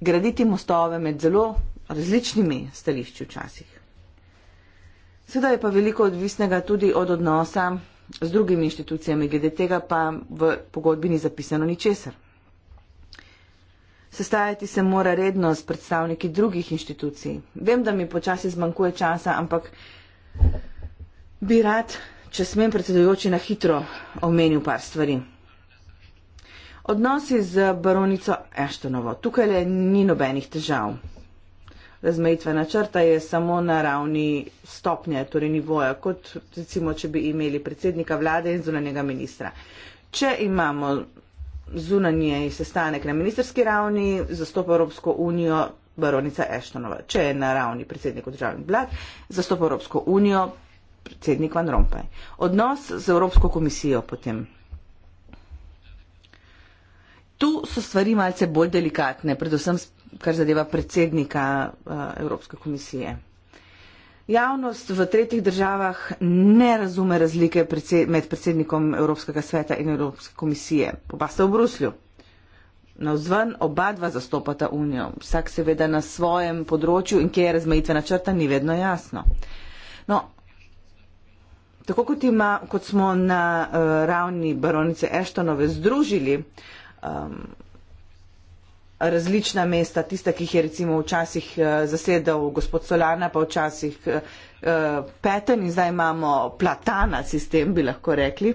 graditi mostove med zelo različnimi stališči včasih. Sveda je pa veliko odvisnega tudi od odnosa z drugimi inštitucijami, glede tega pa v pogodbi ni zapisano ničesar. Sestajati se mora redno s predstavniki drugih inštitucij. Vem, da mi počasi zmanjkuje časa, ampak bi rad, če smem predsedujoči na hitro, omenil par stvari. Odnosi z baronico Eštonovo. Tukaj le ni nobenih težav. Razmejitvena črta je samo na ravni stopnje, torej nivoja, kot recimo, če bi imeli predsednika vlade in zunanjega ministra. Če imamo zunanji sestanek na ministerski ravni, zastopa Evropsko unijo baronica Eštonova. Če je na ravni predsednikov državnih vlad, zastopa Evropsko unijo predsednik Van Rompuy. Odnos z Evropsko komisijo potem. Tu so stvari malce bolj delikatne, predvsem kar zadeva predsednika uh, Evropske komisije. Javnost v tretjih državah ne razume razlike med predsednikom Evropskega sveta in Evropske komisije. Oba sta v Bruslju. Na vzven oba dva zastopata Unijo, vsak seveda na svojem področju in kje je razmejitvena črta, ni vedno jasno. No, tako kot, ima, kot smo na uh, ravni baronice Eštonove združili um, različna mesta, tista, ki jih je recimo včasih eh, zasedal gospod Solana, pa včasih eh, eh, Peten in zdaj imamo platana sistem, bi lahko rekli,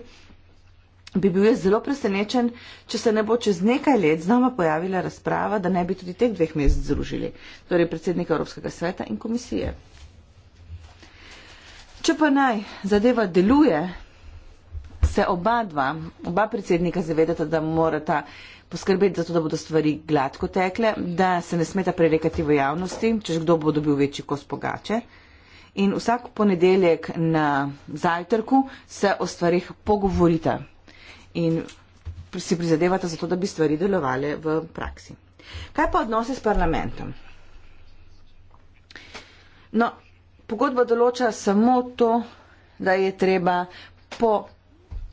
bi bil jaz zelo presenečen, če se ne bo čez nekaj let znova pojavila razprava, da ne bi tudi teh dveh mest združili, torej predsednika Evropskega sveta in komisije. Če pa naj zadeva deluje, se oba dva, oba predsednika zavedata, da morata poskrbeti za to, da bodo stvari gladko tekle, da se ne smeta prerekati v javnosti, češ kdo bo dobil večji kos pogače. In vsak ponedeljek na zajtrku se o stvarih pogovorite in si prizadevate za to, da bi stvari delovale v praksi. Kaj pa odnose s parlamentom? No, pogodba določa samo to, da je treba po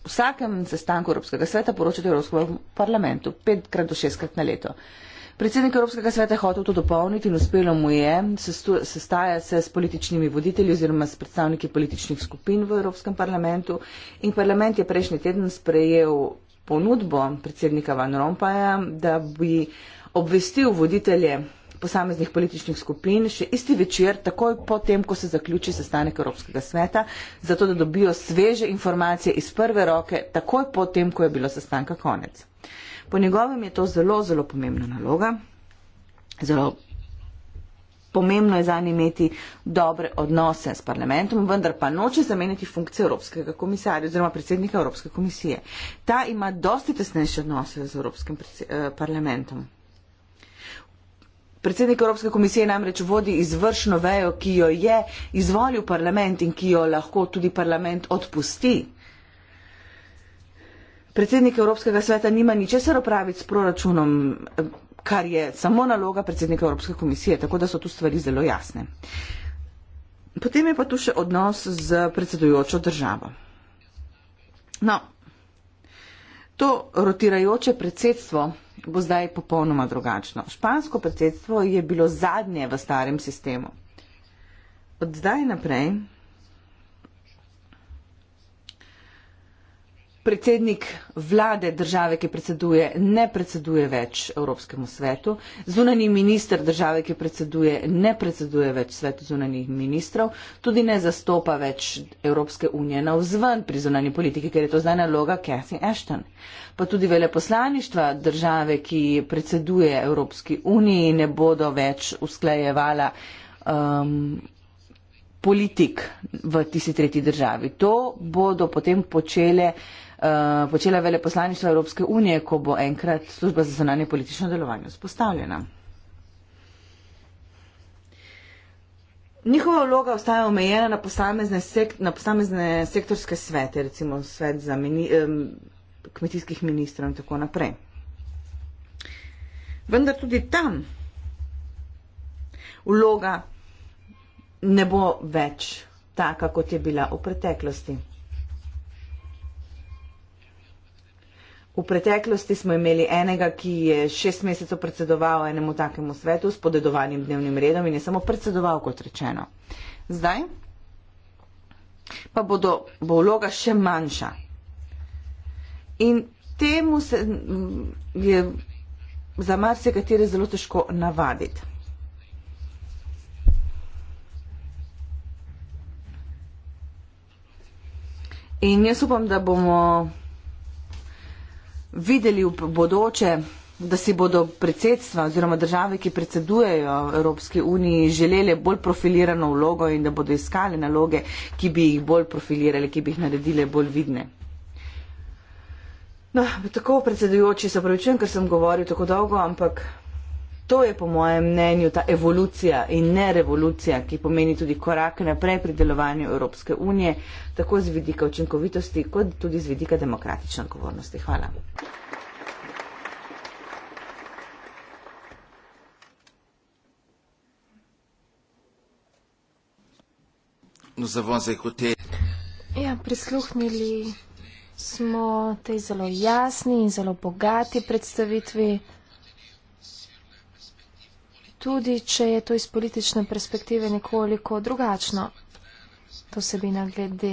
vsakem sestanku Evropskega sveta poročati Evropskemu parlamentu, petkrat do šestkrat na leto. Predsednik Evropskega sveta je hotel to dopolniti in uspelo mu je, sestaja se s političnimi voditelji oziroma s predstavniki političnih skupin v Evropskem parlamentu in parlament je prejšnji teden sprejel ponudbo predsednika Van Rompaja, da bi obvestil voditelje posameznih političnih skupin še isti večer, takoj potem, ko se zaključi sestanek Evropskega sveta, zato da dobijo sveže informacije iz prve roke, takoj potem, ko je bilo sestanka konec. Po njegovem je to zelo, zelo pomembna naloga. Zelo pomembno je za njih imeti dobre odnose s parlamentom, vendar pa noče zameniti funkcije Evropskega komisarja oziroma predsednika Evropske komisije. Ta ima dosti tesnejše odnose z Evropskim eh, parlamentom. Predsednik Evropske komisije namreč vodi izvršno vejo, ki jo je izvolil parlament in ki jo lahko tudi parlament odpusti. Predsednik Evropskega sveta nima ničesar opraviti s proračunom, kar je samo naloga predsednika Evropske komisije, tako da so tu stvari zelo jasne. Potem je pa tu še odnos z predsedujočo državo. No, to rotirajoče predsedstvo bo zdaj popolnoma drugačno. Špansko predsedstvo je bilo zadnje v starem sistemu. Od zdaj naprej predsednik vlade države, ki predseduje, ne predseduje več Evropskemu svetu, zunani minister države, ki predseduje, ne predseduje več svetu zunanih ministrov, tudi ne zastopa več Evropske unije na vzven pri zunani politiki, ker je to zdaj naloga Cathy Ashton. Pa tudi veleposlaništva države, ki predseduje Evropski uniji, ne bodo več usklajevala. Um, politik v tisti tretji državi. To bodo potem počele uh, Eh, počela veleposlaništvo Evropske unije, ko bo enkrat služba za zunanje politično delovanje vzpostavljena. Njihova vloga ostaja omejena na posamezne, sek na posamezne sektorske svete, recimo svet za mini kmetijskih ministrov in tako naprej. Vendar tudi tam vloga ne bo več taka, kot je bila v preteklosti. V preteklosti smo imeli enega, ki je šest mesecev predsedoval enemu takemu svetu s podedovanim dnevnim redom in je samo predsedoval, kot rečeno. Zdaj pa bodo, bo vloga še manjša. In temu se mm, je za marsikatere zelo težko navaditi. In jaz upam, da bomo videli v bodoče, da si bodo predsedstva oziroma države, ki predsedujejo Evropski uniji, želeli bolj profilirano vlogo in da bodo iskali naloge, ki bi jih bolj profilirali, ki bi jih naredili bolj vidne. No, tako predsedujoči se pravičujem, ker sem govoril tako dolgo, ampak To je po mojem mnenju ta evolucija in ne revolucija, ki pomeni tudi korak naprej pri delovanju Evropske unije, tako z vidika učinkovitosti, kot tudi z vidika demokratične odgovornosti. Hvala. Ja, prisluhnili smo tej zelo jasni in zelo bogati predstavitvi tudi če je to iz politične perspektive nekoliko drugačno, to sebina glede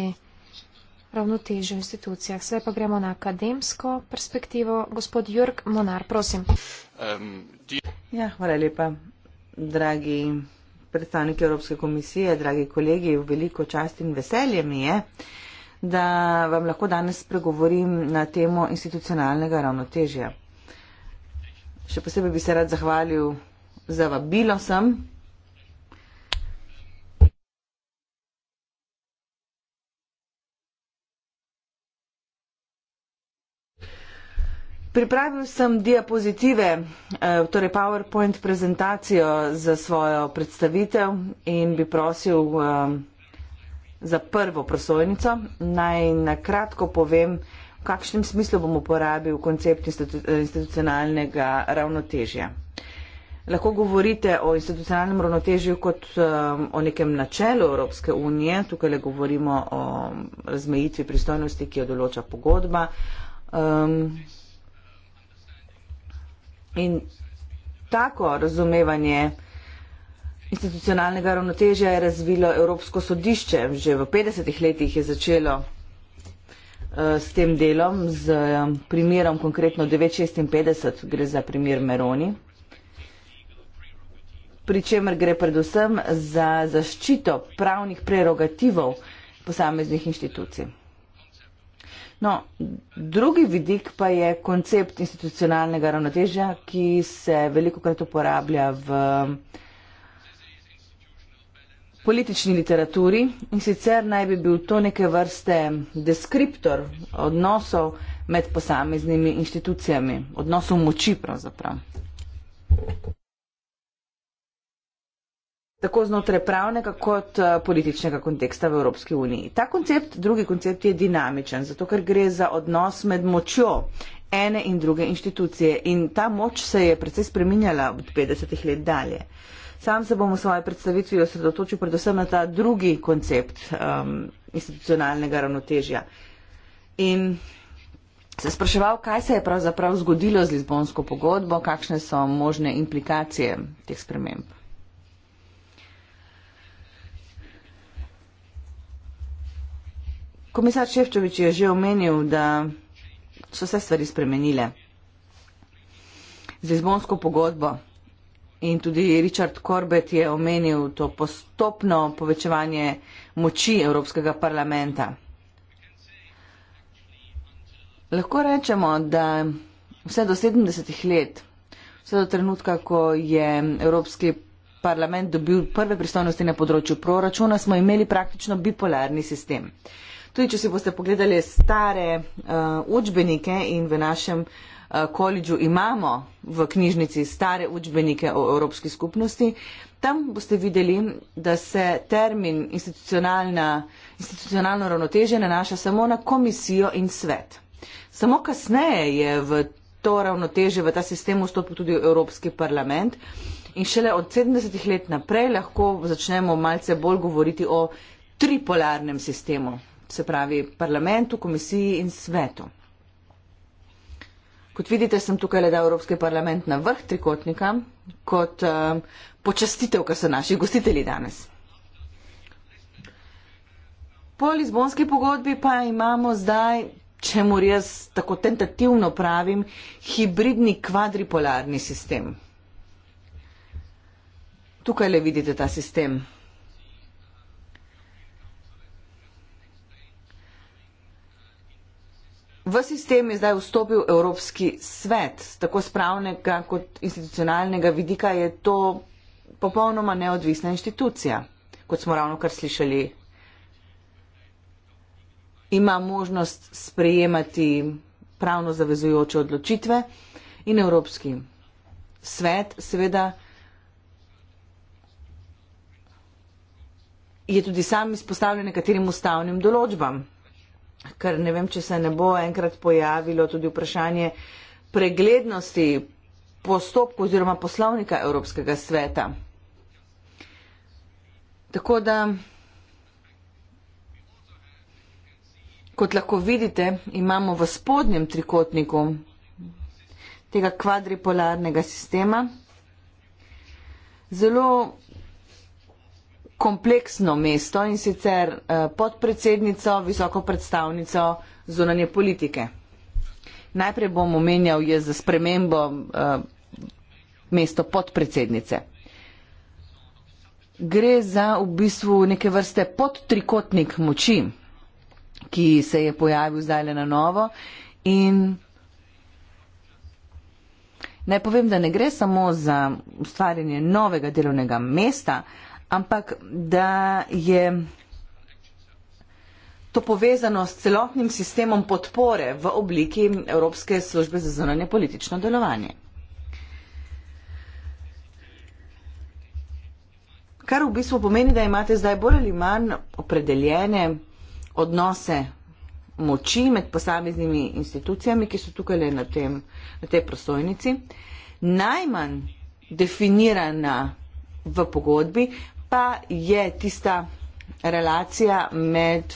ravnotežja v institucijah. Sedaj pa gremo na akademsko perspektivo. Gospod Jurg Monar, prosim. Um, di... Ja, hvala lepa, dragi predstavniki Evropske komisije, dragi kolegi, v veliko čast in veselje mi je, da vam lahko danes pregovorim na temo institucionalnega ravnotežja. Še posebej bi se rad zahvalil za vabilo sem. Pripravil sem diapozitive, eh, torej PowerPoint prezentacijo za svojo predstavitev in bi prosil eh, za prvo prosojnico. Naj nakratko povem, v kakšnem smislu bom uporabil koncept institucionalnega ravnotežja lahko govorite o institucionalnem ravnotežju kot um, o nekem načelu Evropske unije. Tukaj le govorimo o um, razmejitvi pristojnosti, ki jo določa pogodba. Um, in tako razumevanje institucionalnega ravnotežja je razvilo Evropsko sodišče. Že v 50-ih letih je začelo uh, s tem delom, z um, primerom konkretno 956, gre za primer Meroni, pri čemer gre predvsem za zaščito pravnih prerogativov posameznih inštitucij. No, drugi vidik pa je koncept institucionalnega ravnotežja, ki se veliko krat uporablja v politični literaturi in sicer naj bi bil to neke vrste deskriptor odnosov med posameznimi inštitucijami, odnosov moči pravzaprav tako znotraj pravnega kot eh, političnega konteksta v Evropski uniji. Ta koncept, drugi koncept je dinamičen, zato ker gre za odnos med močjo ene in druge inštitucije in ta moč se je precej spreminjala od 50-ih let dalje. Sam se bom v svoji predstavitvi osredotočil predvsem na ta drugi koncept um, institucionalnega ravnotežja. In se spraševal, kaj se je pravzaprav zgodilo z Lizbonsko pogodbo, kakšne so možne implikacije teh sprememb. Komisar Ševčovič je že omenil, da so se stvari spremenile z izbonsko pogodbo in tudi Richard Corbett je omenil to postopno povečevanje moči Evropskega parlamenta. Lahko rečemo, da vse do 70-ih let, vse do trenutka, ko je Evropski parlament dobil prve pristojnosti na področju proračuna, smo imeli praktično bipolarni sistem. Tudi, če si boste pogledali stare uh, učbenike in v našem uh, koledžu imamo v knjižnici stare učbenike o Evropski skupnosti, tam boste videli, da se termin institucionalno ravnoteže nanaša samo na komisijo in svet. Samo kasneje je v to ravnoteže v ta sistem vstopil tudi Evropski parlament in šele od 70 let naprej lahko začnemo malce bolj govoriti o tripolarnem sistemu se pravi parlamentu, komisiji in svetu. Kot vidite, sem tukaj le dal Evropski parlament na vrh trikotnika kot uh, počastitev, kar so naši gostitelji danes. Po Lizbonski pogodbi pa imamo zdaj, če moram jaz tako tentativno pravim, hibridni kvadripolarni sistem. Tukaj le vidite ta sistem. V sistem je zdaj vstopil Evropski svet, tako spravnega kot institucionalnega vidika je to popolnoma neodvisna inštitucija, kot smo ravno kar slišali. Ima možnost sprejemati pravno zavezujoče odločitve in Evropski svet seveda je tudi sam izpostavljen nekaterim ustavnim določbam ker ne vem, če se ne bo enkrat pojavilo tudi vprašanje preglednosti postopku oziroma poslovnika Evropskega sveta. Tako da, kot lahko vidite, imamo v spodnjem trikotniku tega kvadripolarnega sistema zelo kompleksno mesto in sicer eh, podpredsednico, visoko predstavnico zunanje politike. Najprej bom omenjal je za spremembo eh, mesto podpredsednice. Gre za v bistvu neke vrste podtrikotnik moči, ki se je pojavil zdaj le na novo in Naj povem, da ne gre samo za ustvarjanje novega delovnega mesta, ampak da je to povezano s celotnim sistemom podpore v obliki Evropske službe za zunanje politično delovanje. Kar v bistvu pomeni, da imate zdaj bolj ali manj opredeljene odnose moči med posameznimi institucijami, ki so tukaj le na, tem, na tej prosojnici, najmanj definirana v pogodbi, pa je tista relacija med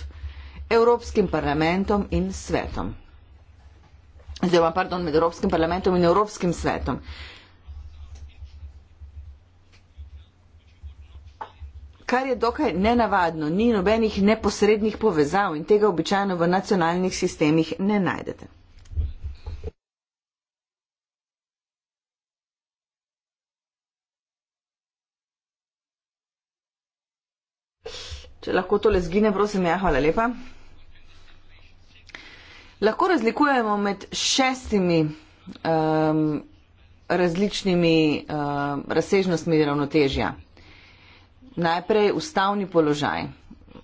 Evropskim parlamentom in svetom. Oziroma, pardon, med Evropskim parlamentom in Evropskim svetom. Kar je dokaj nenavadno, ni nobenih neposrednih povezav in tega običajno v nacionalnih sistemih ne najdete. Če lahko tole zgine, prosim, ja, hvala lepa. Lahko razlikujemo med šestimi um, različnimi um, razsežnostmi ravnotežja. Najprej ustavni položaj,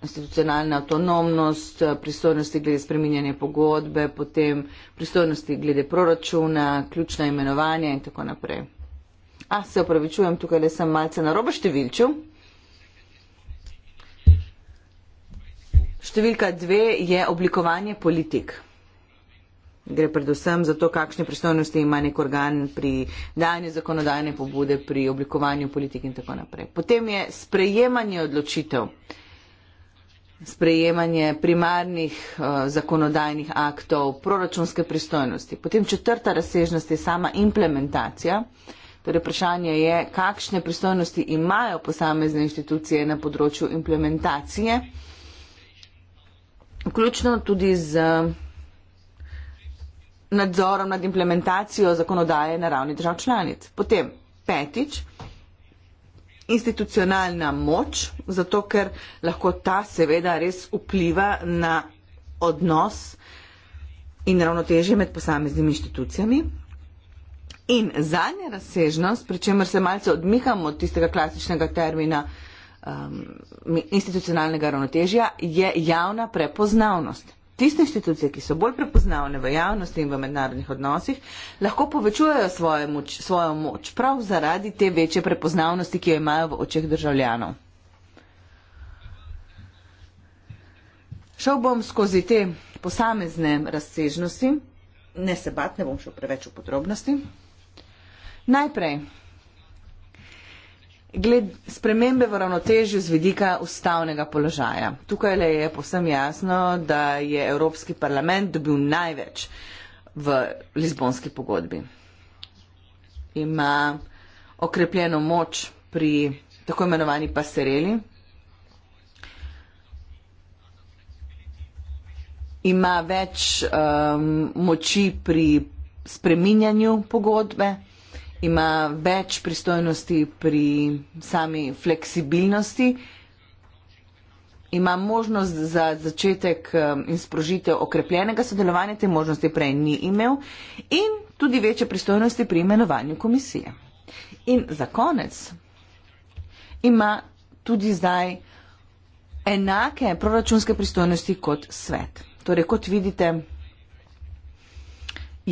institucionalna avtonomnost, pristojnosti glede spreminjanja pogodbe, potem pristojnosti glede proračuna, ključna imenovanja in tako naprej. A, se opravičujem, tukaj le sem malce na robo številčil. Številka dve je oblikovanje politik. Gre predvsem za to, kakšne pristojnosti ima nek organ pri danji zakonodajne pobude, pri oblikovanju politik in tako naprej. Potem je sprejemanje odločitev, sprejemanje primarnih uh, zakonodajnih aktov, proračunske pristojnosti. Potem četrta razsežnost je sama implementacija. Torej vprašanje je, kakšne pristojnosti imajo posamezne inštitucije na področju implementacije vključno tudi z nadzorom nad implementacijo zakonodaje na ravni držav članic. Potem petič, institucionalna moč, zato ker lahko ta seveda res vpliva na odnos in ravnotežje med posameznimi inštitucijami. In zadnja razsežnost, pri čemer se malce odmikamo od tistega klasičnega termina, um, institucionalnega ravnotežja, je javna prepoznavnost. Tiste institucije, ki so bolj prepoznavne v javnosti in v mednarodnih odnosih, lahko povečujejo svojo moč, svojo moč prav zaradi te večje prepoznavnosti, ki jo imajo v očeh državljanov. Šel bom skozi te posamezne razsežnosti, ne se bat, ne bom šel preveč v podrobnosti. Najprej Gled spremembe v ravnotežju z vidika ustavnega položaja. Tukaj le je posem jasno, da je Evropski parlament dobil največ v Lizbonski pogodbi. Ima okrepljeno moč pri tako imenovani pasereli. Ima več um, moči pri spreminjanju pogodbe ima več pristojnosti pri sami fleksibilnosti, ima možnost za začetek um, in sprožitev okrepljenega sodelovanja, te možnosti prej ni imel in tudi večje pristojnosti pri imenovanju komisije. In za konec ima tudi zdaj enake proračunske pristojnosti kot svet. Torej, kot vidite,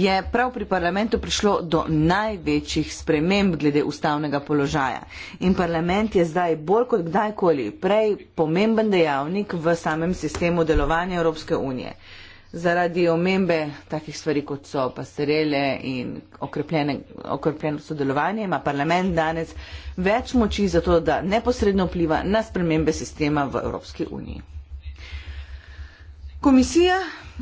je prav pri parlamentu prišlo do največjih sprememb glede ustavnega položaja. In parlament je zdaj bolj kot kdajkoli prej pomemben dejavnik v samem sistemu delovanja Evropske unije. Zaradi omembe takih stvari, kot so pasterele in okrepljeno sodelovanje, ima parlament danes več moči za to, da neposredno vpliva na spremembe sistema v Evropski uniji. Komisija,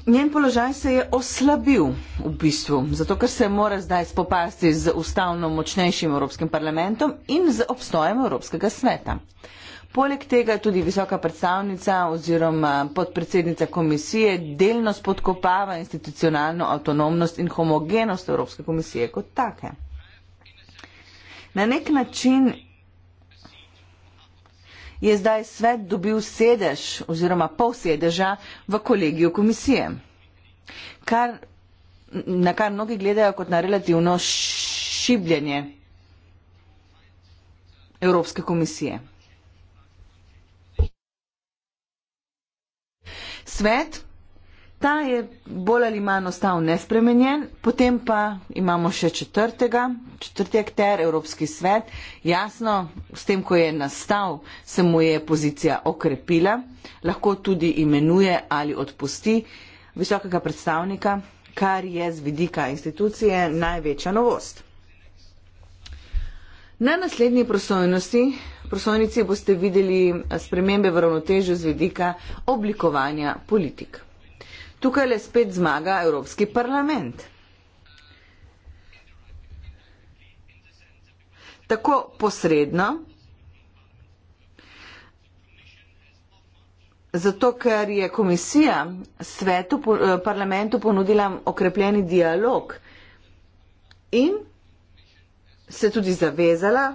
njen položaj se je oslabil v bistvu, zato ker se mora zdaj spopasti z ustavno močnejšim Evropskim parlamentom in z obstojem Evropskega sveta. Poleg tega je tudi visoka predstavnica oziroma podpredsednica komisije delno spodkopava institucionalno avtonomnost in homogenost Evropske komisije kot take. Na nek način je zdaj svet dobil sedež oziroma pol sedeža v kolegiju komisije, kar, na kar mnogi gledajo kot na relativno šibljenje Evropske komisije. Svet Ta je bolj ali manj ostal nespremenjen, potem pa imamo še četrtega, četrti akter, Evropski svet. Jasno, s tem, ko je nastal, se mu je pozicija okrepila, lahko tudi imenuje ali odpusti visokega predstavnika, kar je z vidika institucije največja novost. Na naslednji prosojnosti. V prosojnici boste videli spremembe v ravnotežju z vidika oblikovanja politik tukaj le spet zmaga Evropski parlament. Tako posredno, zato ker je komisija svetu, eh, parlamentu ponudila okrepljeni dialog in se tudi zavezala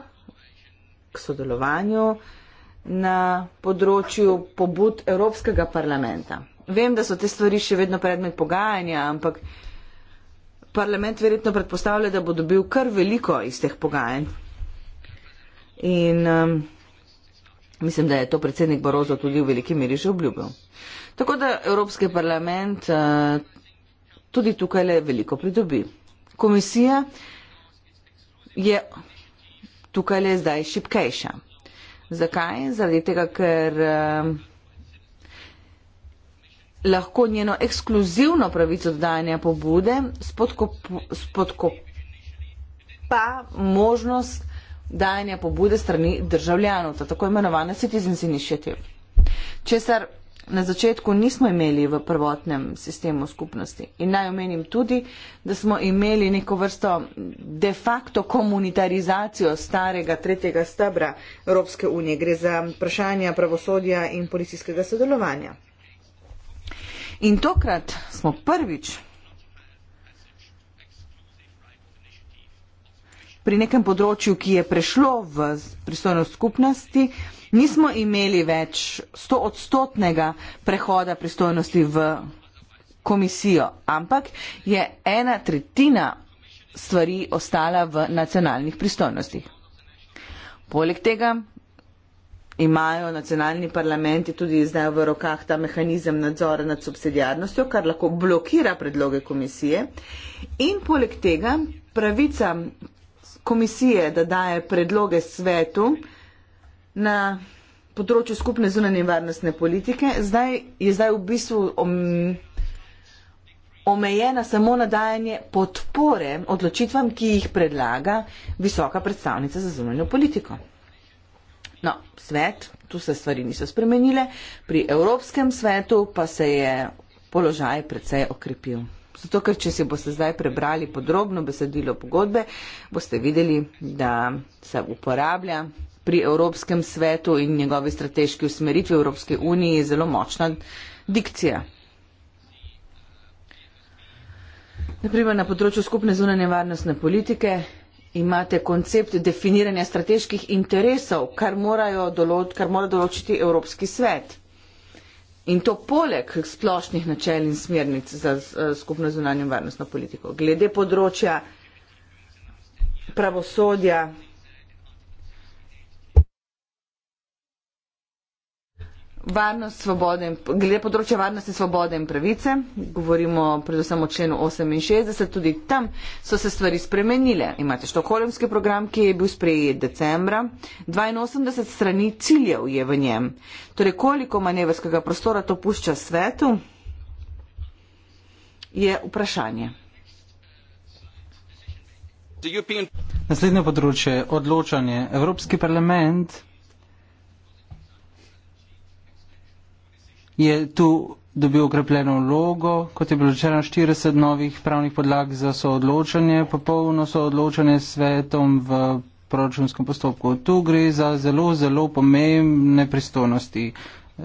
k sodelovanju na področju pobud Evropskega parlamenta vem, da so te stvari še vedno predmet pogajanja, ampak parlament verjetno predpostavlja, da bo dobil kar veliko iz teh pogajanj. In um, mislim, da je to predsednik Barozo tudi v veliki meri že obljubil. Tako da Evropski parlament uh, tudi tukaj le veliko pridobi. Komisija je tukaj le zdaj šipkejša. Zakaj? Zaradi tega, ker. Uh, lahko njeno ekskluzivno pravico dajanja pobude spodkopa možnost dajanja pobude strani državljanov, ta tako imenovane citizens initiative. Česar na začetku nismo imeli v prvotnem sistemu skupnosti. In naj omenim tudi, da smo imeli neko vrsto de facto komunitarizacijo starega tretjega stebra Evropske unije. Gre za vprašanja pravosodja in policijskega sodelovanja. In tokrat smo prvič pri nekem področju, ki je prešlo v pristojnost skupnosti, nismo imeli več 100 odstotnega prehoda pristojnosti v komisijo, ampak je ena tretjina stvari ostala v nacionalnih pristojnostih. Poleg tega imajo nacionalni parlamenti tudi zdaj v rokah ta mehanizem nadzora nad subsidijarnostjo, kar lahko blokira predloge komisije. In poleg tega pravica komisije, da daje predloge svetu na področju skupne zunanje in varnostne politike, zdaj je zdaj v bistvu omejena samo na dajanje podpore odločitvam, ki jih predlaga visoka predstavnica za zunanjo politiko. No, svet, tu se stvari niso spremenile, pri Evropskem svetu pa se je položaj precej okrepil. Zato, ker če si boste zdaj prebrali podrobno besedilo pogodbe, boste videli, da se uporablja pri Evropskem svetu in njegovi strateški usmeritvi v Evropske unije zelo močna dikcija. Naprimer, na področju skupne zunanje varnostne politike imate koncept definiranja strateških interesov, kar, določ, kar mora določiti Evropski svet. In to poleg splošnih načel in smernic za eh, skupno zunanjo varnostno politiko. Glede področja pravosodja, varnost, svobode, glede področja varnosti, svobode in pravice, govorimo predvsem o členu 68, tudi tam so se stvari spremenile. Imate štokolemski program, ki je bil sprejet decembra, 82 strani ciljev je v njem. Torej, koliko manevrskega prostora to pušča svetu, je vprašanje. Naslednje področje, odločanje. Evropski parlament je tu dobil okrepljeno vlogo, kot je bilo rečeno, 40 novih pravnih podlag za soodločanje, popolno soodločanje s svetom v proračunskem postopku. Tu gre za zelo, zelo pomembne pristojnosti eh,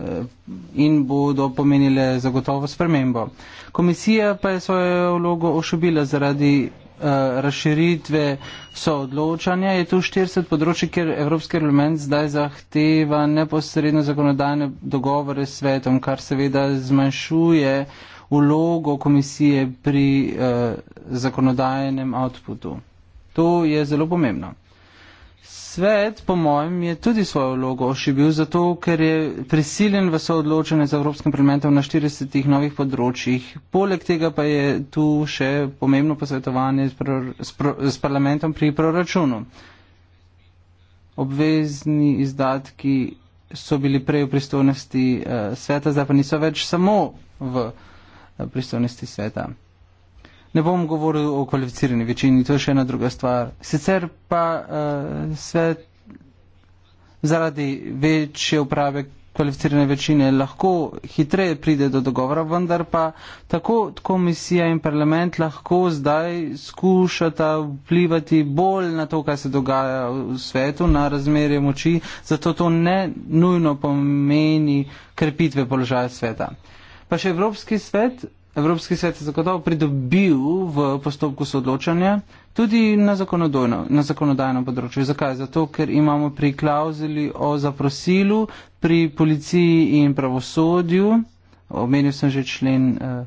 in bodo pomenile zagotovo spremembo. Komisija pa je svojo vlogo ošibila zaradi Eh, razširitve soodločanja. Je tu 40 področji, kjer Evropski parlament zdaj zahteva neposredno zakonodajne dogovore s svetom, kar seveda zmanjšuje vlogo komisije pri uh, zakonodajnem outputu. To je zelo pomembno. Svet, po mojem, je tudi svojo vlogo ošibil zato, ker je prisiljen v soodločanje z Evropskim parlamentom na 40 novih področjih. Poleg tega pa je tu še pomembno posvetovanje s, s, s parlamentom pri proračunu. Obvezni izdatki so bili prej v pristojnosti eh, sveta, zdaj pa niso več samo v eh, pristojnosti sveta. Ne bom govoril o kvalificirani večini, to je še ena druga stvar. Sicer pa uh, svet zaradi večje uprave kvalificirane večine lahko hitreje pride do dogovora, vendar pa tako komisija in parlament lahko zdaj skušata vplivati bolj na to, kaj se dogaja v svetu, na razmerje moči, zato to ne nujno pomeni krepitve položaja sveta. Pa še Evropski svet Evropski svet je zagotovo pridobil v postopku soodločanja tudi na, na zakonodajno področje. Zakaj? Zato, ker imamo pri klauzuli o zaprosilu pri policiji in pravosodju, omenil sem že člen eh,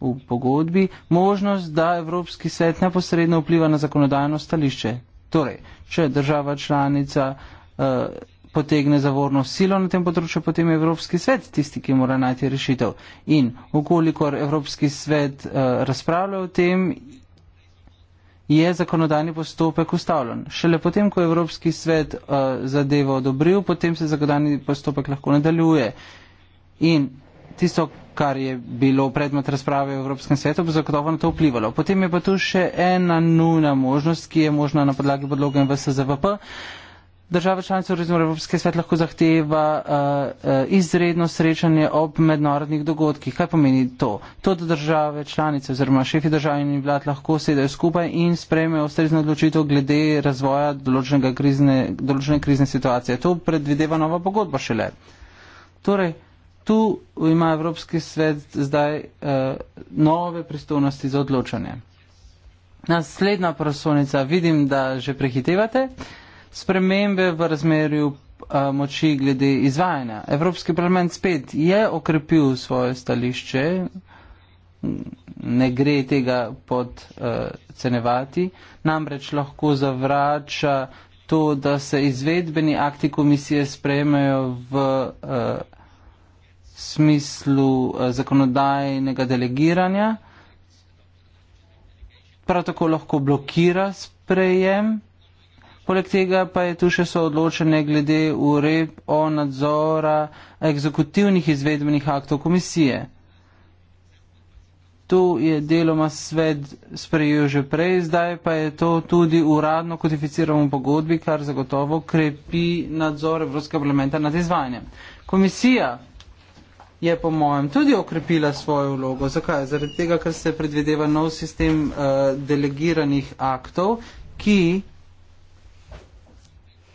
v pogodbi, možnost, da Evropski svet neposredno vpliva na zakonodajno stališče. Torej, če država članica. Eh, potegne zavorno silo na tem področju, potem je Evropski svet tisti, ki mora najti rešitev. In ukolikor Evropski svet uh, razpravlja o tem, je zakonodajni postopek ustavljen. Šele potem, ko je Evropski svet uh, zadevo odobril, potem se zakonodajni postopek lahko nadaljuje. In tisto, kar je bilo predmet razprave v Evropskem svetu, bo zagotovo na to vplivalo. Potem je pa tu še ena nujna možnost, ki je možna na podlagi podloge MVSZVP. Uh, Države članice oziroma Evropski svet lahko zahteva uh, uh, izredno srečanje ob mednarodnih dogodkih. Kaj pomeni to? To, da države članice oziroma šefi držav in vlad lahko sedajo skupaj in sprejmejo ustrezno odločitev glede razvoja krizne, določene krizne situacije. To predvideva nova pogodba šele. Torej, tu ima Evropski svet zdaj uh, nove pristojnosti za odločanje. Naslednja prosonica, vidim, da že prehitevate. Uh, spremembe v razmerju moči glede izvajanja. Evropski parlament spet je okrepil svoje stališče, ne gre tega podcenevati, namreč lahko zavrača to, da se izvedbeni akti komisije sprejmejo v smislu zakonodajnega delegiranja. Prav tako lahko blokira sprejem Poleg tega pa je tu še so odločene glede ureb o nadzora egzekutivnih izvedbenih aktov komisije. Tu je deloma svet sprejel že prej, zdaj pa je to tudi uradno kodificirano v pogodbi, kar zagotovo krepi nadzor Evropskega parlamenta nad izvajanjem. Komisija je po mojem tudi okrepila svojo vlogo. Zakaj? Zaradi tega, ker se predvideva nov sistem uh, delegiranih aktov, ki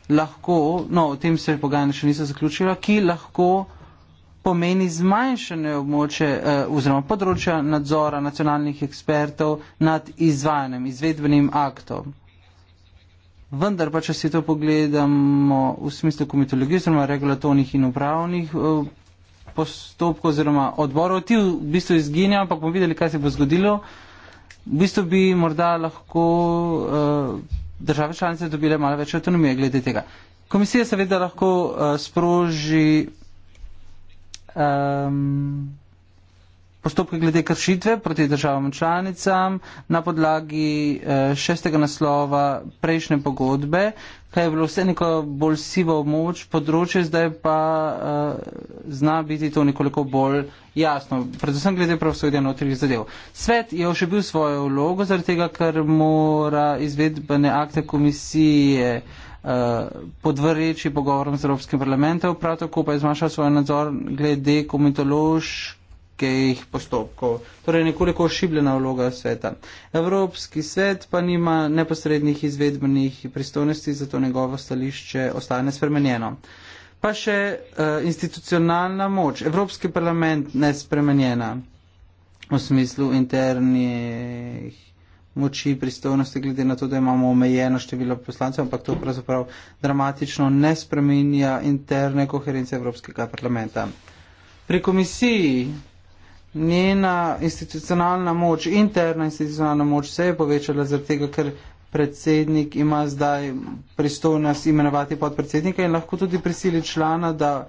lahko, no, o tem se pogajanja še niso zaključila, ki lahko pomeni zmanjšanje območe eh, oziroma področja nadzora nacionalnih ekspertov nad izvajanjem, izvedbenim aktom. Vendar pa, če si to pogledamo v smislu komitologije oziroma regulatornih in upravnih eh, postopkov oziroma odborov, ti v bistvu izginjajo, ampak bomo videli, kaj se bo zgodilo. V bistvu bi morda lahko. Eh, države članice dobile malo več autonomije glede tega. Komisija seveda lahko uh, sproži um, postopke glede kršitve proti državam članicam na podlagi uh, šestega naslova prejšnje pogodbe, uh, kaj je bilo vse neko bolj sivo moč področje, zdaj pa uh, zna biti to nekoliko bolj jasno, predvsem glede pravosodja notrih zadev. Svet je ošibil svojo vlogo, zaradi tega, ker mora izvedbene akte komisije uh, podvreči pogovorom z Evropskim parlamentom, prav tako pa je zmanjšal svoj nadzor glede komitološke evropskih postopkov, torej nekoliko ošibljena vloga sveta. Evropski svet pa nima neposrednih izvedbenih pristojnosti, zato njegovo stališče ostane spremenjeno. Pa še uh, institucionalna moč. Evropski parlament ne spremenjena v smislu internih moči, pristojnosti, glede na to, da imamo omejeno število poslancev, ampak to pravzaprav dramatično ne spremenja interne koherence Evropskega parlamenta. Pri komisiji njena institucionalna moč, interna institucionalna moč se je povečala zaradi tega, ker predsednik ima zdaj pristojnost imenovati podpredsednika in lahko tudi prisili člana, da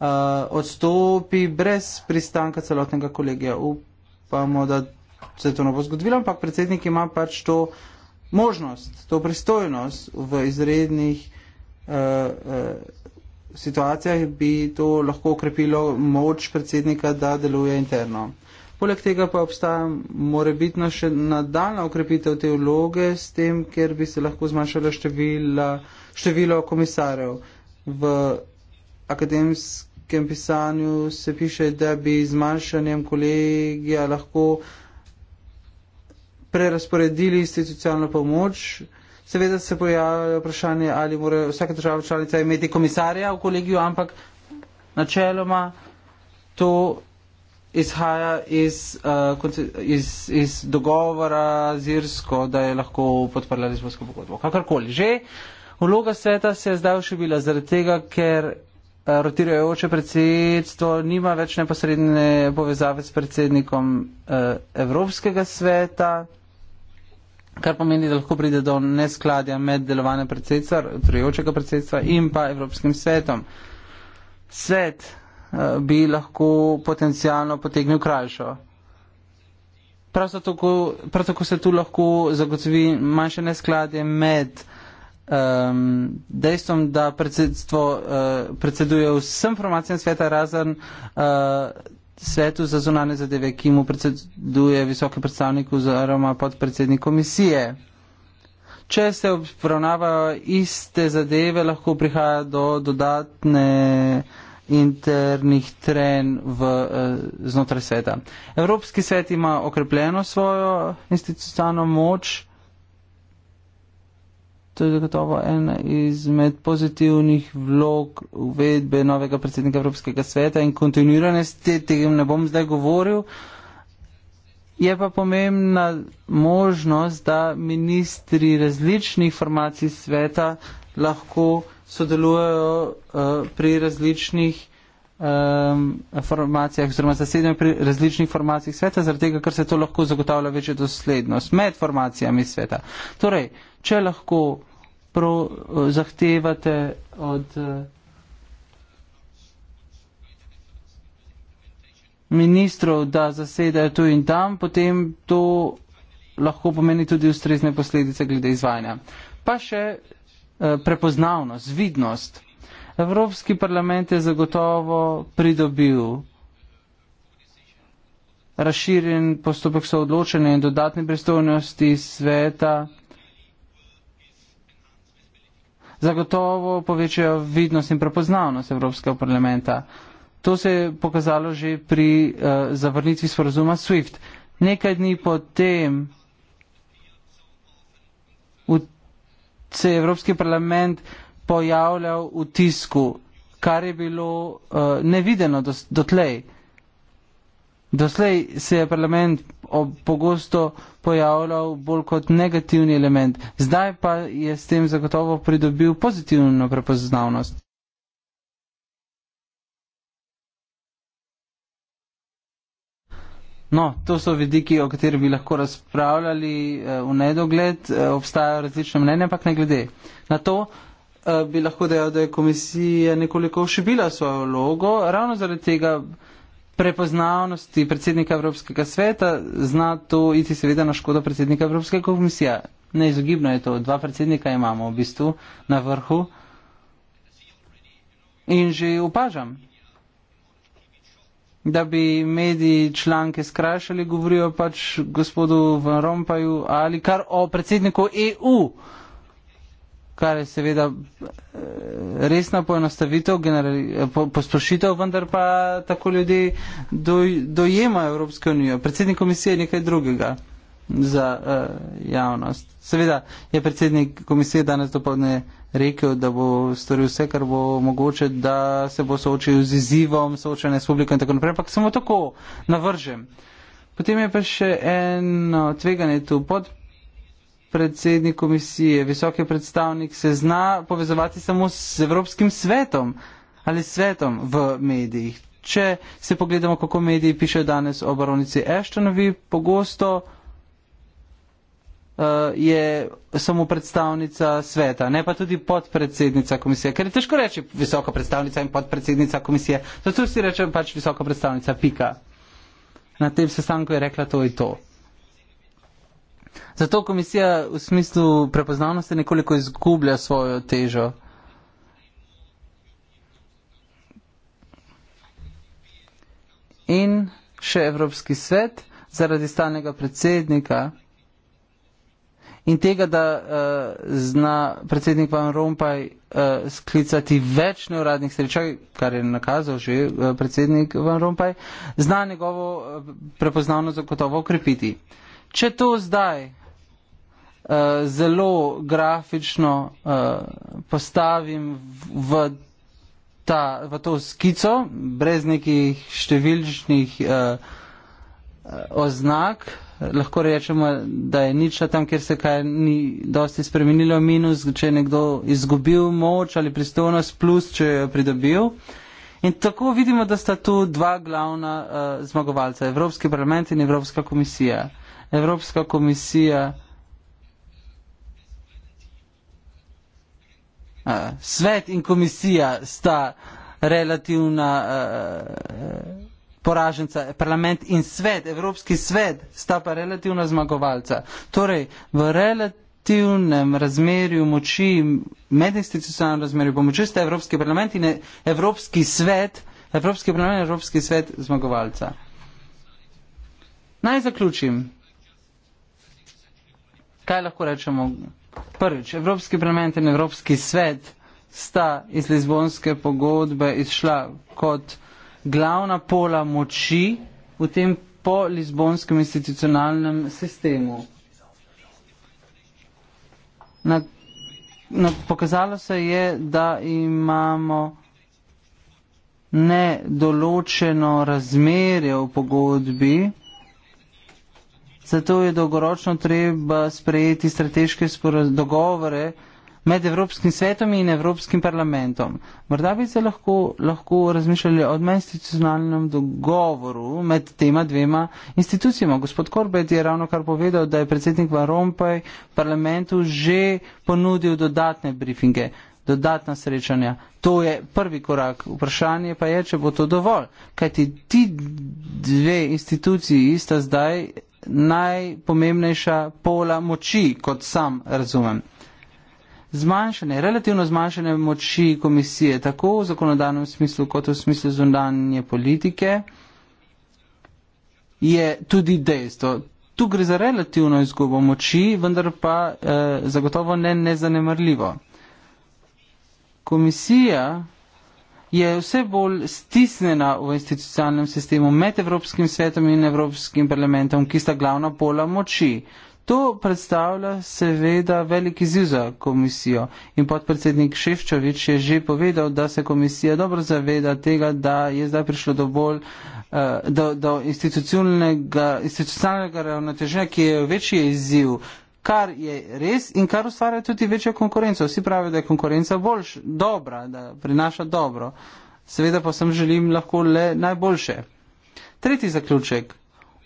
uh, odstopi brez pristanka celotnega kolegija. Upamo, da se to ne bo zgodilo, ampak predsednik ima pač to možnost, to pristojnost v izrednih. Uh, uh, situacijah bi to lahko okrepilo moč predsednika, da deluje interno. Poleg tega pa obstaja morebitno še nadaljna okrepitev te vloge s tem, ker bi se lahko zmanjšalo števila, število komisarjev. V akademskem pisanju se piše, da bi zmanjšanjem kolegija lahko prerasporedili institucionalno pomoč seveda se pojavlja vprašanje, ali mora vsaka država članica imeti komisarja v kolegiju, ampak načeloma to izhaja iz, uh, iz, iz dogovora z Irsko, da je lahko podprla Lizbonsko pogodbo. Kakorkoli že, vloga sveta se je zdaj še bila zaradi tega, ker uh, rotirajoče predsedstvo nima več neposredne povezave s predsednikom uh, Evropskega sveta kar pomeni, da lahko pride do neskladja med delovanjem predsedstva, trojočega predsedstva in pa Evropskim svetom. Svet uh, bi lahko potencijalno potegnil krajšo. Prav tako, prav tako se tu lahko zagotovi manjše neskladje med um, dejstvom, da predsedstvo uh, predseduje vsem formacijam sveta razen. Uh, svetu za zunane zadeve, ki mu predseduje visoki predstavnik oziroma podpredsednik komisije. Če se obravnavajo iste zadeve, lahko prihaja do dodatne internih tren v, eh, znotraj sveta. Evropski svet ima okrepljeno svojo institucionalno moč to je zagotovo ena izmed pozitivnih vlog uvedbe novega predsednika Evropskega sveta in kontinuirane s tem ne bom zdaj govoril. Je pa pomembna možnost, da ministri različnih formacij sveta lahko sodelujejo uh, pri različnih um, formacijah oziroma zasedajo pri različnih formacijah sveta, zaradi tega, ker se to lahko zagotavlja večjo doslednost med formacijami sveta. Torej, če lahko prav, zahtevate od eh, ministrov, da zasedajo tu in tam, potem to lahko pomeni tudi ustrezne posledice glede izvajanja. Pa še eh, prepoznavnost, vidnost. Evropski parlament je zagotovo pridobil razširjen postopek soodločanja in dodatne pristojnosti sveta zagotovo povečajo vidnost in prepoznavnost Evropskega parlamenta. To se je pokazalo že pri uh, zavrnitvi sporozuma SWIFT. Nekaj dni potem se je Evropski parlament pojavljal v tisku, kar je bilo uh, nevideno dotlej. Do Doslej se je parlament pogosto pojavljal bolj kot negativni element, zdaj pa je s tem zagotovo pridobil pozitivno prepoznavnost. No, to so vidiki, o kateri bi lahko razpravljali eh, v nedogled, eh, obstajajo različne mnenja, ampak ne glede. Na to eh, bi lahko dejal, da je komisija nekoliko ošibila svojo vlogo, ravno zaradi tega prepoznavnosti predsednika Evropskega sveta, zna to iti seveda na škodo predsednika Evropske komisije. Neizogibno je to, dva predsednika imamo v bistvu na vrhu in že opažam, da bi mediji članke skrajšali, govorijo pač gospodu Van Rompaju ali kar o predsedniku EU kar je seveda eh, resna poenostavitev, eh, posprošitev, vendar pa tako ljudi doj, dojemajo Evropske unijo. Predsednik komisije je nekaj drugega za uh, javnost. Seveda je predsednik komisije danes dopolne rekel, da bo storil vse, kar bo mogoče, da se bo soočil z izzivom, soočanje s publikom in tako naprej, ampak samo tako navržem. Potem je pa še eno tveganje tu. Pod predsednik komisije, visoki predstavnik se zna povezovati samo z Evropskim svetom ali svetom v medijih. Če se pogledamo, kako mediji pišejo danes o baronici Ashtonovi, pogosto uh, je samo predstavnica sveta, ne pa tudi podpredsednica komisije. Ker je težko reči visoka predstavnica in podpredsednica komisije, zato si rečem pač visoka predstavnica, pika. Na tem sestanku je rekla to in to. Zato komisija v smislu prepoznavnosti nekoliko izgublja svojo težo. In še Evropski svet zaradi stalnega predsednika in tega, da uh, zna predsednik Van Rompaj uh, eh, sklicati več neuradnih srečaj, kar je nakazal že uh, predsednik Van Rompaj, zna njegovo uh, prepoznavnost zagotovo ukrepiti. Če to zdaj uh, zelo grafično uh, postavim v, ta, v to skico, brez nekih številčnih uh, oznak. Lahko rečemo, da je niča tam, kjer se kaj ni dosti spremenilo, minus, če je nekdo izgubil moč ali pristojnost, plus, če jo je pridobil. In tako vidimo, da sta tu dva glavna uh, zmagovalca, Evropski parlament in Evropska komisija. Evropska komisija uh, Eh, svet in komisija sta relativna eh, poraženca, parlament in svet, evropski svet sta pa relativna zmagovalca. Torej, v relativnem razmerju moči, medinstitucionalnem razmerju pomoči sta evropski parlament in evropski svet, evropski parlament in evropski svet zmagovalca. Naj zaključim. Kaj lahko rečemo? Prvič, Evropski parlament in Evropski svet sta iz Lizbonske pogodbe izšla kot glavna pola moči v tem polizbonskem institucionalnem sistemu. Na, na, pokazalo se je, da imamo nedoločeno razmerje v pogodbi. Zato je dolgoročno treba sprejeti strateške dogovore med Evropskim svetom in Evropskim parlamentom. Morda bi se lahko, lahko razmišljali o medinstitucionalnem dogovoru med tema dvema institucijama. Gospod Korbet je ravno kar povedal, da je predsednik Van Rompuy parlamentu že ponudil dodatne briefinge, dodatna srečanja. To je prvi korak. Vprašanje pa je, če bo to dovolj. Kajti ti dve instituciji sta zdaj najpomembnejša pola moči, kot sam razumem. Zmanjšanje, relativno zmanjšanje moči komisije tako v zakonodanem smislu kot v smislu zundanje politike je tudi dejstvo. Tu gre za relativno izgubo moči, vendar pa eh, zagotovo ne nezanemrljivo. Komisija je vse bolj stisnjena v institucionalnem sistemu med Evropskim svetom in Evropskim parlamentom, ki sta glavna pola moči. To predstavlja seveda veliki ziv za komisijo in podpredsednik Ševčovič je že povedal, da se komisija dobro zaveda tega, da je zdaj prišlo do bolj eh, do, do institucionalnega ravnoteženja, ki je večji izziv kar je res in kar ustvarja tudi večjo konkurenco. Vsi pravijo, da je konkurenca boljša, dobra, da prinaša dobro. Seveda pa sem želim lahko le najboljše. Tretji zaključek.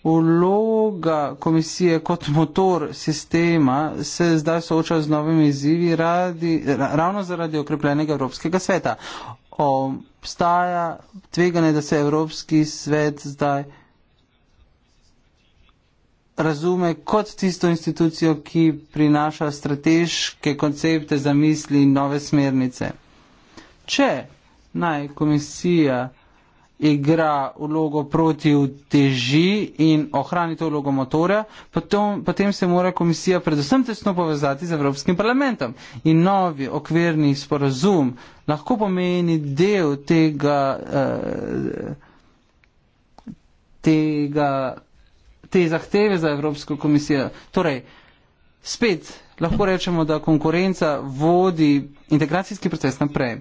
Uloga komisije kot motor sistema se zdaj sooča z novimi izzivi radi, ravno zaradi okrepljenega Evropskega sveta. Obstaja tveganje, da se Evropski svet zdaj razume kot tisto institucijo, ki prinaša strateške koncepte, zamisli in nove smernice. Če naj komisija igra vlogo proti uteži in ohrani to vlogo motorja, potem, potem se mora komisija predvsem tesno povezati z Evropskim parlamentom. In novi okvirni sporazum lahko pomeni del tega, uh, tega te zahteve za Evropsko komisijo. Torej, spet lahko rečemo, da konkurenca vodi integracijski proces naprej.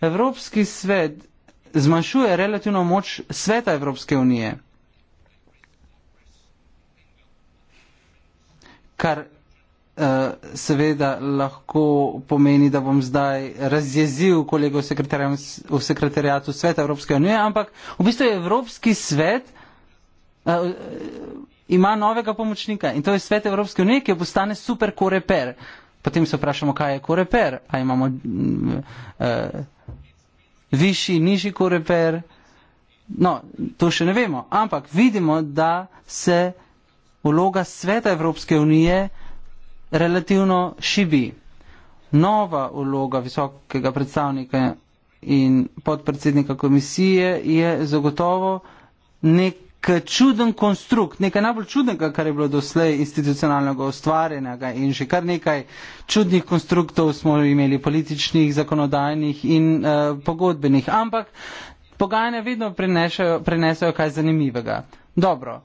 Evropski svet zmanjšuje relativno moč sveta Evropske unije, kar uh, seveda lahko pomeni, da bom zdaj razjezil kolego v sekretarjatu sveta Evropske unije, ampak v bistvu je Evropski svet uh, ima novega pomočnika in to je svet Evropske unije, ki postane super koreper. Potem se vprašamo, kaj je koreper, pa imamo uh, višji, nižji koreper. No, to še ne vemo, ampak vidimo, da se vloga sveta Evropske unije relativno šibi. Nova vloga visokega predstavnika in podpredsednika komisije je zagotovo nek čuden konstrukt, nekaj najbolj čudnega, kar je bilo doslej institucionalnega ustvarjenega in že kar nekaj čudnih konstruktov smo imeli, političnih, zakonodajnih in uh, pogodbenih, ampak pogajanja vedno prenesajo kaj zanimivega. Dobro,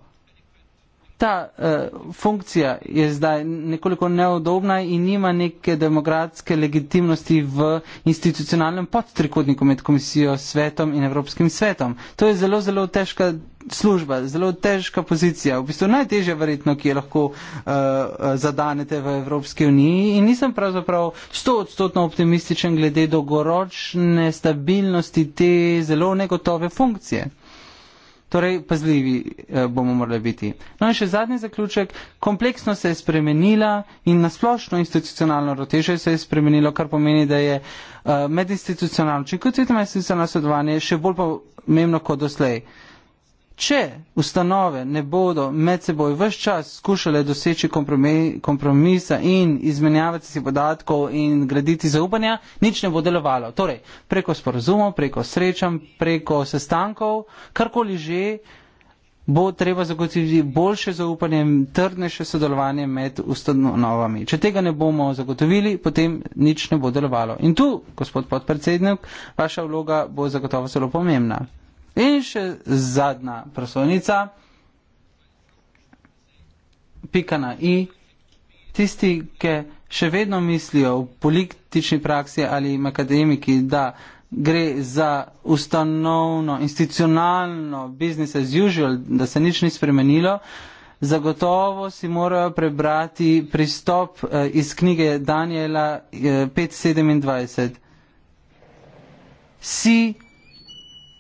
Ta uh, funkcija je zdaj nekoliko neodobna in nima neke demokratske legitimnosti v institucionalnem podtrikotniku med komisijo, svetom in Evropskim svetom. To je zelo, zelo težka služba, zelo težka pozicija, v bistvu najtežja verjetno, ki je lahko uh, zadanete v Evropski uniji in nisem pravzaprav stoodstotno optimističen glede dolgoročne stabilnosti te zelo negotove funkcije. Torej, pazljivi eh, bomo morali biti. No in še zadnji zaključek. Kompleksno se je spremenila in nasplošno institucionalno roteže se je spremenilo, kar pomeni, da je eh, medinstitucionalno, če kot vidite, medinstitucionalno sodelovanje še bolj pomembno kot doslej. Če ustanove ne bodo med seboj vse čas skušale doseči kompromisa in izmenjavati si podatkov in graditi zaupanja, nič ne bo delovalo. Torej, preko sporozumov, preko srečam, preko sestankov, karkoli že, bo treba zagotoviti boljše zaupanje in trdnejše sodelovanje med ustanovami. Če tega ne bomo zagotovili, potem nič ne bo delovalo. In tu, gospod podpredsednik, vaša vloga bo zagotovo zelo pomembna. In še zadnja prosovnica, pika na i, tisti, ki še vedno mislijo v politični praksi ali v akademiki, da gre za ustanovno, institucionalno business as usual, da se nič ni spremenilo, zagotovo si morajo prebrati pristop eh, iz knjige Daniela 527. Eh, si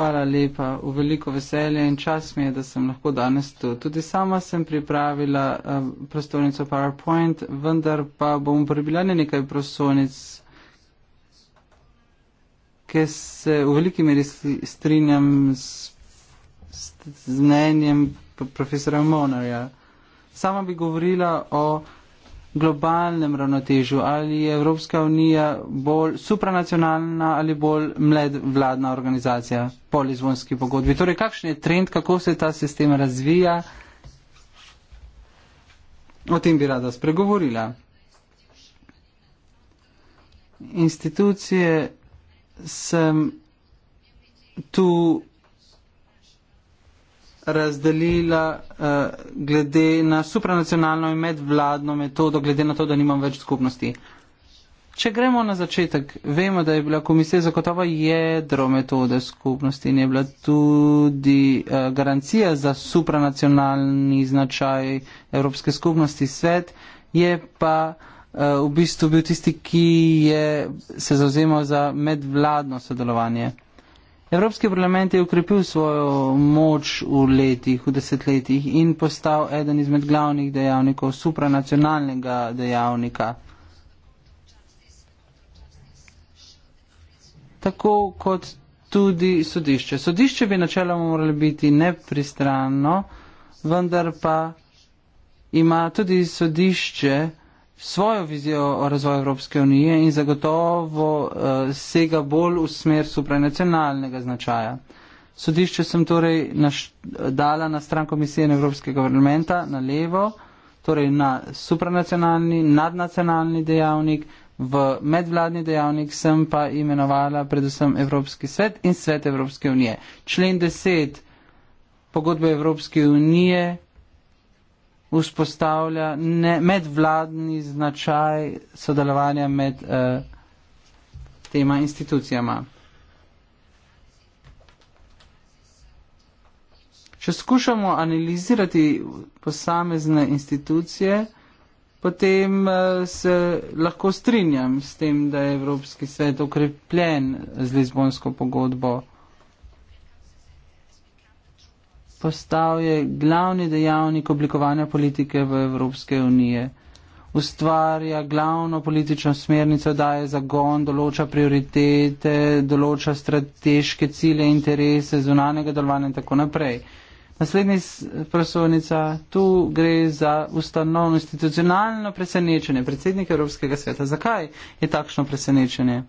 Hvala lepa, v veliko veselje in čas mi je, da sem lahko danes tu. Tudi sama sem pripravila uh, prostornico PowerPoint, vendar pa bom uporabila ne nekaj prostornic, ker se v veliki meri strinjam s, s, z mnenjem profesora Monarja. Sama bi govorila o globalnem ravnotežju, ali je Evropska unija bolj supranacionalna ali bolj mledvladna organizacija po Lizbonski pogodbi. Torej, kakšen je trend, kako se ta sistem razvija? O tem bi rada spregovorila. Institucije sem tu razdelila uh, glede na supranacionalno in medvladno metodo, glede na to, da nimam več skupnosti. Če gremo na začetek, vemo, da je bila komisija zagotovo jedro metode skupnosti in je bila tudi uh, garancija za supranacionalni značaj Evropske skupnosti. Svet je pa uh, v bistvu bil tisti, ki je se zauzemal za medvladno sodelovanje. Evropski parlament je ukrepil svojo moč v letih, v desetletjih in postal eden izmed glavnih dejavnikov supranacionalnega dejavnika. Tako kot tudi sodišče. Sodišče bi načeloma moralo biti nepristrano, vendar pa ima tudi sodišče svojo vizijo o razvoju Evropske unije in zagotovo uh, sega bolj v smer supranacionalnega značaja. Sodišče sem torej naš, dala na stran Komisije in Evropskega parlamenta na levo, torej na supranacionalni, nadnacionalni dejavnik, v medvladni dejavnik sem pa imenovala predvsem Evropski svet in svet Evropske unije. Člen 10 pogodbe Evropske unije vzpostavlja ne, medvladni značaj sodelovanja med uh, tema institucijama. Če skušamo analizirati posamezne institucije, potem eh, se lahko strinjam s tem, da je Evropski svet okrepljen z Lizbonsko pogodbo postal je glavni dejavnik oblikovanja politike v Evropske unije. Ustvarja glavno politično smernico, daje zagon, določa prioritete, določa strateške cilje, interese, zunanega delovanja in tako naprej. Naslednji prosovnica, tu gre za ustanovno institucionalno presenečenje. Predsednik Evropskega sveta, zakaj je takšno presenečenje?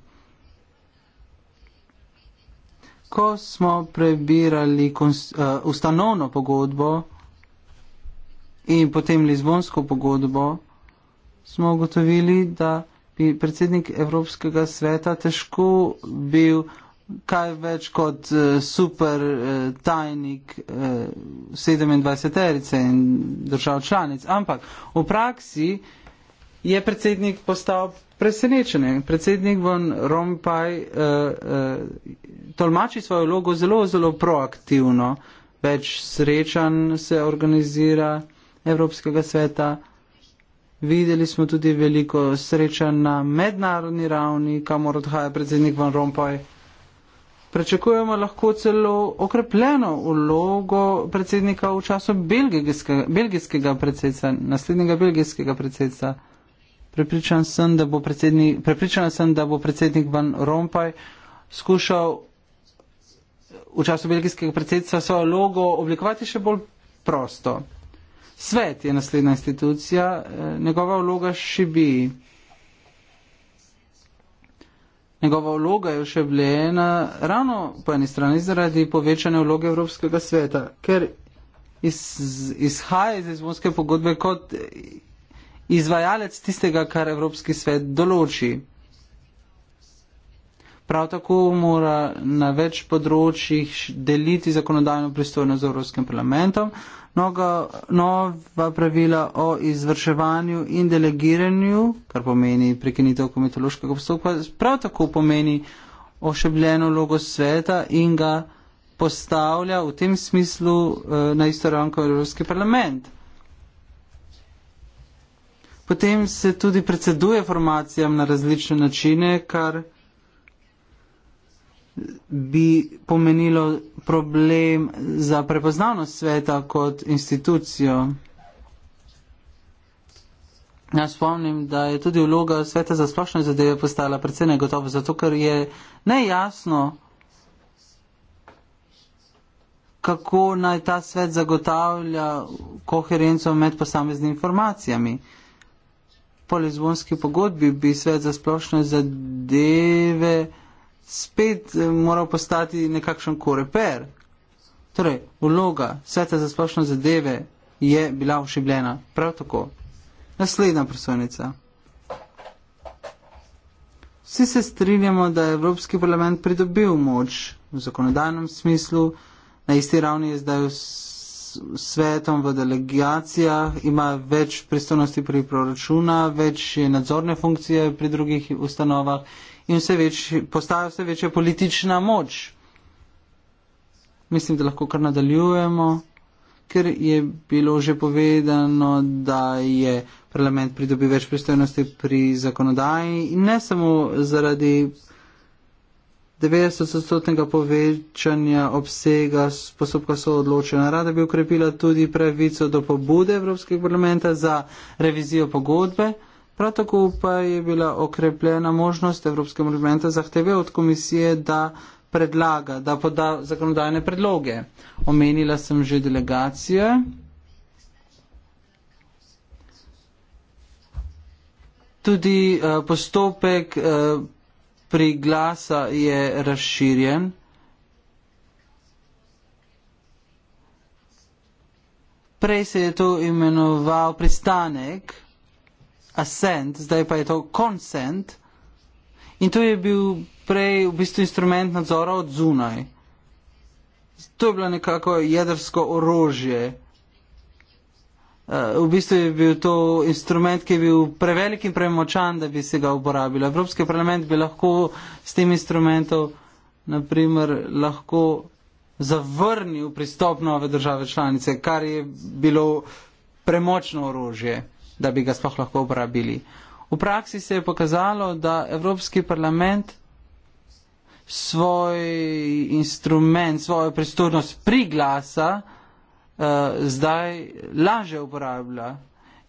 ko smo prebirali kons, uh, ustanovno pogodbo in potem Lizbonsko pogodbo, smo ugotovili, da bi predsednik Evropskega sveta težko bil kaj več kot uh, super uh, tajnik uh, 27 erice in držav članic. Ampak v praksi uh, je predsednik postal presenečen. Predsednik von Rompuy uh, uh, tolmači svojo vlogo zelo, zelo proaktivno. Več srečanj se organizira Evropskega sveta. Videli smo tudi veliko srečanj na mednarodni ravni, kamor odhaja predsednik von Rompuy. Prečakujemo lahko celo okrepljeno vlogo predsednika v času belgijskega predsednika, naslednjega belgijskega predsednika. Prepričan sem, da bo predsednik, prepričan sem, da bo predsednik Van Rompuy skušal v času belgijskega predsedstva svojo logo oblikovati še bolj prosto. Svet je naslednja institucija, eh, njegova vloga šibi. Njegova vloga je oševljena ravno po eni strani zaradi povečane vloge Evropskega sveta, ker iz, izhaja iz izvonske pogodbe kot izvajalec tistega, kar Evropski svet določi. Prav tako mora na več področjih deliti zakonodajno pristojnost z Evropskim parlamentom. Noga, nova pravila o izvrševanju in delegiranju, kar pomeni prekinitev komitološkega postopka, prav tako pomeni ošebljeno logo sveta in ga postavlja v tem smislu eh, na isto ravno kot Evropski parlament. Potem se tudi predseduje formacijam na različne načine, kar bi pomenilo problem za prepoznavnost sveta kot institucijo. Jaz spomnim, da je tudi vloga sveta za splošne zadeve postala predvsej negotova, zato ker je nejasno, kako naj ta svet zagotavlja koherenco med posameznimi informacijami po lizbonski pogodbi bi svet za splošne zadeve spet eh, moral postati nekakšen koreper. Torej, vloga sveta za splošne zadeve je bila ošibljena. Prav tako. Naslednja prosojnica. Vsi se strinjamo, da je Evropski parlament pridobil moč v zakonodajnem smislu, na isti ravni je zdaj vse svetom v delegacijah, ima več pristojnosti pri proračuna, več nadzorne funkcije pri drugih ustanovah in vse več, postaja vse večja politična moč. Mislim, da lahko kar nadaljujemo, ker je bilo že povedano, da je parlament pridobil več pristojnosti pri zakonodaji in ne samo zaradi 90-odstotnega povečanja obsega postopka soodločena. Rada bi ukrepila tudi pravico do pobude Evropskega parlamenta za revizijo pogodbe. Prav tako pa je bila okrepljena možnost Evropskega parlamenta zahteve od komisije, da predlaga, da poda zakonodajne predloge. Omenila sem že delegacije. Tudi uh, postopek uh, priglasa je razširjen. Prej se je to imenoval pristanek, ascent, zdaj pa je to consent. In to je bil prej v bistvu instrument nadzora od zunaj. To je bilo nekako jedrsko orožje. Eh, v bistvu je bil to instrument, ki je bil prevelik in premočan, da bi se ga uporabilo. Evropski parlament bi lahko s tem instrumentom, naprimer, lahko zavrnil pristop nove države članice, kar je bilo premočno orožje, da bi ga sploh lahko uporabili. V praksi se je pokazalo, da Evropski parlament svoj instrument, svojo pristojnost priglasa, Eh, zdaj laže uporablja.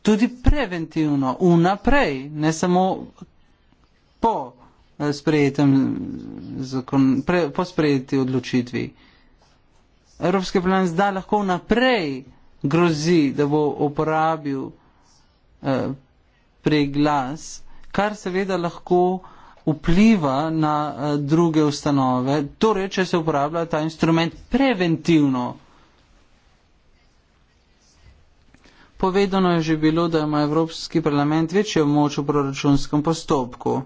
Tudi preventivno, unaprej, ne samo po eh, sprejetem zakon, pre, po sprejeti odločitvi. Evropski plan zdaj lahko naprej grozi, da bo uporabil eh, preglas, kar seveda lahko vpliva na eh, druge ustanove. Torej, če se uporablja ta instrument preventivno, Povedano je že bilo, da ima Evropski parlament večjo moč v proračunskem postopku.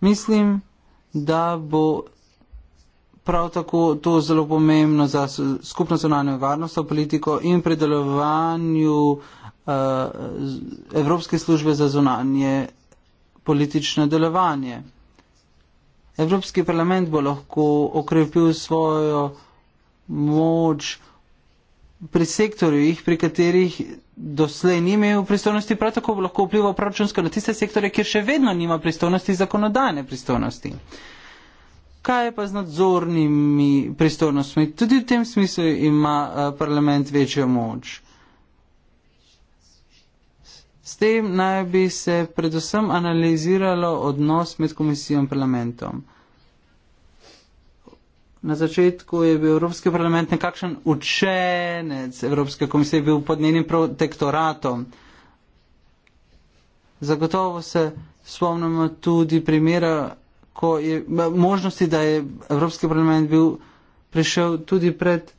Mislim, da bo prav tako to zelo pomembno za skupno zonanjo varnost v politiko in predelovanju uh, eh, Evropske službe za zonanje politično delovanje. Evropski parlament bo lahko okrepil svojo moč pri sektorjih, pri katerih doslej ni imel pristojnosti, prav tako bo lahko vplival proračunsko na tiste sektore, kjer še vedno nima pristojnosti zakonodajne pristojnosti. Kaj je pa z nadzornimi pristojnostmi? Tudi v tem smislu ima eh, parlament večjo moč. S tem naj bi se predvsem analiziralo odnos med komisijo in parlamentom na začetku je bil Evropski parlament nekakšen učenec Evropske komisije, bil pod njenim protektoratom. Zagotovo se spomnimo tudi primera, ko je možnosti, da je Evropski parlament bil prišel tudi pred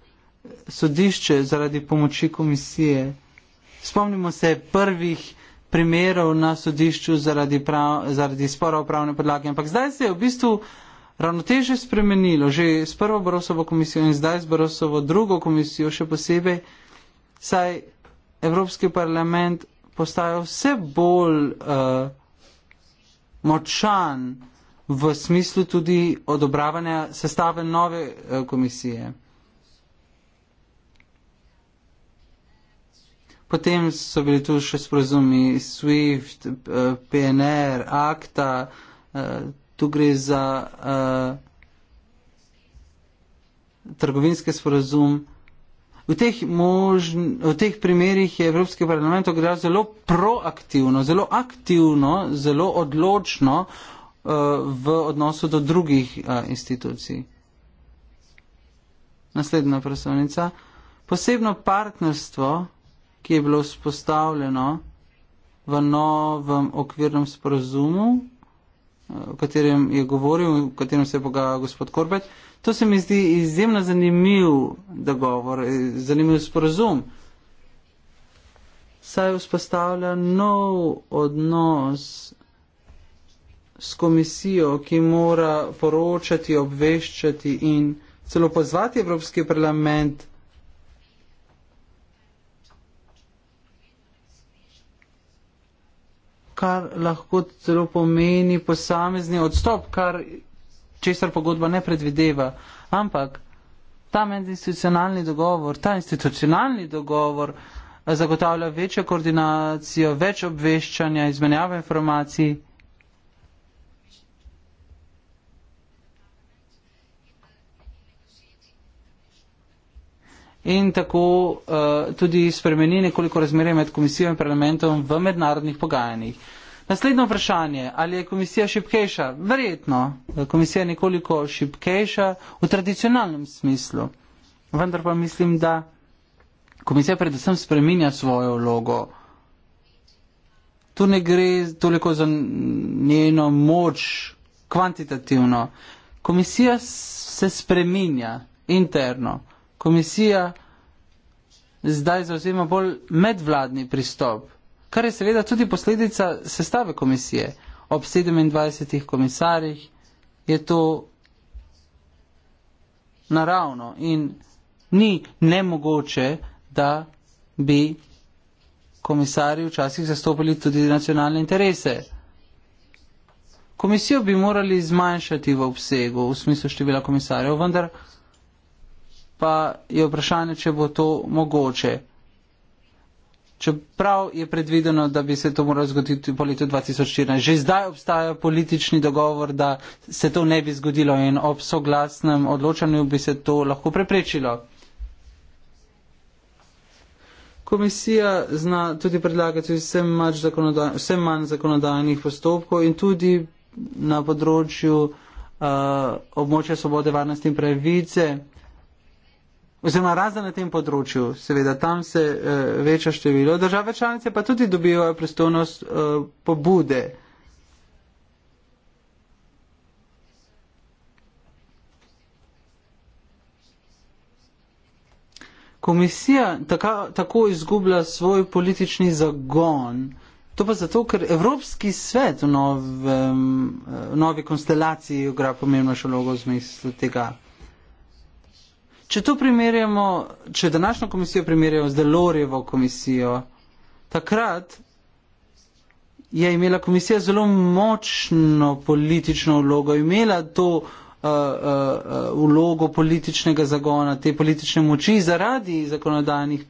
sodišče zaradi pomoči komisije. Spomnimo se prvih primerov na sodišču zaradi, prav, zaradi spora o pravne podlage, ampak zdaj se je v bistvu ravnoteže spremenilo, že s prvo Borosovo komisijo in zdaj s Borosovo drugo komisijo, še posebej, saj Evropski parlament postaja vse bolj uh, močan v smislu tudi odobravanja sestave nove uh, komisije. Potem so bili tu še sporozumi SWIFT, eh, PNR, ACTA, tu gre za uh, trgovinski sporazum. V teh, možn, v teh primerih je Evropski parlament odgovarjal zelo proaktivno, zelo aktivno, zelo odločno uh, v odnosu do drugih uh, institucij. Naslednja predstavnica. Posebno partnerstvo, ki je bilo vzpostavljeno v novem okvirnem sporazumu, Eh, o katerem je govoril, o katerem se je pogajal gospod Korbet. To se mi zdi izjemno zanimiv dogovor, eh, zanimiv sporozum. Saj vzpostavlja nov odnos s komisijo, ki mora poročati, obveščati in celo pozvati Evropski parlament kar lahko celo pomeni posamezni odstop, kar česar pogodba ne predvideva. Ampak ta medinstitucionalni dogovor, ta institucionalni dogovor eh, zagotavlja večjo koordinacijo, več obveščanja, izmenjave informacij, in tako uh, tudi spremeni nekoliko razmerje med komisijo in parlamentom v mednarodnih pogajanjih. Naslednje vprašanje, ali je komisija šipkejša? Verjetno, komisija je nekoliko šipkejša v tradicionalnem smislu, vendar pa mislim, da komisija predvsem spreminja svojo vlogo. Tu ne gre toliko za njeno moč kvantitativno. Komisija se spreminja interno komisija zdaj zauzema bolj medvladni pristop, kar je seveda tudi posledica sestave komisije. Ob 27 komisarjih je to naravno in ni nemogoče, da bi komisarji včasih zastopili tudi nacionalne interese. Komisijo bi morali zmanjšati v obsegu, v smislu števila komisarjev, vendar pa je vprašanje, če bo to mogoče. Čeprav je predvideno, da bi se to moralo zgoditi po letu 2014. Že zdaj obstaja politični dogovor, da se to ne bi zgodilo in ob soglasnem odločanju bi se to lahko preprečilo. Komisija zna tudi predlagati vse, zakonodaj, vse manj zakonodajnih postopkov in tudi na področju uh, območja svobode, varnosti in pravice oziroma razen na tem področju, seveda tam se uh, veča število, države članice pa tudi dobivajo pristojnost uh, pobude. Komisija tako, tako izgublja svoj politični zagon. To pa zato, ker Evropski svet v, nov, eh, v novi konstelaciji igra pomembno šalogo v smislu tega. Če to primerjamo, če današnjo komisijo primerjamo z Delorjevo komisijo, takrat je imela komisija zelo močno politično vlogo, imela to vlogo uh, uh, uh, političnega zagona, te politične moči zaradi zakonodajnih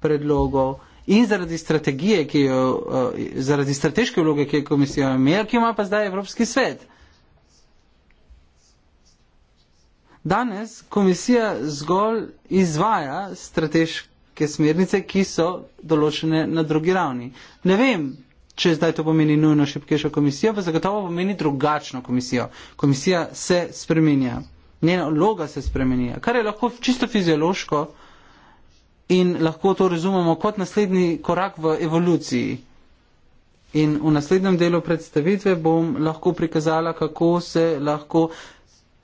predlogov in zaradi strategije, ki jo, uh, zaradi strateške vloge, ki jo je komisija imela, ki jo ima pa zdaj Evropski svet. Danes komisija zgolj izvaja strateške smernice, ki so določene na drugi ravni. Ne vem, če zdaj to pomeni nujno šepkešo komisijo, pa zagotovo pomeni drugačno komisijo. Komisija se spremenja, njena loga se spremenja, kar je lahko čisto fiziološko in lahko to razumemo kot naslednji korak v evoluciji. In v naslednjem delu predstavitve bom lahko prikazala, kako se lahko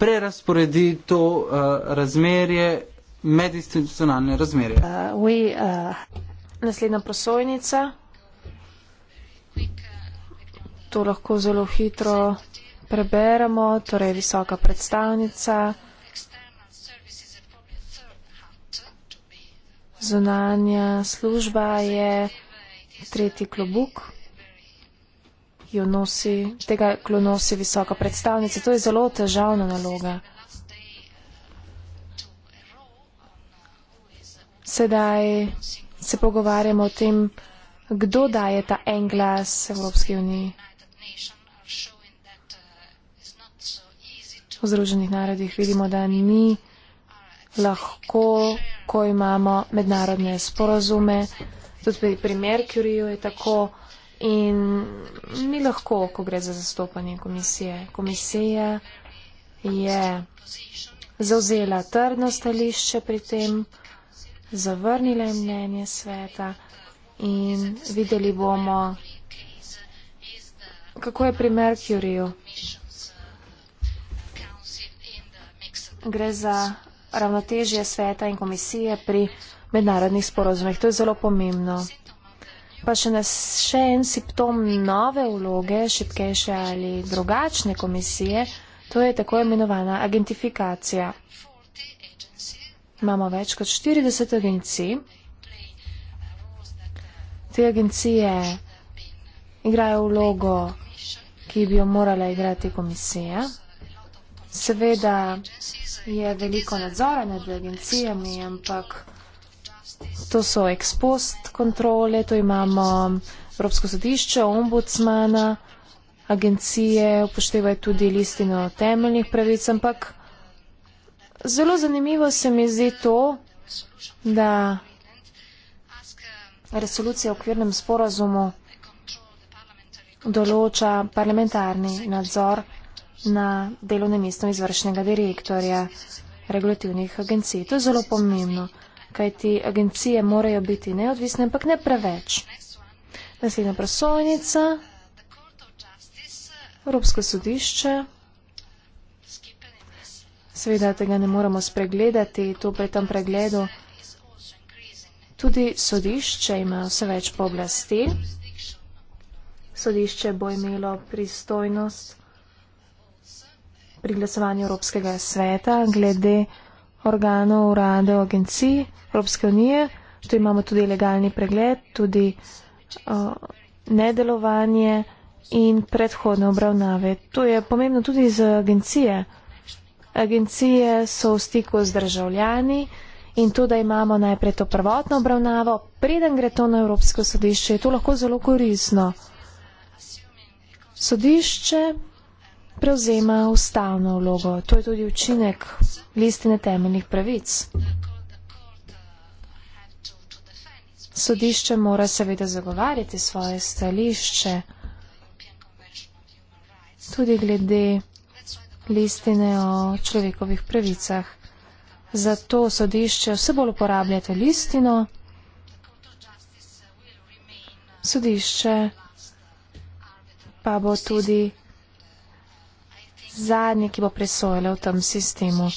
prerasporedi to uh, razmerje, medinstitucionalne razmerje. Uh, we, uh, naslednja prosojnica. To lahko zelo hitro preberemo, torej visoka predstavnica. Zunanja služba je tretji klobuk jo nosi, tega klonosi visoka predstavnica. To je zelo težavna naloga. Sedaj se pogovarjamo o tem, kdo daje ta en glas Evropski uniji v Združenih narodih. Vidimo, da ni lahko, ko imamo mednarodne sporozume. Tudi primer Curieu je tako In ni lahko, ko gre za zastopanje komisije. Komisija je zauzela trdno stališče pri tem, zavrnila je mnenje sveta in videli bomo, kako je pri Merkuriju. Gre za ravnotežje sveta in komisije pri mednarodnih sporozumih. To je zelo pomembno. Pa še, nas, še en simptom nove vloge, šipkejše ali drugačne komisije, to je tako imenovana agentifikacija. Imamo več kot 40 agencij. Te agencije igrajo vlogo, ki bi jo morala igrati komisija. Seveda je veliko nadzora nad agencijami, ampak. To so ekspost kontrole, to imamo Evropsko sodišče, ombudsmana, agencije, upoštevajo tudi listino temeljnih pravic, ampak zelo zanimivo se mi zdi to, da resolucija o okvirnem sporazumu določa parlamentarni nadzor na delovnem mestu izvršnega direktorja regulativnih agencij. To je zelo pomembno kajti agencije morajo biti neodvisne, ampak ne preveč. Naslednja prosojnica, Evropsko sodišče. Seveda tega ne moremo spregledati, to pa je tam pregledu. Tudi sodišče ima vse več pooblasti. Sodišče bo imelo pristojnost pri glasovanju Evropskega sveta glede organov, uradov, agencij Evropske unije, tu imamo tudi legalni pregled, tudi o, uh, nedelovanje in predhodne obravnave. To je pomembno tudi za agencije. Agencije so v stiku z državljani in to, da imamo najprej to prvotno obravnavo, preden gre to na Evropsko sodišče, je to lahko zelo korisno. Sodišče prevzema ustavno vlogo. To je tudi učinek listine temeljnih pravic. Sodišče mora seveda zagovarjati svoje stališče tudi glede listine o človekovih pravicah. Zato sodišče vse bolj uporablja to listino. Sodišče pa bo tudi zadnje, ki bo presojala v tem sistemu.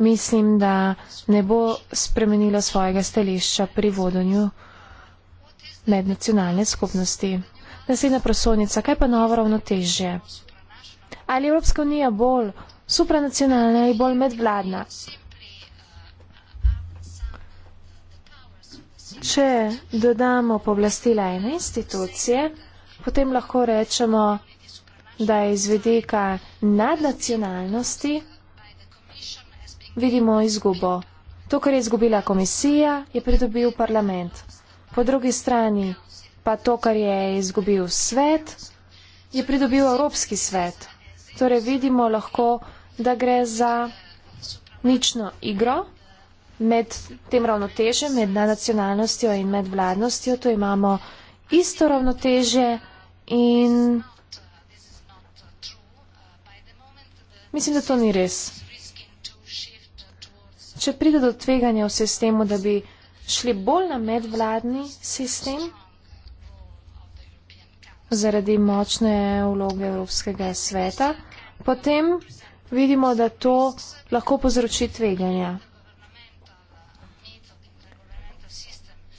Mislim, da ne bo spremenila svojega stališča pri vodenju mednacionalne skupnosti. Naslednja prosonica, kaj pa novo ravnotežje? Ali Evropska unija bolj supranacionalna in bolj medvladna? Če dodamo povlastila ene institucije, potem lahko rečemo, da je izvedeka nadnacionalnosti, vidimo izgubo. To, kar je izgubila komisija, je pridobil parlament. Po drugi strani pa to, kar je izgubil svet, je pridobil Evropski svet. Torej vidimo lahko, da gre za nično igro med tem ravnotežem, med nacionalnostjo in med vladnostjo. Tu imamo isto ravnoteže in Mislim, da to ni res. Če pride do tveganja v sistemu, da bi šli bolj na medvladni sistem zaradi močne vloge Evropskega sveta, potem vidimo, da to lahko povzroči tveganja.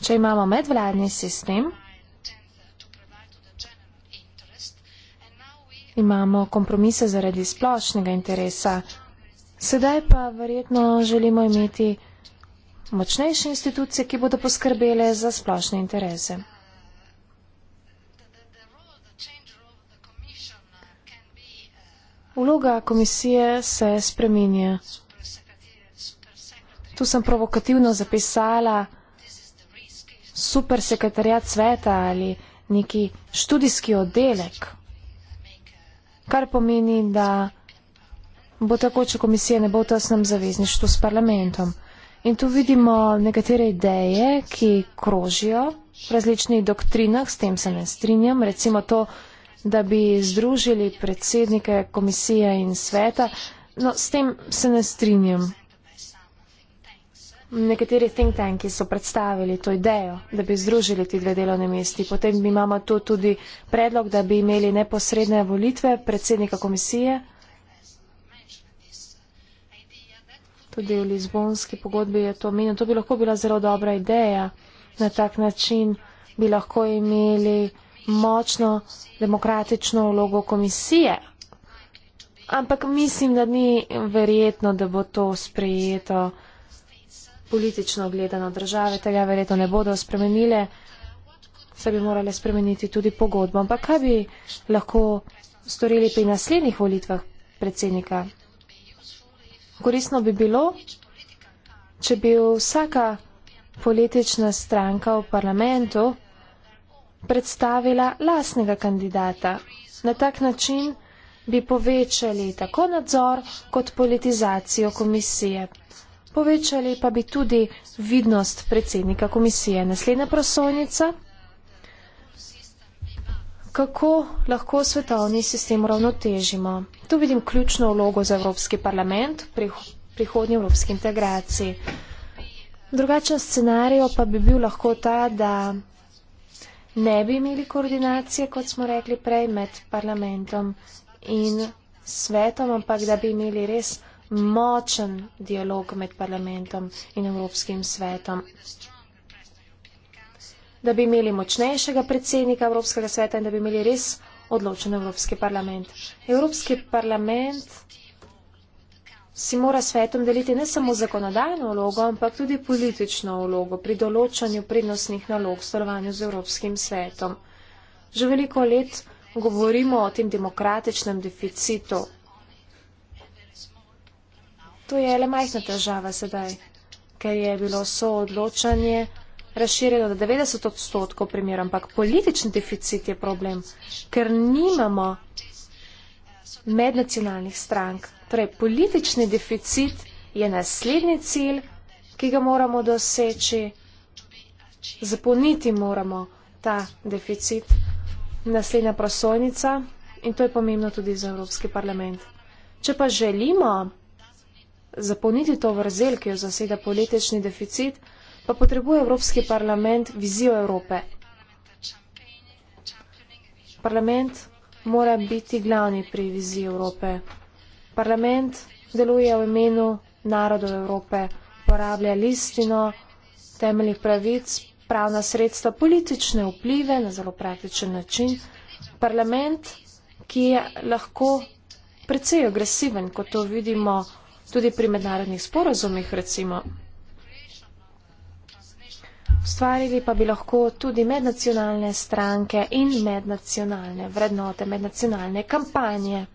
Če imamo medvladni sistem, imamo kompromise zaradi splošnega interesa. Sedaj pa verjetno želimo imeti močnejše institucije, ki bodo poskrbele za splošne interese. Vloga komisije se spreminja. Tu sem provokativno zapisala supersekretarjat sveta ali neki študijski oddelek kar pomeni, da bo tako, če komisija ne bo v tesnem zavezništvu s parlamentom. In tu vidimo nekatere ideje, ki krožijo v različnih doktrinah, s tem se ne strinjam, recimo to, da bi združili predsednike komisije in sveta, no, s tem se ne strinjam, Nekateri think tanki so predstavili to idejo, da bi združili ti dve delovne mesti. Potem imamo tu tudi predlog, da bi imeli neposredne volitve predsednika komisije. Tudi v Lizbonski pogodbi je to menjeno. To bi lahko bila zelo dobra ideja. Na tak način bi lahko imeli močno demokratično vlogo komisije. Ampak mislim, da ni verjetno, da bo to sprejeto politično gledano države tega verjetno ne bodo spremenile, se bi morale spremeniti tudi pogodbo. Ampak kaj bi lahko storili pri naslednjih volitvah predsednika? Korisno bi bilo, če bi vsaka politična stranka v parlamentu predstavila lasnega kandidata. Na tak način bi povečali tako nadzor kot politizacijo komisije povečali pa bi tudi vidnost predsednika komisije. Naslednja prosojnica, kako lahko svetovni sistem ravnotežimo. Tu vidim ključno vlogo za Evropski parlament v prihodnji Evropski integraciji. Drugačen scenarij pa bi bil lahko ta, da ne bi imeli koordinacije, kot smo rekli prej, med parlamentom in svetom, ampak da bi imeli res vsega, močen dialog med parlamentom in Evropskim svetom. Da bi imeli močnejšega predsednika Evropskega sveta in da bi imeli res odločen Evropski parlament. Evropski parlament si mora svetom deliti ne samo zakonodajno vlogo, ampak tudi politično vlogo pri določanju prednostnih nalog v sodelovanju z Evropskim svetom. Že veliko let govorimo o tem demokratičnem deficitu To je le majhna težava sedaj, ker je bilo soodločanje razširjeno do 90 odstotkov primerov, ampak politični deficit je problem, ker nimamo mednacionalnih strank. Torej, politični deficit je naslednji cilj, ki ga moramo doseči. Zaponiti moramo ta deficit, naslednja prosojnica in to je pomembno tudi za Evropski parlament. Če pa želimo zapolniti to vrzel, ki jo zaseda politični deficit, pa potrebuje Evropski parlament vizijo Evrope. Parlament mora biti glavni pri viziji Evrope. Parlament deluje v imenu narodov Evrope, uporablja listino temeljih pravic, pravna sredstva, politične vplive na zelo praktičen način. Parlament, ki je lahko precej agresiven, kot to vidimo, tudi pri mednarodnih sporazumih recimo. Stvarili pa bi lahko tudi mednacionalne stranke in mednacionalne vrednote, mednacionalne kampanje.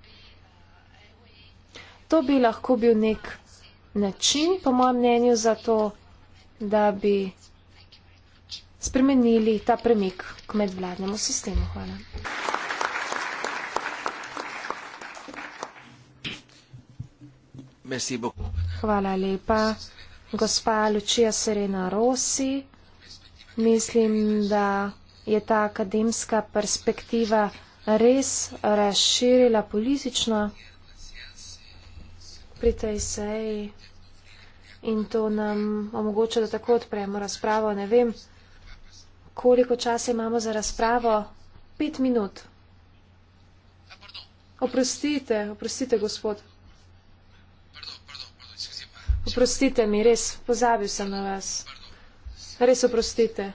To bi lahko bil nek način, po mojem mnenju, za to, da bi spremenili ta premik k medvladnemu sistemu. Hvala. Hvala lepa. Gospa Lučija Serena Rosi, mislim, da je ta akademska perspektiva res razširila politično pri tej seji in to nam omogoča, da tako odpremo razpravo. Ne vem, koliko časa imamo za razpravo. Pet minut. Oprostite, oprostite, gospod. Oprostite mi, res, pozabil sem na vas. Res oprostite.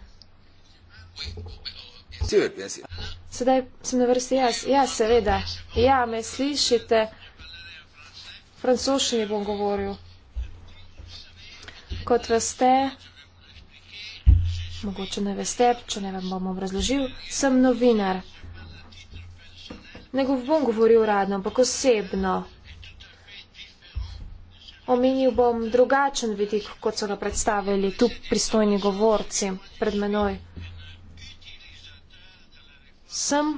Sedaj sem na vrsti jaz. Ja, seveda. Ja, me slišite. Francoščini bom govoril. Kot veste, mogoče ne veste, če ne vam bom obrazložil, sem novinar. Ne bom govoril uradno, ampak osebno. Omenil bom drugačen vidik, kot so ga predstavili tu pristojni govorci pred menoj. Sem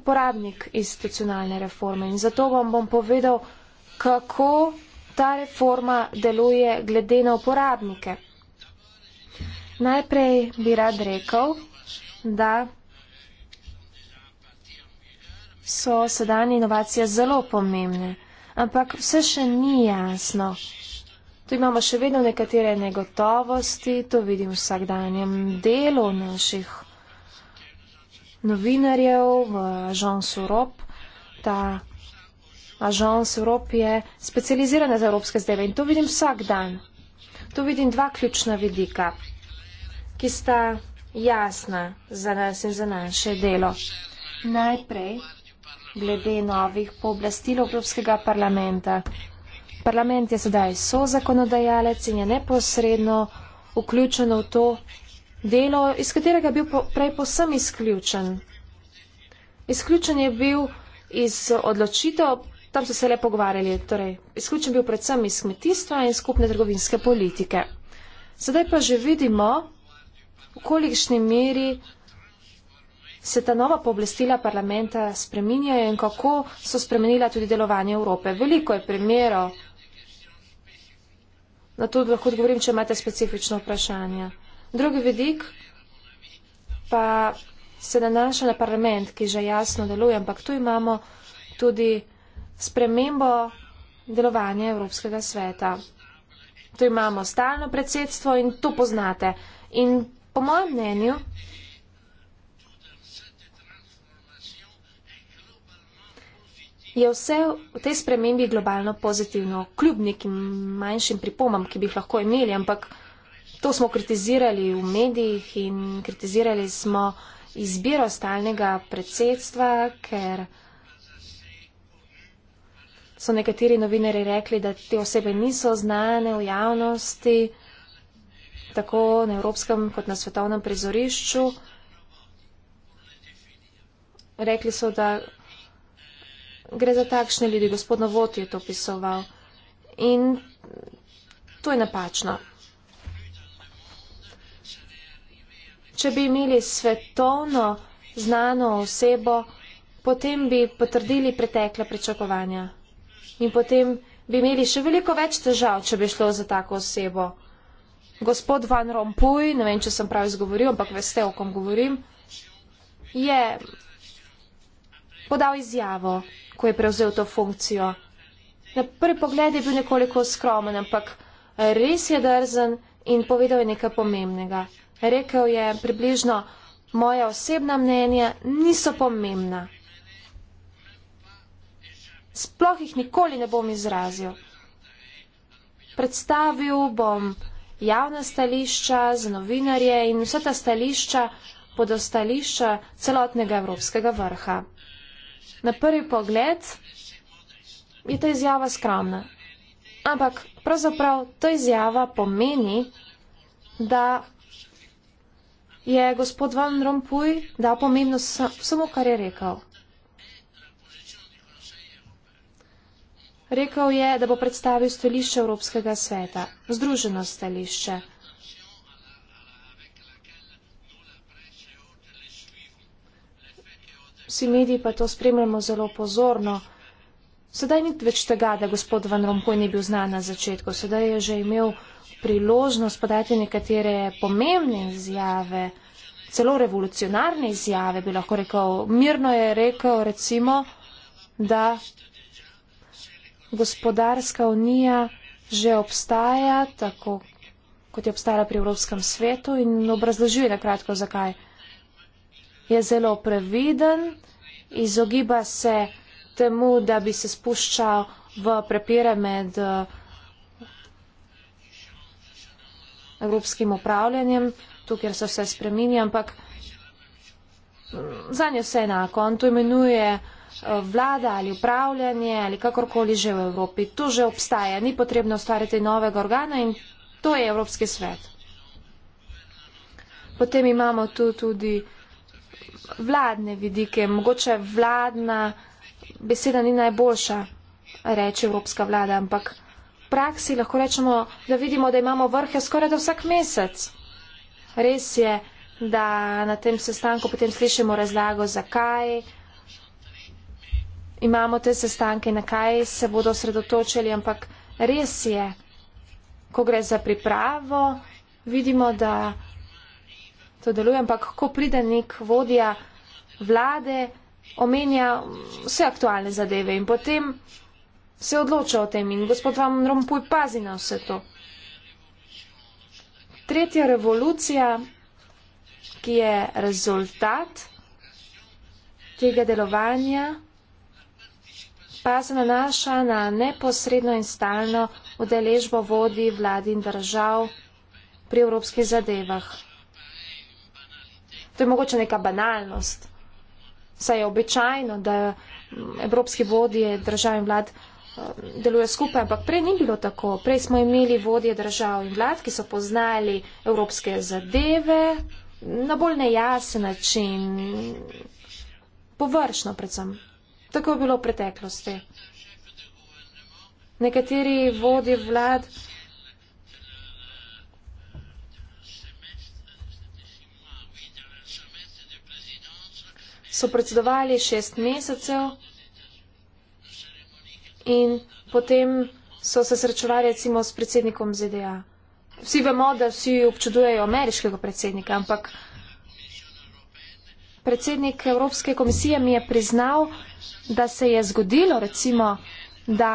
uporabnik institucionalne reforme in zato vam bom povedal, kako ta reforma deluje glede na uporabnike. Najprej bi rad rekel, da so sedanje inovacije zelo pomembne ampak vse še ni jasno. Tu imamo še vedno nekatere negotovosti, to vidim v vsakdanjem delu naših novinarjev v Agence Europe. Ta Agence Europe je specializirana za evropske zdajbe in to vidim vsak dan. Tu vidim dva ključna vidika, ki sta jasna za nas in za naše delo. Najprej glede novih pooblastil Evropskega parlamenta. Parlament je sedaj so zakonodajalec in je neposredno vključen v to delo, iz katerega je bil prej posem izključen. Izključen je bil iz odločitev, tam so se le pogovarjali, torej izključen je bil predvsem iz kmetijstva in skupne trgovinske politike. Sedaj pa že vidimo, v kolikšni meri se ta nova pooblastila parlamenta spreminjajo in kako so spremenila tudi delovanje Evrope. Veliko je primerov. Na to lahko odgovorim, če imate specifično vprašanje. Drugi vidik pa se nanaša na parlament, ki že jasno deluje, ampak tu imamo tudi spremembo delovanja Evropskega sveta. Tu imamo stalno predsedstvo in to poznate. In po mojem mnenju je vse v tej spremembi globalno pozitivno, kljub nekim manjšim pripomam, ki bi jih lahko imeli, ampak to smo kritizirali v medijih in kritizirali smo izbiro stalnega predsedstva, ker so nekateri novinari rekli, da te osebe niso znane v javnosti, tako na evropskem kot na svetovnem prizorišču. Rekli so, da gre za takšne ljudi. Gospod Novot je to pisoval. In to je napačno. Če bi imeli svetovno znano osebo, potem bi potrdili pretekle pričakovanja. In potem bi imeli še veliko več težav, če bi šlo za tako osebo. Gospod Van Rompuy, ne vem, če sem prav izgovoril, ampak veste, o kom govorim, je podal izjavo, ko je prevzel to funkcijo. Na prvi pogled je bil nekoliko skromen, ampak res je drzen in povedal je nekaj pomembnega. Rekel je približno, moja osebna mnenja niso pomembna. Sploh jih nikoli ne bom izrazil. Predstavil bom javna stališča za novinarje in vsa ta stališča bodo stališča celotnega Evropskega vrha. Na prvi pogled je ta izjava skromna. Ampak pravzaprav ta izjava pomeni, da je gospod Van Rompuy dal pomembno samo, kar je rekel. Rekel je, da bo predstavil stališče Evropskega sveta, združeno stališče. vsi mediji pa to spremljamo zelo pozorno. Sedaj ni več tega, da gospod Van Rompuy ni bil znan na začetku. Sedaj je že imel priložnost podati nekatere pomembne izjave, celo revolucionarne izjave, bi lahko rekel. Mirno je rekel recimo, da gospodarska unija že obstaja, tako kot je obstala pri Evropskem svetu in obrazložuje na kratko, zakaj je zelo previden, izogiba se temu, da bi se spuščal v prepire med eh, evropskim upravljanjem, tu, kjer se vse spreminja, ampak mm, za njo vse enako. On to imenuje eh, vlada ali upravljanje ali kakorkoli že v Evropi. To že obstaja. Ni potrebno ustvariti novega organa in to je Evropski svet. Potem imamo tu tudi vladne vidike, mogoče vladna beseda ni najboljša, reče Evropska vlada, ampak v praksi lahko rečemo, da vidimo, da imamo vrhe skoraj da vsak mesec. Res je, da na tem sestanku potem slišimo razlago, zakaj imamo te sestanke, na kaj se bodo osredotočili, ampak res je, ko gre za pripravo, vidimo, da to deluje, ampak ko pride nek vodja vlade, omenja vse aktualne zadeve in potem se odloča o tem in gospod vam Rompuj pazi na vse to. Tretja revolucija, ki je rezultat tega delovanja, pa se nanaša na neposredno in stalno udeležbo vodi vladi in držav pri evropskih zadevah. To je mogoče neka banalnost. Saj je običajno, da mm, evropski vodje držav in vlad eh, deluje skupaj, ampak prej ni bilo tako. Prej smo imeli vodje držav in vlad, ki so poznali evropske zadeve na bolj nejasen način, površno predvsem. Tako je bilo v preteklosti. Nekateri vodje vlad. so predsedovali šest mesecev in potem so se srečevali recimo s predsednikom ZDA. Vsi vemo, da vsi občudujejo ameriškega predsednika, ampak predsednik Evropske komisije mi je priznal, da se je zgodilo recimo, da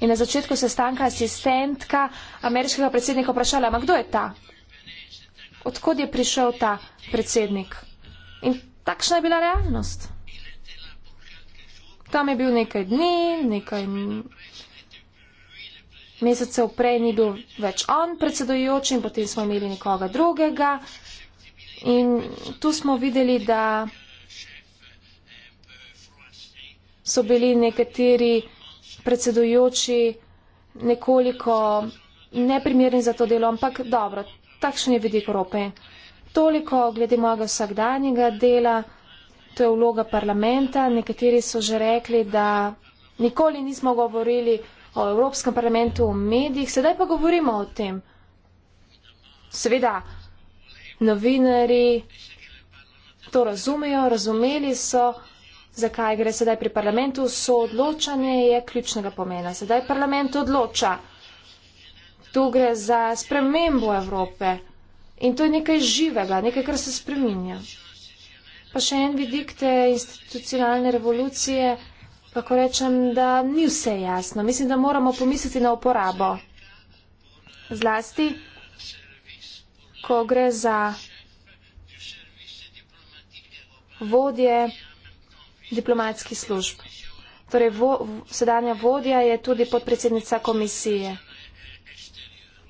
je na začetku sestanka asistentka ameriškega predsednika vprašala, ampak kdo je ta? Odkud je prišel ta predsednik? In takšna je bila realnost. Tam je bil nekaj dni, nekaj mesecev prej ni bil več on predsedojoči in potem smo imeli nekoga drugega. In tu smo videli, da so bili nekateri predsedojoči nekoliko neprimerni za to delo, ampak dobro, takšen je vidik Evrope. Toliko glede mojega vsakdanjega dela, to je vloga parlamenta. Nekateri so že rekli, da nikoli nismo govorili o Evropskem parlamentu, o medijih, sedaj pa govorimo o tem. Seveda, novinari to razumejo, razumeli so, zakaj gre sedaj pri parlamentu. So odločanje je ključnega pomena. Sedaj parlament odloča. Tu gre za spremembo Evrope. In to je nekaj živega, nekaj, kar se spreminja. Pa še en vidik te institucionalne revolucije, lahko rečem, da ni vse jasno. Mislim, da moramo pomisliti na uporabo. Zlasti, ko gre za vodje diplomatskih služb. Torej, vo, sedanja vodja je tudi podpredsednica komisije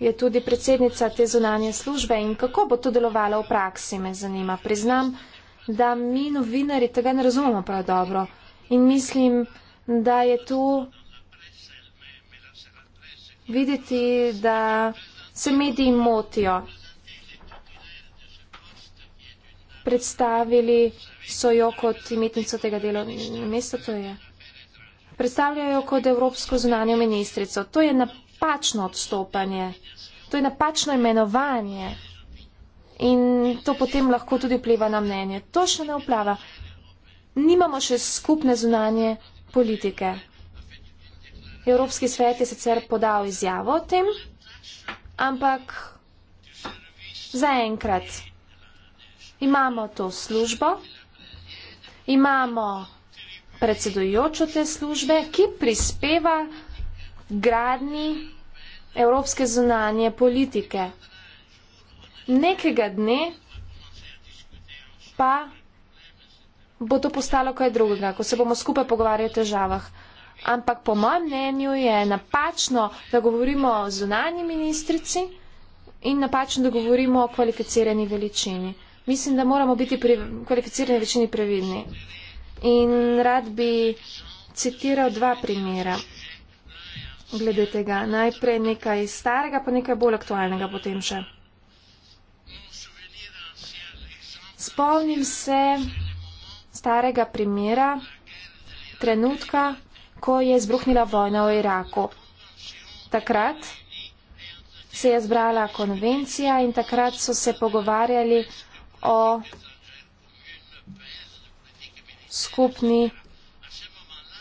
je tudi predsednica te zunanje službe in kako bo to delovalo v praksi, me zanima. Priznam, da mi novinari tega ne razumemo prav dobro in mislim, da je tu videti, da se mediji motijo. Predstavili so jo kot imetnico tega dela. Mesto to je. Predstavljajo jo kot evropsko zunanjo ministrico. To je napisano napačno odstopanje, to je napačno imenovanje in to potem lahko tudi vpliva na mnenje. To še ne vplava. Nimamo še skupne zunanje politike. Evropski svet je sicer podal izjavo o tem, ampak zaenkrat imamo to službo, imamo predsedujočo te službe, ki prispeva gradni evropske zunanje politike. Nekega dne pa bo to postalo kaj drugega, ko se bomo skupaj pogovarjali o težavah. Ampak po mojem mnenju je napačno, da govorimo o zunanji ministrici in napačno, da govorimo o kvalificirani veličini. Mislim, da moramo biti pri kvalificirani večini previdni. In rad bi citiral dva primera glede tega. Najprej nekaj starega, pa nekaj bolj aktualnega potem še. Spomnim se starega primera, trenutka, ko je izbruhnila vojna v Iraku. Takrat se je zbrala konvencija in takrat so se pogovarjali o skupni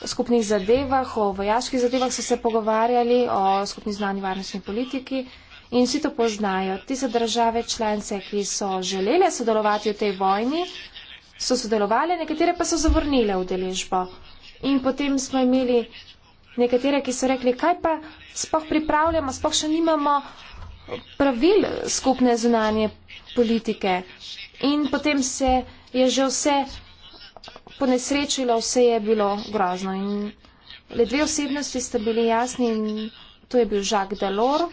skupnih zadevah, o vojaških zadevah so se pogovarjali, o skupni znani varnostni politiki in vsi to poznajo. Tiste države članice, ki so želele sodelovati v tej vojni, so sodelovali, nekatere pa so zavrnile udeležbo. In potem smo imeli nekatere, ki so rekli, kaj pa spoh pripravljamo, spoh še nimamo pravil skupne zunanje politike. In potem se je že vse ponesrečilo, vse je bilo grozno. In le dve osebnosti sta bili jasni in to je bil Jacques Delors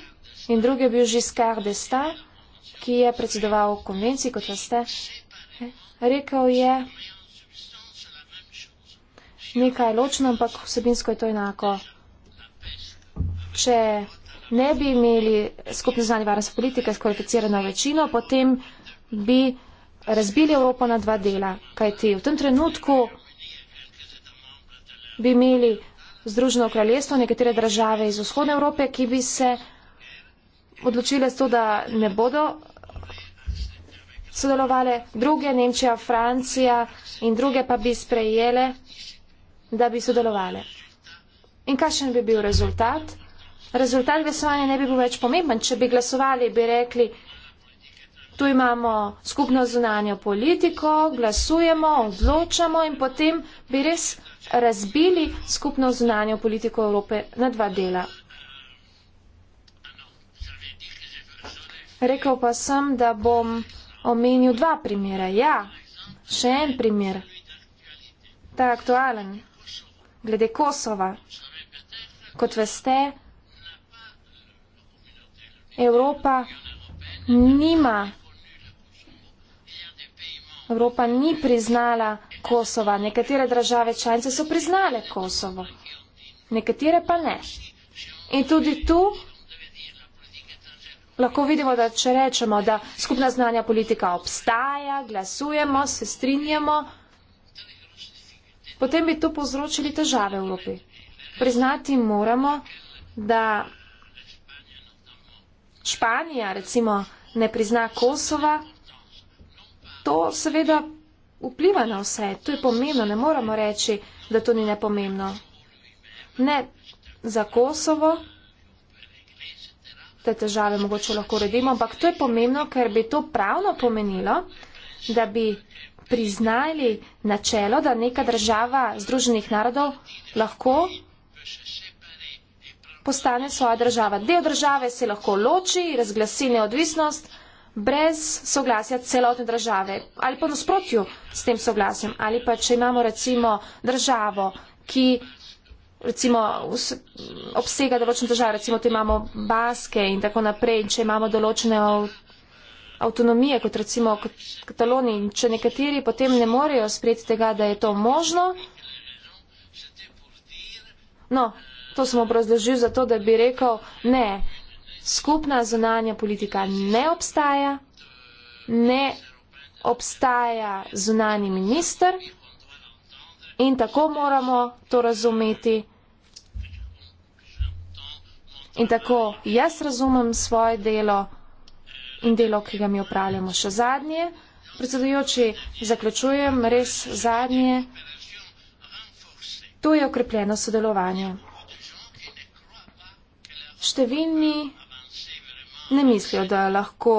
in drugi je bil Giscard d'Estaing, ki je predsedoval konvenciji, kot veste. Rekel je nekaj ločno, ampak vsebinsko je to enako. Če ne bi imeli skupne znanje varnosti politike s kvalificirano večino, potem bi razbili Evropo na dva dela, kajti v tem trenutku bi imeli Združeno kraljestvo, nekatere države iz vzhodne Evrope, ki bi se odločile to, da ne bodo sodelovale, druge Nemčija, Francija in druge pa bi sprejele, da bi sodelovale. In kakšen bi bil rezultat? Rezultat glasovanja ne bi bil več pomemben, če bi glasovali, bi rekli, Tu imamo skupno zunanjo politiko, glasujemo, odločamo in potem bi res razbili skupno zunanjo politiko Evrope na dva dela. Rekel pa sem, da bom omenil dva primera. Ja, še en primer, ta je aktualen, glede Kosova. Kot veste, Evropa nima Evropa ni priznala Kosova. Nekatere države članice so priznale Kosovo, nekatere pa ne. In tudi tu lahko vidimo, da če rečemo, da skupna znanja politika obstaja, glasujemo, se strinjamo, potem bi to povzročili težave Evropi. Priznati moramo, da Španija recimo ne prizna Kosova, to seveda vpliva na vse. To je pomembno, ne moramo reči, da to ni nepomembno. Ne za Kosovo, te težave mogoče lahko redimo, ampak to je pomembno, ker bi to pravno pomenilo, da bi priznali načelo, da neka država Združenih narodov lahko postane svoja država. Del države se lahko loči, razglasi neodvisnost, brez soglasja celotne države ali pa nasprotju s tem soglasjem ali pa če imamo recimo državo, ki recimo obsega določene države, recimo tu imamo baske in tako naprej in če imamo določene avtonomije kot recimo Kataloni in če nekateri potem ne morejo sprejeti tega, da je to možno. No, to sem obrazložil zato, da bi rekel ne skupna zunanja politika ne obstaja, ne obstaja zunani minister in tako moramo to razumeti. In tako jaz razumem svoje delo in delo, ki ga mi opravljamo še zadnje. Predsedujoči, zaključujem res zadnje. To je okrepljeno sodelovanje. Številni ne mislijo, da lahko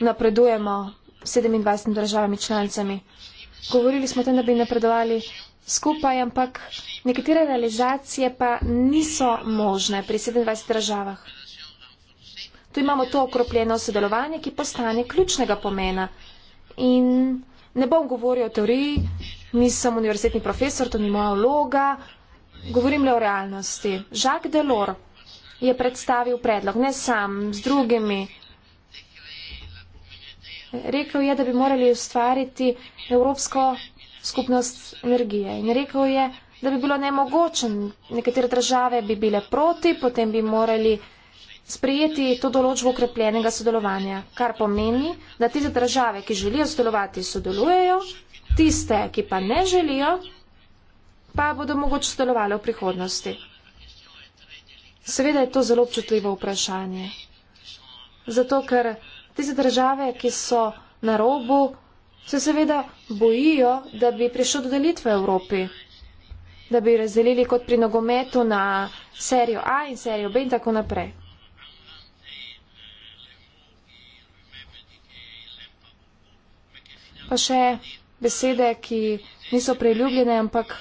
napredujemo s 27 državami članicami. Govorili smo o tem, da bi napredovali skupaj, ampak nekatere realizacije pa niso možne pri 27 državah. Tu imamo to okropljeno sodelovanje, ki postane ključnega pomena. In ne bom govoril o teoriji, nisem univerzitetni profesor, to ni moja vloga, govorim le o realnosti. Jacques Delors, je predstavil predlog, ne sam, z drugimi. Rekl je, da bi morali ustvariti Evropsko skupnost energije in rekel je, da bi bilo nemogoče, nekatere države bi bile proti, potem bi morali sprejeti to določbo ukrepljenega sodelovanja, kar pomeni, da tiste države, ki želijo sodelovati, sodelujejo, tiste, ki pa ne želijo, pa bodo mogoče sodelovali v prihodnosti. Seveda je to zelo občutljivo vprašanje. Zato, ker tiste države, ki so na robu, se seveda bojijo, da bi prišlo do delitve Evropi, da bi razdelili kot pri nogometu na serijo A in serijo B in tako naprej. Pa še besede, ki niso preljubljene, ampak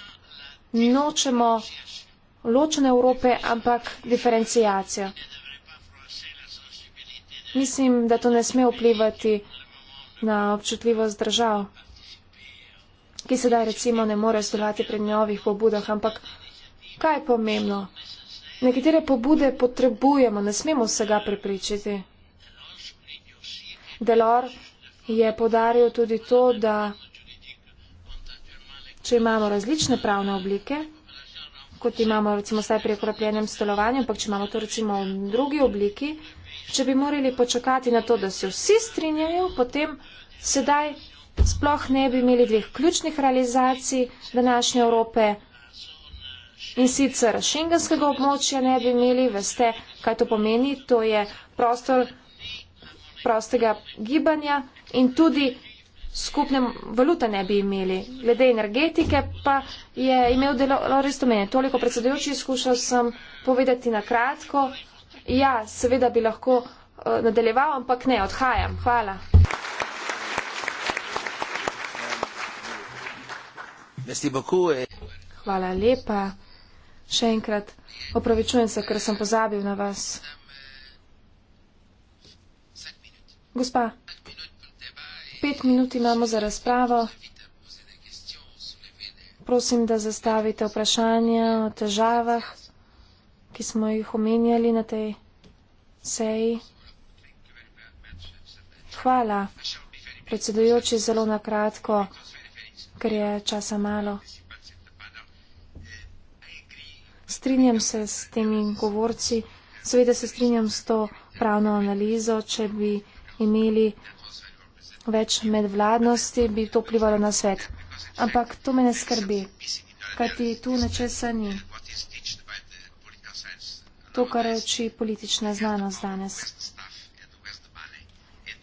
nočemo ločene Evrope, ampak diferencijacijo. Mislim, da to ne sme vplivati na občutljivost držav, ki sedaj recimo ne more sodelovati pri novih pobudah, ampak kaj je pomembno? Nekatere pobude potrebujemo, ne smemo vsega prepričati. Delor je podaril tudi to, da če imamo različne pravne oblike, kot imamo recimo vsaj pri okrepljenem stolovanju, ampak če imamo to recimo v drugi obliki, če bi morali počakati na to, da se vsi strinjajo, potem sedaj sploh ne bi imeli dveh ključnih realizacij današnje Evrope in sicer šengenskega območja ne bi imeli, veste, kaj to pomeni, to je prostor prostega gibanja in tudi skupne valute ne bi imeli. Glede energetike pa je imel Dolores domenje. Toliko predsedujoči skušal sem povedati na kratko. Ja, seveda bi lahko uh, nadaljeval, ampak ne, odhajam. Hvala. Hvala lepa. Še enkrat opravičujem se, ker sem pozabil na vas. Gospa pet minut imamo za razpravo. Prosim, da zastavite vprašanja o težavah, ki smo jih omenjali na tej seji. Hvala, predsedujoči, zelo na kratko, ker je časa malo. Strinjam se s temi govorci, seveda se strinjam s to pravno analizo, če bi imeli več medvladnosti, bi to vplivalo na svet. Ampak to me ne skrbi, kajti tu nečesa ni. To, kar uči politična znanost danes.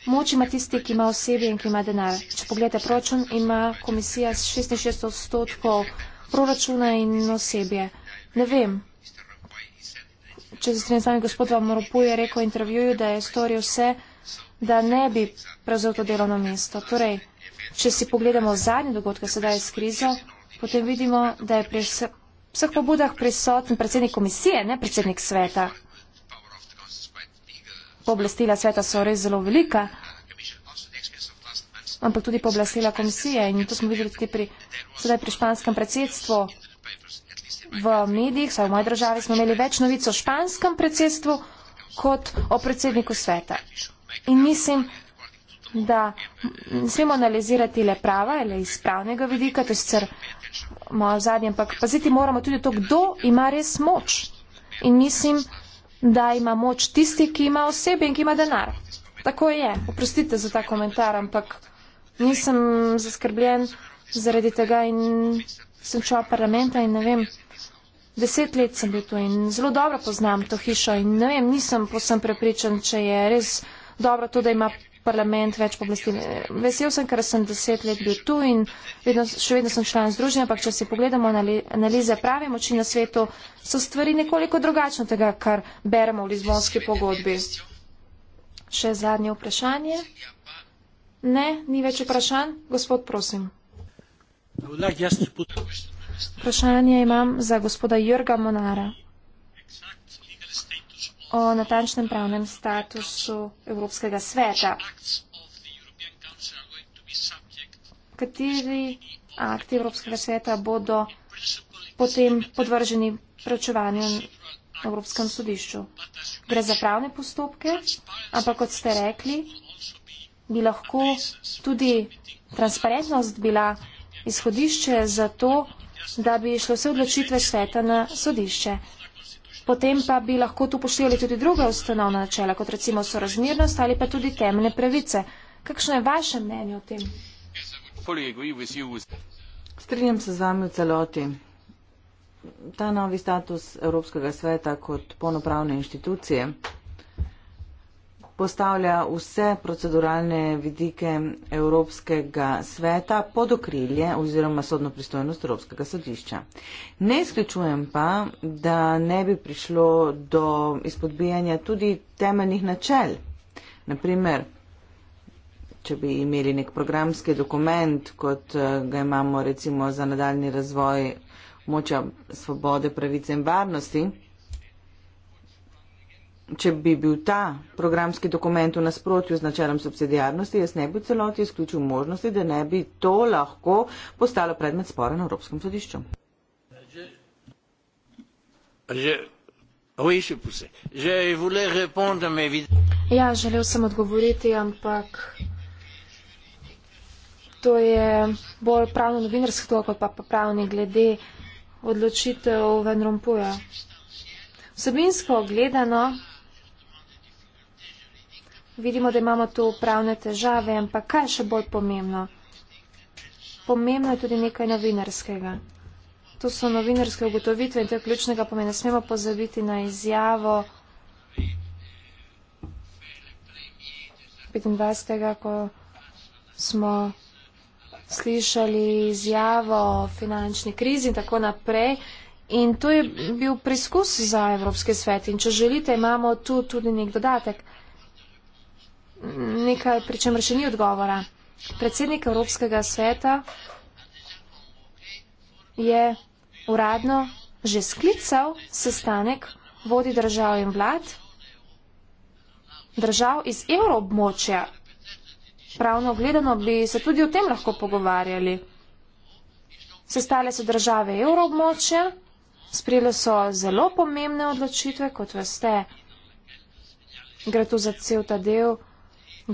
Moč ima tisti, ki ima osebje in ki ima denar. Če pogledate proračun, ima komisija 66 odstotkov proračuna in osebje. Ne vem. Če se strinjam z vami, gospod vam Ropuje rekel v intervjuju, da je storil vse, da ne bi prevzel to delovno mesto. Torej, če si pogledamo zadnje dogodke sedaj s krizo, potem vidimo, da je pri vseh pobudah prisoten predsednik komisije, ne predsednik sveta. Poblastila sveta so res zelo velika, ampak tudi poblastila komisije in to smo videli tudi pri, sedaj pri španskem predsedstvu. V medijih, saj v moji državi, smo imeli več novic o španskem predsedstvu kot o predsedniku sveta. In mislim, da smemo analizirati le prava ali iz pravnega vidika, to je sicer moja zadnja, ampak paziti moramo tudi to, kdo ima res moč. In mislim, da ima moč tisti, ki ima osebe in ki ima denar. Tako je. Oprostite za ta komentar, ampak nisem zaskrbljen zaradi tega in sem šel parlamenta in ne vem, deset let sem bil tu in zelo dobro poznam to hišo in ne vem, nisem posem prepričan, če je res dobro to, da ima parlament več poblasti. Vesel sem, ker sem deset let bil tu in vedno, še vedno sem član združenja, ampak če si pogledamo analize prave moči na svetu, so stvari nekoliko drugačne tega, kar beremo v Lizbonski pogodbi. Še zadnje vprašanje. Ne, ni več vprašanj. Gospod, prosim. Vprašanje imam za gospoda Jurga Monara o natančnem pravnem statusu Evropskega sveta. Kateri akti Evropskega sveta bodo potem podvrženi pročevanju na Evropskem sodišču? Gre za pravne postopke, ampak kot ste rekli, bi lahko tudi transparentnost bila izhodišče za to, da bi šlo vse odločitve sveta na sodišče. Potem pa bi lahko tu poštevali tudi druga ustanovna načela, kot recimo sorazmernost ali pa tudi temeljne pravice. Kakšno je vaše mnenje o tem? Strinjam se z vami v celoti. Ta novi status Evropskega sveta kot polnopravne inštitucije postavlja vse proceduralne vidike Evropskega sveta pod okrilje oziroma sodno pristojnost Evropskega sodišča. Ne izključujem pa, da ne bi prišlo do izpodbijanja tudi temeljnih načel. Naprimer, če bi imeli nek programski dokument, kot eh, ga imamo recimo za nadaljni razvoj moča svobode, pravice in varnosti, če bi bil ta programski dokument v nasprotju z načelom subsidijarnosti, jaz ne bi celoti izključil možnosti, da ne bi to lahko postalo predmet spora na Evropskem sodišču. Ja, želel sem odgovoriti, ampak to je bolj pravno novinarski to, kot pa pravni glede odločitev Venrompuja. Vsebinsko gledano, vidimo, da imamo tu pravne težave, ampak kaj je še bolj pomembno? Pomembno je tudi nekaj novinarskega. To so novinarske ugotovitve in to je ključnega pomena. Ne smemo pozabiti na izjavo 25. ko smo slišali izjavo o finančni krizi in tako naprej. In to je bil preizkus za Evropski svet. In če želite, imamo tu tudi nek dodatek nekaj, pri čemer še ni odgovora. Predsednik Evropskega sveta je uradno že sklical sestanek vodi držav in vlad, držav iz evroobmočja. Pravno gledano bi se tudi o tem lahko pogovarjali. Sestale so države evroobmočja, sprijele so zelo pomembne odločitve, kot veste, gre tu za cel ta del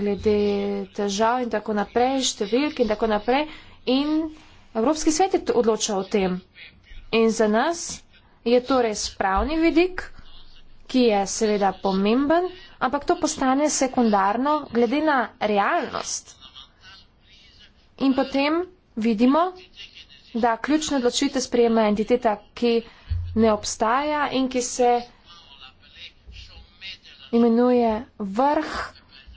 glede težav in tako naprej, številk in tako naprej. In Evropski svet je odločal o tem. In za nas je torej spravni vidik, ki je seveda pomemben, ampak to postane sekundarno glede na realnost. In potem vidimo, da ključne odločitve sprejema entiteta, ki ne obstaja in ki se imenuje vrh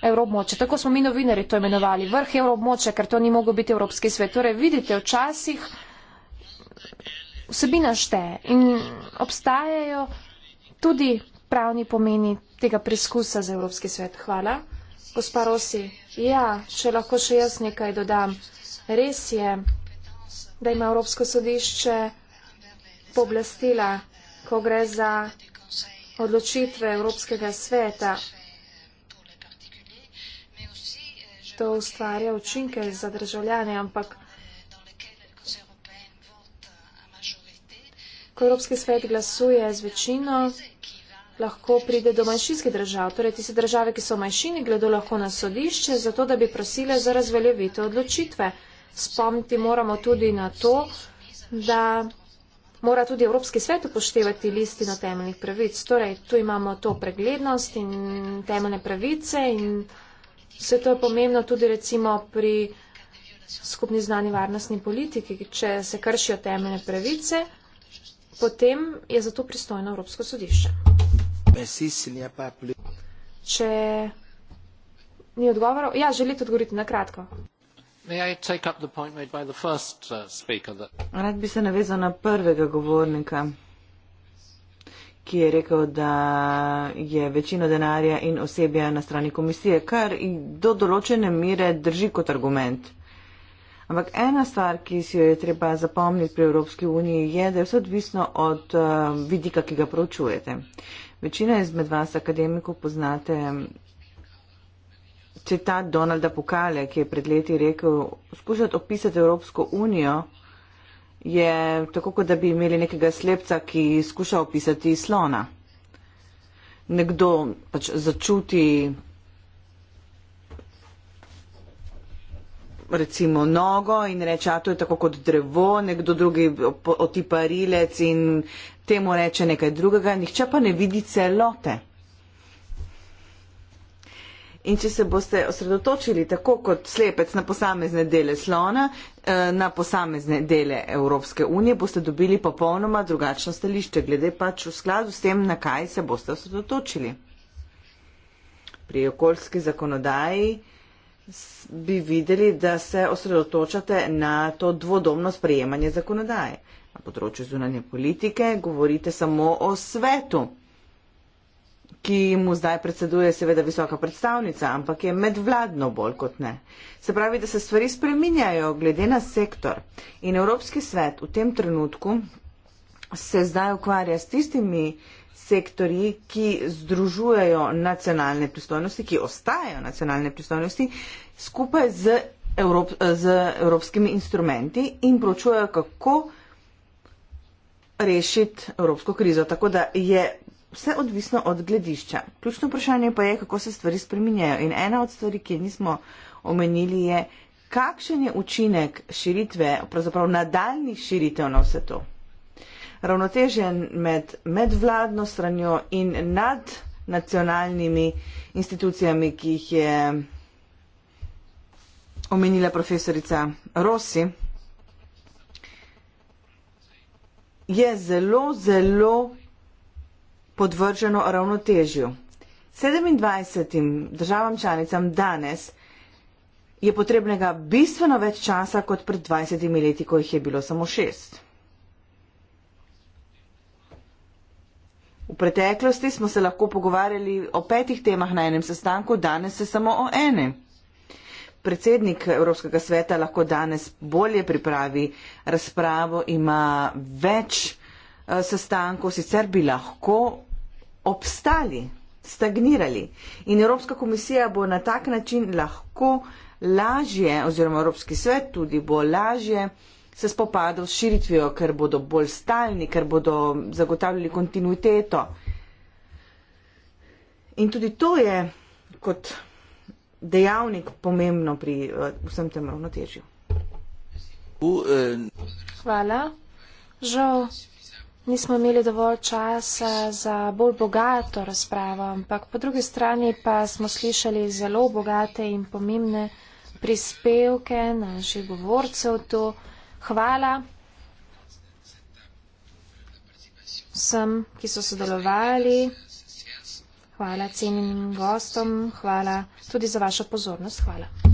evroobmoče. Tako smo mi novinari to imenovali, vrh evroobmoče, ker to ni mogel biti Evropski svet. Torej, vidite, včasih vsebina šteje in obstajajo tudi pravni pomeni tega preizkusa za Evropski svet. Hvala. Gospa Rosi, ja, če lahko še jaz nekaj dodam. Res je, da ima Evropsko sodišče pooblastila, ko gre za odločitve Evropskega sveta to ustvarja učinke za državljane, ampak ko Evropski svet glasuje z večino, lahko pride do manjšinskih držav. Torej, tiste države, ki so v manjšini, gledo lahko na sodišče, zato da bi prosile za razveljavitev odločitve. Spomniti moramo tudi na to, da mora tudi Evropski svet upoštevati listino temeljnih pravic. Torej, tu imamo to preglednost in temeljne pravice in Vse to je pomembno tudi recimo pri skupni znani varnostni politiki, če se kršijo temeljne pravice, potem je zato pristojno Evropsko sodišče. Če ni odgovorov, ja, želite odgovoriti na kratko. Uh, Rad bi se navezal na prvega govornika ki je rekel, da je večino denarja in osebja na strani komisije, kar do določene mire drži kot argument. Ampak ena stvar, ki si jo je treba zapomniti pri Evropski uniji, je, da je vse odvisno od uh, vidika, ki ga pravčujete. Večina izmed vas akademikov poznate citat Donalda Pukale, ki je pred leti rekel, skušati opisati Evropsko unijo je tako, kot da bi imeli nekega slepca, ki skuša opisati slona. Nekdo pač začuti recimo nogo in reče, a to je tako kot drevo, nekdo drugi otiparilec in temu reče nekaj drugega, nihče pa ne vidi celote. In če se boste osredotočili tako kot slepec na posamezne dele slona, eh, na posamezne dele Evropske unije, boste dobili popolnoma drugačno stališče, glede pač v skladu s tem, na kaj se boste osredotočili. Pri okoljski zakonodaji bi videli, da se osredotočate na to dvodomno sprejemanje zakonodaje. Na področju zunanje politike govorite samo o svetu ki mu zdaj predseduje seveda visoka predstavnica, ampak je medvladno bolj kot ne. Se pravi, da se stvari spreminjajo glede na sektor in Evropski svet v tem trenutku se zdaj ukvarja s tistimi sektorji, ki združujejo nacionalne pristojnosti, ki ostajajo nacionalne pristojnosti, skupaj z, Evrop, z evropskimi instrumenti in pročujejo, kako rešiti evropsko krizo. Tako da je vse odvisno od gledišča. Ključno vprašanje pa je, kako se stvari spreminjajo. In ena od stvari, ki nismo omenili, je, kakšen je učinek širitve, pravzaprav nadaljni širitev na vse to. Ravnotežje med medvladno stranjo in nadnacionalnimi institucijami, ki jih je omenila profesorica Rossi, je zelo, zelo podvrženo ravnotežju. 27 državam članicam danes je potrebnega bistveno več časa kot pred 20 leti, ko jih je bilo samo šest. V preteklosti smo se lahko pogovarjali o petih temah na enem sestanku, danes se samo o eni. Predsednik Evropskega sveta lahko danes bolje pripravi razpravo, ima več eh, sestankov, sicer bi lahko obstali, stagnirali. In Evropska komisija bo na tak način lahko lažje, oziroma Evropski svet tudi bo lažje se spopadal s širitvijo, ker bodo bolj stalni, ker bodo zagotavljali kontinuiteto. In tudi to je kot dejavnik pomembno pri eh, vsem tem ravnotežju. Eh, Hvala. Žal nismo imeli dovolj časa za bolj bogato razpravo, ampak po drugi strani pa smo slišali zelo bogate in pomembne prispevke naših govorcev tu. Hvala vsem, ki so sodelovali. Hvala cenim gostom. Hvala tudi za vašo pozornost. Hvala.